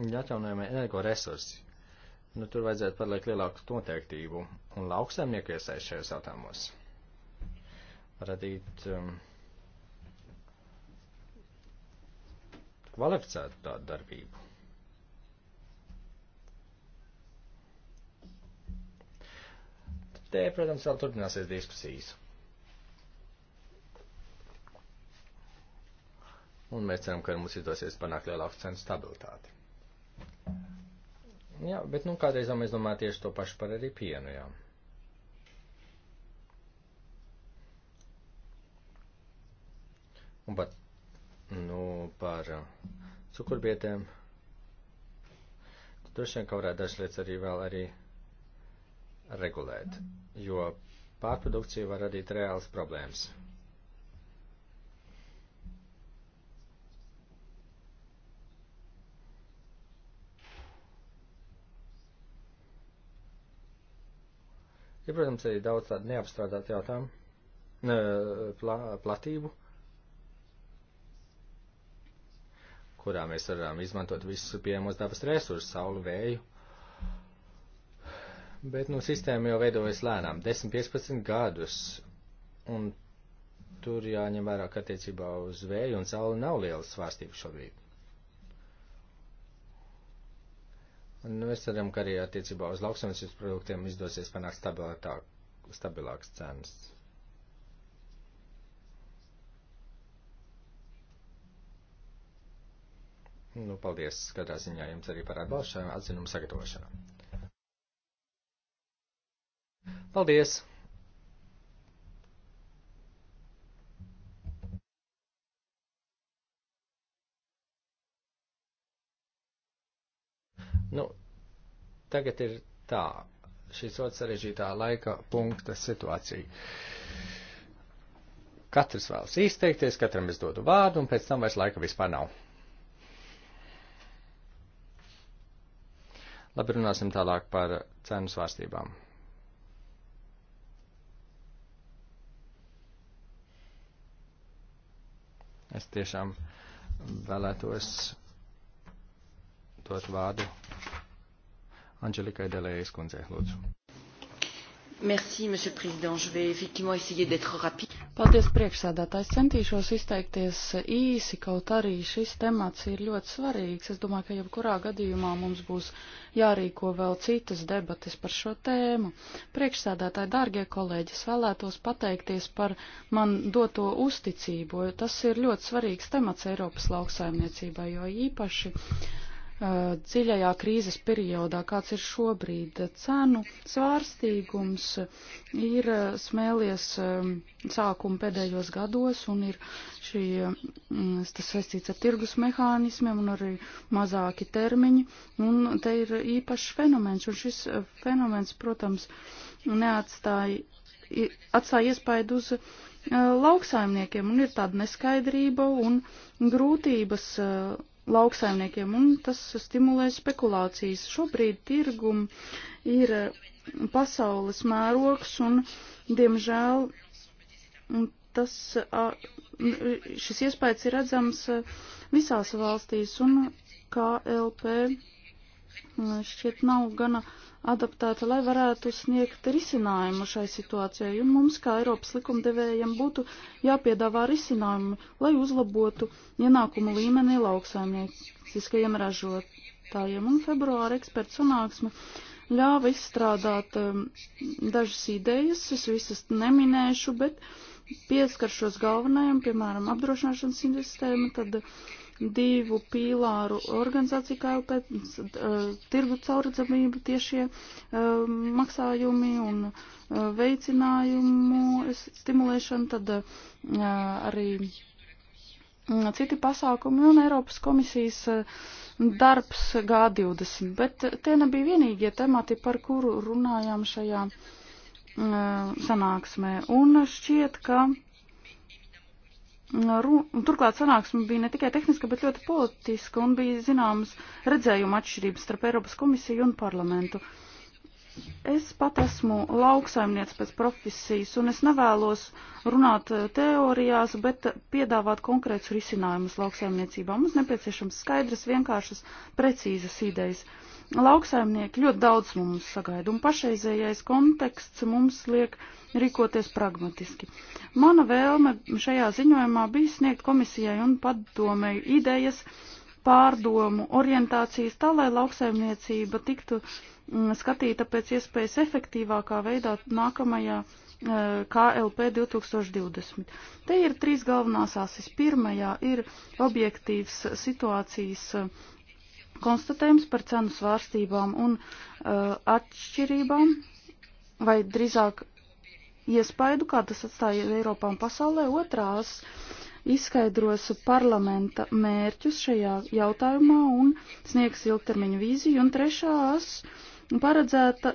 Atjaunojamie energoresursi. Nu, tur vajadzētu palikt lielāku noteiktību un lauksaimnieku iesaist šajos jautājumos radīt um, kvalificētu tādu darbību. Te, protams, vēl turpināsies diskusijas. Un mēs ceram, ka mums izdosies panākt lielāku cenu stabilitāti. Jā, bet nu kādreiz mēs domājam tieši to pašu par arī pienu, jā. Un pat, nu, par uh, cukurbietēm. Droši vien, ka varētu dažas lietas arī vēl arī regulēt, jo pārprodukcija var radīt reāls problēmas. Ir, protams, arī daudz tādu neapstrādātu jautājumu, ne, plā, platību, kurā mēs varam izmantot visus pieejamos dabas resursus, saulu, vēju. Bet, nu, sistēma jau veidojas lēnām, 10-15 gadus, un tur jāņem vērā, ka attiecībā uz vēju un sauli nav lielas svārstības šobrīd. Un mēs ceram, ka arī attiecībā uz lauksaimniecības produktiem izdosies panākt stabilākas cenas. Nu, paldies, katrā ziņā jums arī par atbalstu šajā atzinumu sagatavošanā. Paldies! Nu, tagad ir tā, šis otrs sarežģītā laika punkta situācija. Katrs vēlas izteikties, katram es dodu vārdu, un pēc tam vairs laika vispār nav. Labi, runāsim tālāk par cenu svārstībām. Es tiešām vēlētos dot vārdu Anģelikai Delējas kundzei, lūdzu. Merci, Monsieur le Président. Je vais effectivement essayer d'être rapide. Paldies, priekšsēdētājs. Centīšos izteikties īsi, kaut arī šis temats ir ļoti svarīgs. Es domāju, ka jebkurā gadījumā mums būs jārīko vēl citas debates par šo tēmu. Priekšsēdētāji, dārgie kolēģi, es vēlētos pateikties par man doto uzticību, jo tas ir ļoti svarīgs temats Eiropas lauksaimniecībai, jo īpaši Uh, dziļajā krīzes periodā, kāds ir šobrīd. Cenu svārstīgums ir uh, smēlies um, sākuma pēdējos gados un ir šī, mm, tas saistīts ar tirgus mehānismiem un arī mazāki termiņi. Un te ir īpašs fenomens, un šis uh, fenomens, protams, neatstāja atstāja iespaidu uz uh, lauksaimniekiem, un ir tāda neskaidrība un grūtības uh, lauksaimniekiem, un tas stimulē spekulācijas. Šobrīd tirgum ir eh, pasaules mērogs, un, diemžēl, tas, šis iespējas ir redzams visās valstīs, un KLP šķiet nav gana uh, adaptēta, lai varētu sniegt risinājumu šai situācijai. Un mums, kā Eiropas likumdevējiem, būtu jāpiedāvā risinājumi, lai uzlabotu ienākumu līmeni lauksaimnieciskajiem ražotājiem. Un februāra eksperta sanāksme ļāva izstrādāt um, dažas idejas, es visas neminēšu, bet pieskaršos galvenajam, piemēram, apdrošināšanas sistēma, tad uh, divu pīlāru organizāciju, kā jau pēc e, tirgu caurredzamība tiešie e, maksājumi un e, veicinājumu stimulēšana, tad arī citi pasākumi un Eiropas komisijas darbs G20. Bet tie nebija vienīgie temati, par kuru runājām šajā sanāksmē. Un šķiet, ka Turklāt sanāksme bija ne tikai tehniska, bet ļoti politiska un bija zināmas redzējuma atšķirības starp Eiropas komisiju un parlamentu. Es pat esmu lauksaimniec pēc profesijas un es nevēlos runāt eh, teorijās, bet piedāvāt konkrētus risinājumus lauksaimniecībā. Mums nepieciešams skaidras, vienkāršas, precīzas idejas. Uh, Lauksaimnieki ļoti daudz mums sagaida, un pašreizējais konteksts mums liek rīkoties pragmatiski. Mana vēlme šajā ziņojumā bija sniegt komisijai un padomēju idejas, pārdomu, orientācijas tā, lai lauksaimniecība tiktu mm, skatīta pēc iespējas efektīvākā veidā nākamajā eh, KLP 2020. Te ir trīs galvenās asis. Pirmajā ir objektīvs situācijas eh, konstatējums par cenu svārstībām un uh, atšķirībām, vai drīzāk iespaidu, kā tas atstāja Eiropā un pasaulē. Otrās izskaidros parlamenta mērķus šajā jautājumā un sniegs ilgtermiņu vīziju. Un trešās paredzēta,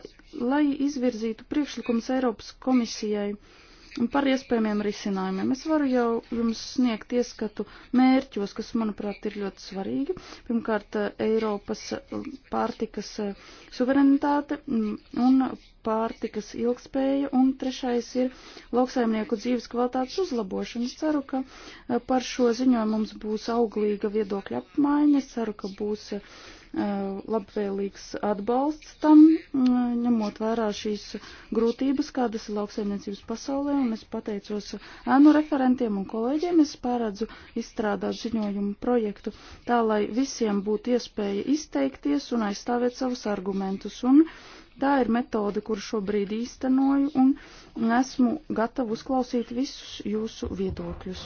lai izvirzītu priekšlikums Eiropas komisijai uh, Un par iespējamiem risinājumiem. Es varu jau jums sniegt ieskatu mērķos, kas, manuprāt, ir ļoti svarīgi. Pirmkārt, Eiropas um, pārtikas uh, suverenitāte mm, un pārtikas ilgspēja, un trešais ir lauksaimnieku dzīves kvalitātes uzlabošana. Es ceru, ka uh, par šo ziņojumu mums būs auglīga viedokļa apmaiņa, es ceru, ka būs uh, Eh, labvēlīgs atbalsts tam, eh, ņemot vērā šīs grūtības, kādas ir lauksaimniecības pasaulē, un es pateicos ēnu referentiem un kolēģiem. Es pārādzu izstrādāt ziņojumu projektu tā, lai visiem būtu iespēja izteikties un aizstāvēt savus argumentus. Un tā ir metode, kur šobrīd īstenoju, un esmu gatava uzklausīt visus jūsu viedokļus.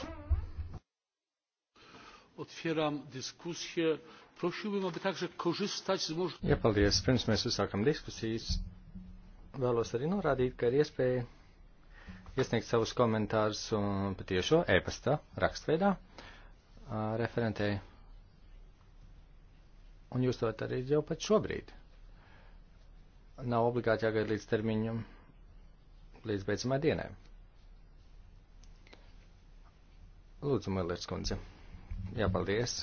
Otwieram dyskusję prosiłbym, aby także korzystać z możliwości. Ja, paldies. Pirms mēs uzsākam diskusijas, vēlos arī norādīt, ka ir iespēja iesniegt savus komentārus un um, patiešo e-pasta rakstveidā uh, referentei. Un jūs to arī jau pat šobrīd. Nav obligāti jāgaida līdz termiņam, līdz beidzamai dienai. Lūdzu, Mēlērs kundze. Jā, paldies.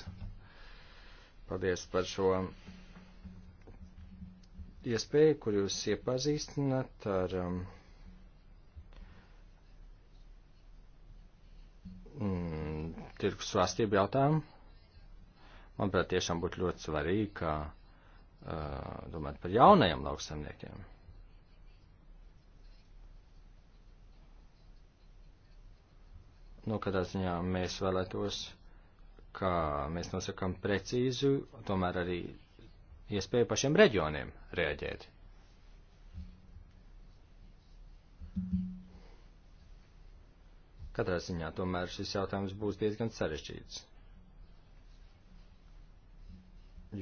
Paldies par šo iespēju, kur jūs iepazīstināt ar um, mm, tirkus svārstību jautājumu. Manuprāt, tiešām būtu ļoti svarīgi, ka uh, domāt par jaunajiem lauksaimniekiem. Nu, kādā ziņā mēs vēlētos ka mēs nosakam precīzu, tomēr arī iespēju pašiem reģioniem reaģēt. Katrā ziņā tomēr šis jautājums būs diezgan sarežģīts,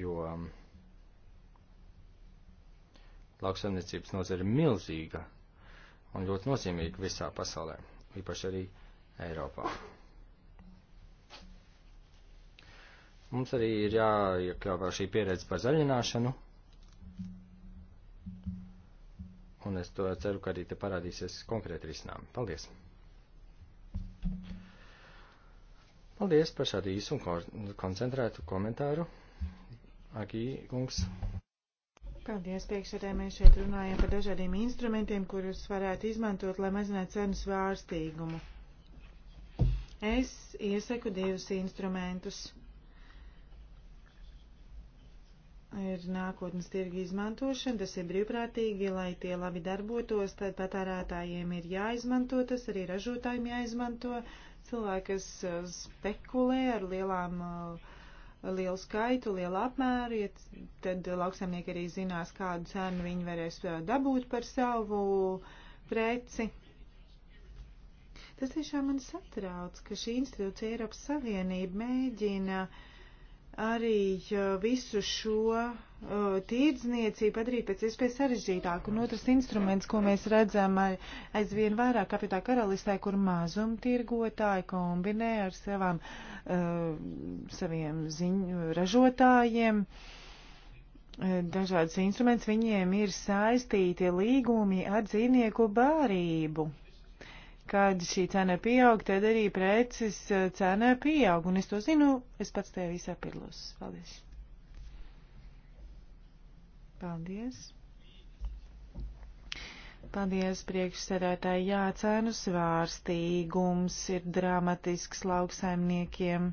jo lauksaimniecības nozara ir milzīga un ļoti nozīmīga visā pasaulē, īpaši arī Eiropā. Mums arī ir jāiekļauj vēl šī pieredze par zaļināšanu. Un es to ceru, ka arī te parādīsies konkrēti risinājumi. Paldies! Paldies par šādu īsu un koncentrētu komentāru. Agī, kungs. Paldies, priekšsēdē, mēs šeit runājam par dažādiem instrumentiem, kurus varētu izmantot, lai mazinātu cenu svārstīgumu. Es iesaku divus instrumentus. ir nākotnes tirgi izmantošana, tas ir brīvprātīgi, lai tie labi darbotos, tad patērētājiem ir jāizmanto, tas arī ražotājiem jāizmanto. Cilvēki, kas uh, spekulē ar lielām, uh, lielu skaitu, lielu apmēru, ja tad lauksamnieki arī zinās, kādu cenu viņi varēs uh, dabūt par savu preci. Tas tiešām man satrauc, ka šī institūcija Eiropas Savienība mēģina uh, arī visu šo uh, tīrdzniecību padarīt pēc iespējas sarežģītāku. Un otrs instruments, ko mēs redzam aizvien vairāk kapitā karalistē, kur mazumtirgotāji kombinē ar savām, uh, saviem ziņu ražotājiem. Dažādas instruments viņiem ir saistīti līgumi ar dzīvnieku bārību kad šī cena pieaug, tad arī preces eh, cena pieaug, un es to zinu, es pats tajā visā pirlos. Paldies. Paldies. Paldies, priekšsēdētāji. Jā, cēnu svārstīgums ir dramatisks lauksaimniekiem.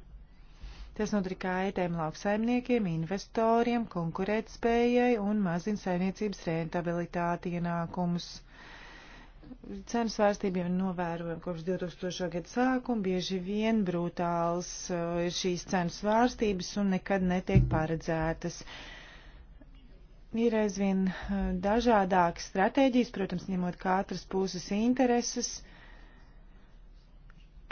Tas nodara kaitēm lauksaimniekiem, investoriem, konkurētspējai un mazina saimniecības rentabilitāti ienākumus. Ja Cenu svārstībiem ir novērojami kopš 2000. gada sākuma, bieži vien brutāls uh, ir šīs cenu svārstības un nekad netiek paredzētas. Ir aizvien uh, dažādākas stratēģijas, protams, ņemot katras puses intereses.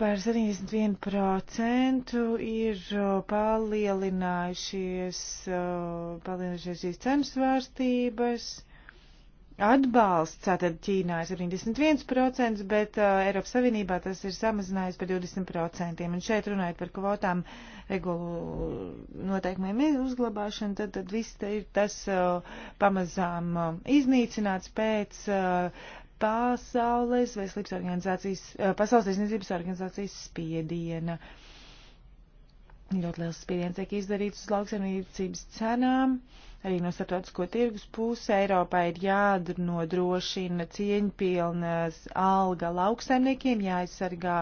Par 71% ir uh, palielinājušies, palielinājušies šīs cenu svārstības atbalsts. Tātad Ķīnā ir 71%, bet uh, Eiropas Savienībā tas ir samazinājies par 20%. Un šeit runājot par kvotām, regulu noteikumiem uzglabāšanu, tad, tad viss ir tas uh, pamazām uh, iznīcināts pēc uh, pasaules veselības organizācijas, uh, pasaules veselības organizācijas spiediena. Ļoti liels spiediens tiek izdarīts uz lauksaimniecības cenām. Uh, Arī no starptautisko tirgus puses Eiropā ir jādnodrošina cieņpilnas alga lauksaimniekiem, jāaizsargā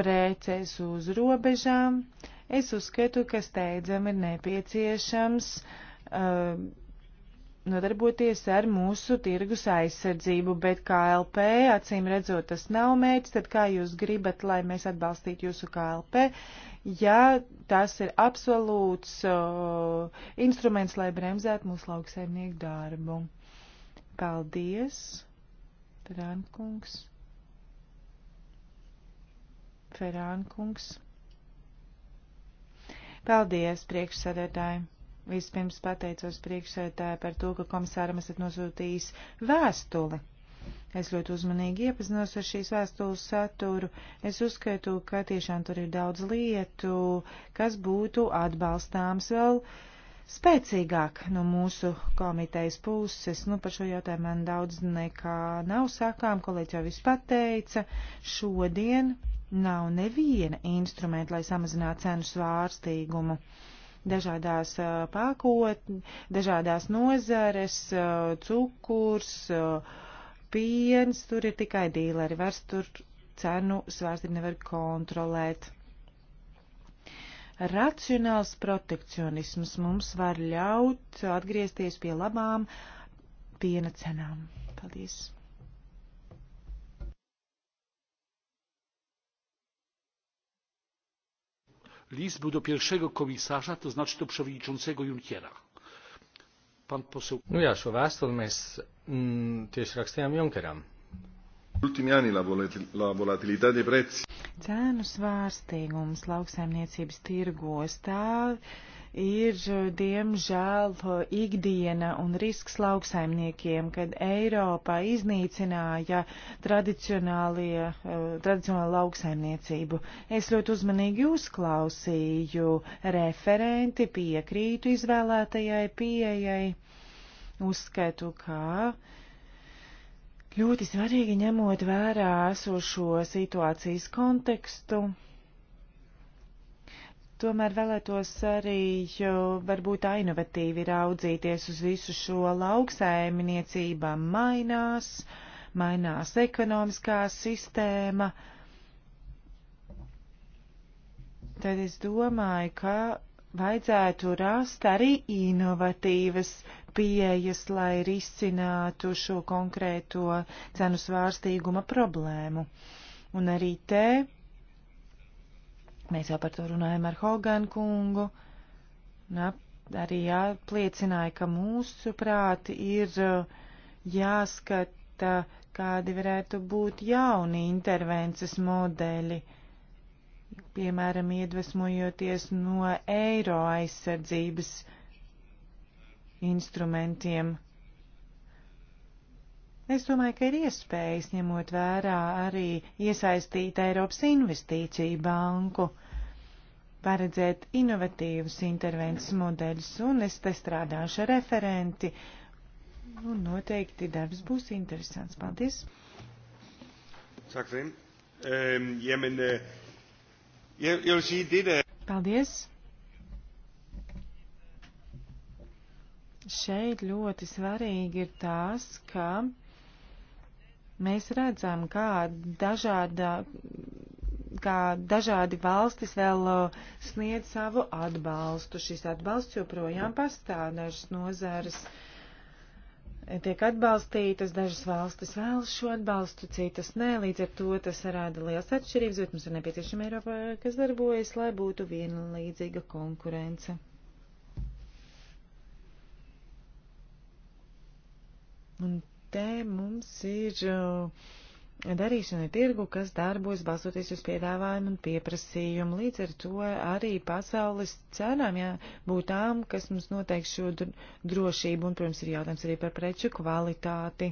preces uz robežām. Es uzskatu, ka steidzam ir nepieciešams uh, nodarboties ar mūsu tirgus aizsardzību, bet KLP, acīm redzot, tas nav mērķis, tad kā jūs gribat, lai mēs atbalstītu jūsu KLP, ja tas ir absolūts uh, instruments, lai bremzētu mūsu lauksaimnieku darbu. Paldies, Rankungs. Ferānkungs. Paldies, priekšsēdētāji. Vispirms pateicos priekšsētāju par to, ka komisāram esat nosūtījis vēstuli. Es ļoti uzmanīgi iepazinos ar šīs vēstules saturu. Es uzskaitu, ka tiešām tur ir daudz lietu, kas būtu atbalstāms vēl spēcīgāk no mūsu komitejas puses. Nu, par šo jautājumu man daudz nekā nav sakām, kolēģi jau viss pateica. Šodien nav neviena instrumenta, lai samazinātu cenu svārstīgumu. Uh, dažādās pakotnes, dažādās nozares, cukurs, piens, tur ir tikai dīleri, vairs tur cenu svārstību nevar kontrolēt. Racionāls protekcionisms mums var ļaut atgriezties pie labām piena cenām. Paldies! list był do pierwszego komisarza to znaczy do przewodniczącego junckera pan poseł nu jā šo vēstuli mēs mm, tieši rakstījām junkeram ultimi anni la, volatil la volatilità dei prezzi cēnu svārstīgums lauksaimniecības tirgos tā ir, diemžēl, ikdiena un risks lauksaimniekiem, kad Eiropā iznīcināja tradicionālie, eh, tradicionālo lauksaimniecību. Es ļoti uzmanīgi uzklausīju referenti, piekrītu izvēlētajai pieejai. Uzskatu, ka ļoti svarīgi ņemot vērā esošo situācijas kontekstu Tomēr vēlētos arī varbūt inovatīvi raudzīties uz visu šo lauksaimniecībā mainās, mainās ekonomiskā sistēma. Tad es domāju, ka vajadzētu rast arī inovatīvas pieejas, lai risinātu šo konkrēto cenu svārstīguma problēmu. Un arī te Mēs jau par to runājam ar Hoganu kungu. Na, arī apliecināja, ka mūsu prāti ir uh, jāskata, kādi varētu būt jauni intervences modeļi, piemēram, iedvesmojoties no eiro aizsardzības instrumentiem. Es domāju, ka ir iespējas ņemot vērā arī iesaistīt Eiropas investīciju banku, paredzēt inovatīvus intervences modeļus, un es te strādāšu ar referenti, un noteikti darbs būs interesants. Paldies! Øh, Paldies! Šeit ļoti svarīgi ir tās, ka Mēs redzam, kā, dažāda, kā dažādi valstis vēl uh, sniedz savu atbalstu. Šis atbalsts joprojām pastāv dažas nozares tiek atbalstītas, dažas valstis vēlas šo atbalstu, citas nē, līdz ar to tas rada liels atšķirības, bet mums ir nepieciešama Eiropa, kas darbojas, lai būtu vienlīdzīga konkurence. Un te mums ir uh, darīšana tirgu, kas darbojas balsoties uz piedāvājumu un pieprasījumu. Līdz ar to arī pasaules cenām jābūt tām, kas mums noteikti šo drošību un, protams, ir jautājums arī par preču kvalitāti.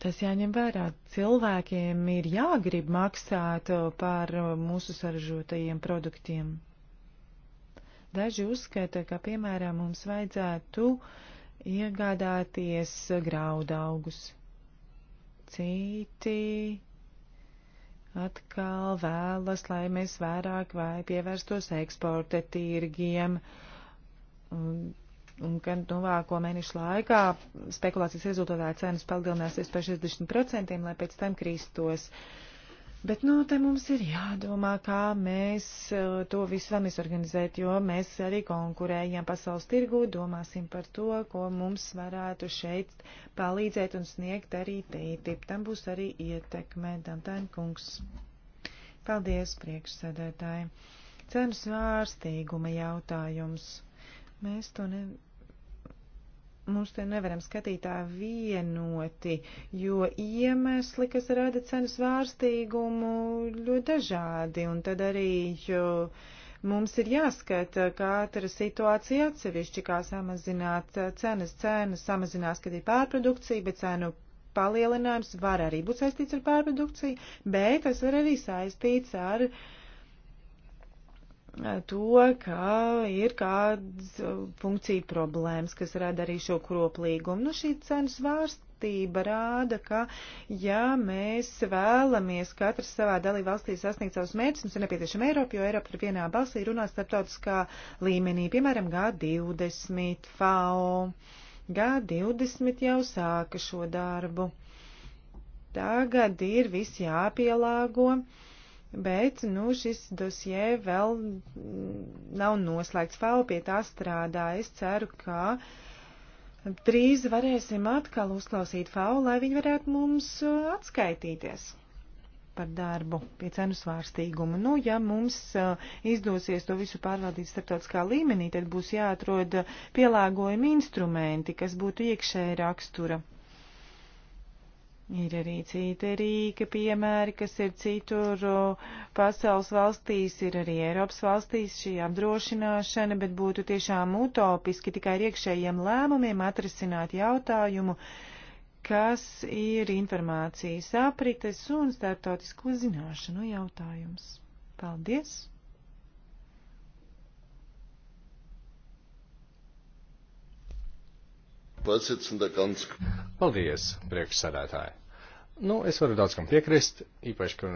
Tas jāņem vērā. Cilvēkiem ir jāgrib maksāt uh, par uh, mūsu saražotajiem produktiem. Daži uzskata, ka, piemēram, mums vajadzētu iegādāties graudaugus. Citi atkal vēlas, lai mēs vairāk vai pievērstos eksporta tirgiem. Un, un kad tuvāko mēnešu laikā spekulācijas rezultātā cenas palielināsies par 60%, lai pēc tam kristos. Uh, Bet, nu, te mums ir jādomā, kā mēs eh, to visu vēlamies organizēt, jo mēs arī konkurējam pasaules tirgu, domāsim par to, ko mums varētu šeit palīdzēt un sniegt arī TTIP. Tam būs arī ietekme, Dantēn kungs. Paldies, priekšsēdētāji. Cenas vērstīguma jautājums. Mēs to nevaram mums te nevaram skatīt tā vienoti, jo iemesli, kas rada cenu svārstīgumu, ļoti dažādi, un tad arī mums ir jāskata katra situācija atsevišķi, kā samazināt cenas. Cenas samazinās, kad ir pārprodukcija, bet cenu palielinājums var arī būt saistīts ar pārprodukciju, bet tas var arī saistīts ar uh, to, ka ir kādas uh, funkcija problēmas, kas rada arī šo kroplīgumu. Nu, šī cenas vārstība rāda, ka, ja mēs vēlamies katrs savā dalībvalstī sasniegt savus mērķus, mums ir nepieciešama Eiropa, jo Eiropa ir vienā balsī runā starptautiskā līmenī, piemēram, G20, FAO. G20 jau sāka šo darbu. Tagad ir viss jāpielāgo. Uh, Bet, nu, šis dosie vēl nav noslēgts, vēl pie tā strādā. Es ceru, ka drīz varēsim atkal uzklausīt FAU, lai viņi varētu mums uh, atskaitīties par darbu pie cenu svārstīguma. Nu, ja mums uh, izdosies to visu pārvaldīt starptautiskā līmenī, tad būs jāatrod uh, pielāgojumi instrumenti, kas būtu iekšēja rakstura Ir arī citi rīka piemēri, kas ir citur pasaules valstīs, ir arī Eiropas valstīs šī apdrošināšana, bet būtu tiešām utopiski tikai ar iekšējiem lēmumiem atrisināt jautājumu, kas ir informācijas aprites un starptautisko zināšanu jautājums. Paldies! Paldies, priekšsēdētāji. Nu, es varu daudz kam piekrist, īpaši, ka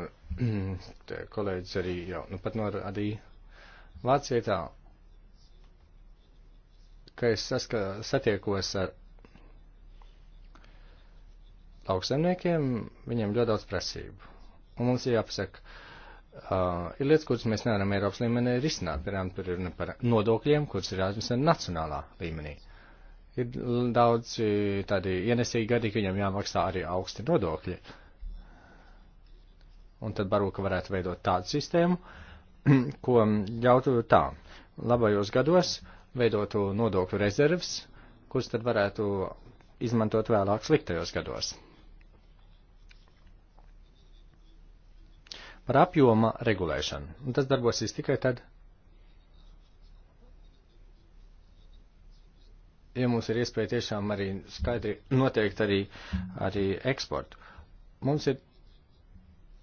(clears throat) kolēģis arī jau nu, pat norādīja Vācietā, ka es saska, satiekos ar lauksaimniekiem, viņiem ļoti daudz prasību. Un mums ir jāpasaka, uh, ir lietas, kuras mēs nevaram Eiropas līmenī risināt, piemēram, tur ir par nodokļiem, kuras ir jāatmest nacionālā līmenī. Uh, ir daudz tādi ienesīgi gadīgi, viņam jāmaksā arī augsti nodokļi. Un tad varbūt, ka varētu veidot tādu sistēmu, (clears throat) ko ļautu tā, labajos gados veidotu nodokļu rezerves, kuras tad varētu izmantot vēlāk sliktajos gados. Par apjoma regulēšanu. Un tas darbosies tikai tad, ja mums ir iespēja tiešām arī skaidri noteikt arī, arī eksportu. Mums ir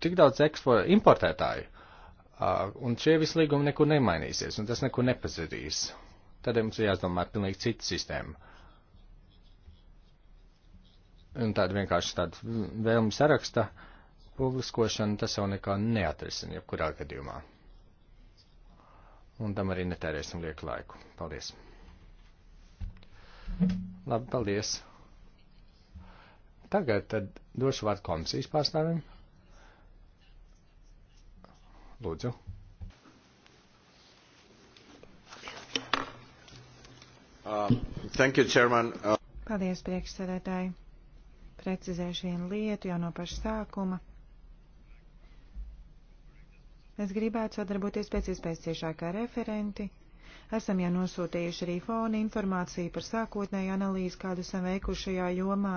tik daudz eksporta importētāju, un šie visi līgumi nekur nemainīsies, un tas nekur nepazudīs. Tad mums ir jādomā pilnīgi cita sistēma. Un tāda vienkārši tāda vēlmu saraksta publiskošana, tas jau nekā neatrisina jebkurā gadījumā. Un tam arī netērēsim lieku laiku. Paldies! Labi, paldies. Tagad tad došu vārdu komisijas pārstāvim. Lūdzu. Uh, thank you, Chairman. Uh... Paldies, priekšsēdētāji. Precizēšu vienu lietu jau no paša sākuma. Es gribētu sadarboties pēc iespējas ciešākā referenti Esam jau nosūtījuši arī fona informāciju par sākotnēju analīzi, kādu esam veikuši šajā jomā.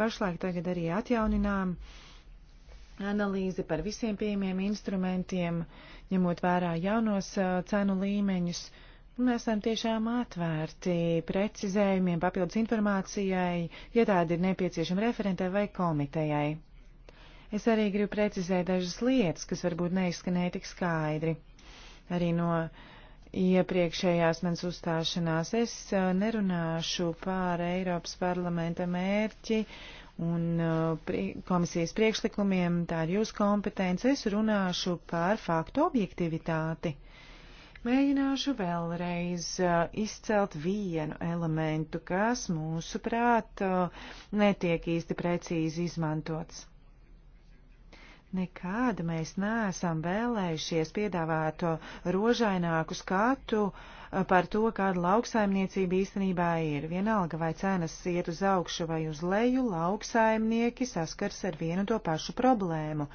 Pašlaik tagad arī atjauninām analīzi par visiem pieejamiem instrumentiem, ņemot vērā jaunos cenu līmeņus. Mēs esam tiešām atvērti precizējumiem, papildus informācijai, ja tāda ir nepieciešama referentē vai komitejai. Es arī gribu precizēt dažas lietas, kas varbūt neizskanēja tik skaidri. Arī no uh, iepriekšējās mans uzstāšanās. Es uh, nerunāšu pār Eiropas parlamenta mērķi un uh, komisijas priekšlikumiem, tā ir jūsu kompetence. Es runāšu pār faktu objektivitāti. Mēģināšu vēlreiz uh, izcelt vienu elementu, kas mūsuprāt netiek īsti precīzi izmantots. Nekāda mēs neesam vēlējušies piedāvāt rožaināku skatu uh, par to, kāda lauksaimniecība īstenībā ir. Vienalga, vai cenas iet uz augšu vai uz leju, lauksaimnieki saskars ar vienu to pašu problēmu.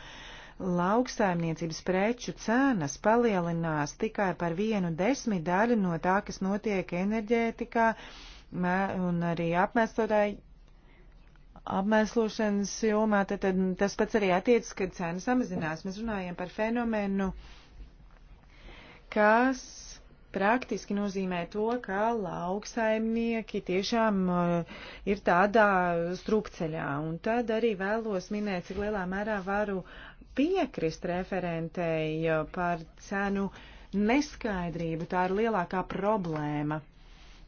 Lauksaimniecības preču cenas palielinās tikai par vienu desmit daļu no tā, kas notiek enerģētikā un arī apmestotāji apmēslošanas jomā, tad, tad tas pats arī attiecas, kad cena samazinās. Mēs runājam par fenomenu, kas praktiski nozīmē to, ka lauksaimnieki tiešām eh, ir tādā strupceļā. Un tad arī vēlos minēt, cik lielā mērā varu piekrist referentei eh, par cenu neskaidrību. Tā ir lielākā problēma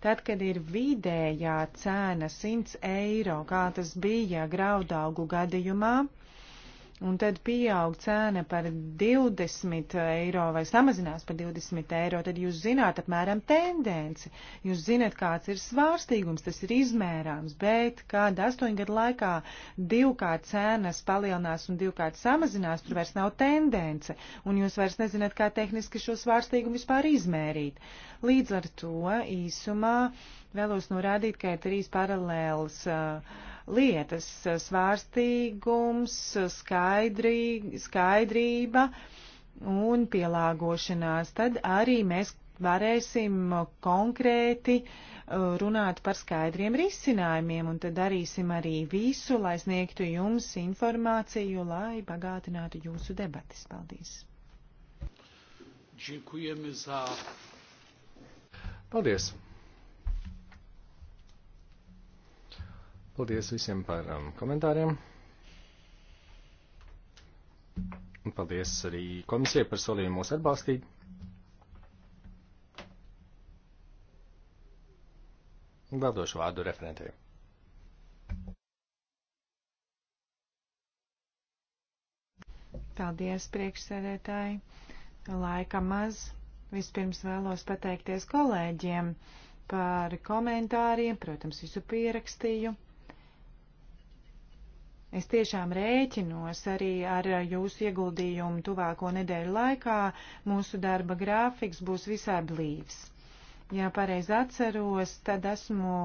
Tad, kad ir vidējā cēna 100 eiro, kā tas bija graudaugu gadījumā, un tad pieaug cēna par 20 eiro vai samazinās par 20 eiro, tad jūs zināt apmēram tendenci. Jūs zināt, kāds ir svārstīgums, tas ir izmērāms, bet kad 8 gadu laikā divkārt cēnas palielinās un divkārt samazinās, tur vairs nav tendence, un jūs vairs nezināt, kā tehniski šo svārstīgumu vispār izmērīt. Līdz ar to īsumā vēlos norādīt, ka ir trīs paralēlas. Uh, lietas - svārstīgums, skaidrī, skaidrība un pielāgošanās. Tad arī mēs varēsim konkrēti uh, runāt par skaidriem risinājumiem, un tad darīsim arī visu, lai sniegtu jums informāciju, lai bagātinātu jūsu debatas. Paldies! Dziękujemy za. Paldies! Paldies visiem par um, komentāriem. Un paldies arī komisijai par solījumu mūs atbalstīt. Un vēl došu vārdu referentiem. Paldies, priekšsēdētāji. Laika maz. Vispirms vēlos pateikties kolēģiem par komentāriem. Protams, visu pierakstīju. Es tiešām rēķinos arī ar jūsu ieguldījumu tuvāko nedēļu laikā. Mūsu darba grāfiks būs visai blīvs. Ja pareizi atceros, tad esmu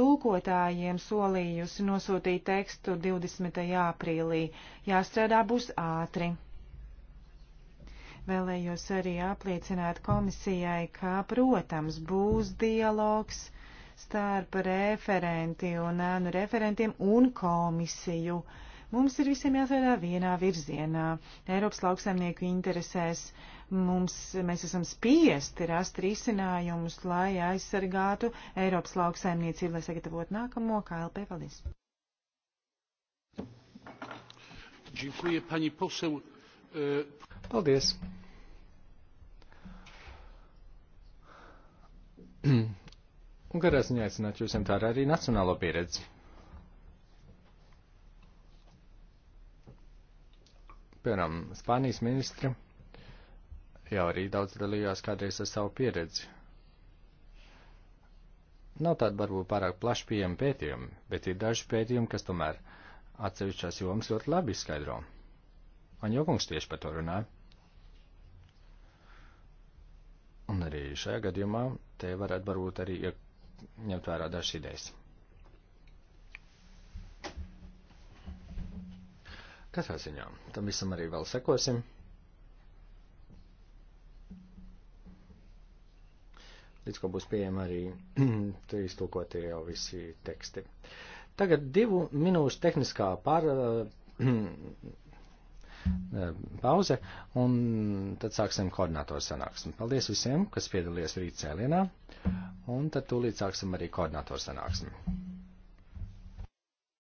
tulkotājiem solījusi nosūtīt tekstu 20. aprīlī. Jāstrādā būs ātri. Vēlējos arī apliecināt komisijai, ka, protams, būs dialogs starp referenti un ēnu referentiem un komisiju. Mums ir visiem jāsvērā vienā virzienā. Eiropas lauksaimnieku interesēs mums, mēs esam spiesti rast risinājumus, lai aizsargātu Eiropas lauksaimniecību, lai sagatavotu nākamo KLP. Paldies! Dziękuję pani poseł. E, Paldies. (clears throat) Un garā ziņā aicināt jūs ņemt ārā arī nacionālo pieredzi. Piemēram, Spānijas ministra jau arī daudz dalījās kādreiz ar savu pieredzi. Nav tāda varbūt pārāk plaši pieejama pētījuma, bet ir daži pētījumi, kas tomēr atsevišķās jomas ļoti labi izskaidro. Un Jokungs tieši par to runāja. Un arī šajā gadījumā te varētu varbūt arī iekļūt ņemt vērā dažas idejas. Katrā ziņā tam visam arī vēl sekosim. Līdz ko būs pieejama arī trīs (clears throat) tūkotie jau visi teksti. Tagad divu minūšu tehniskā pār (clears throat) Eh, pauze, un tad sāksim koordinātoru sanāksmi. Paldies visiem, kas piedalījās rīt cēlienā, un tad tūlīt sāksim arī koordinātoru sanāksmi.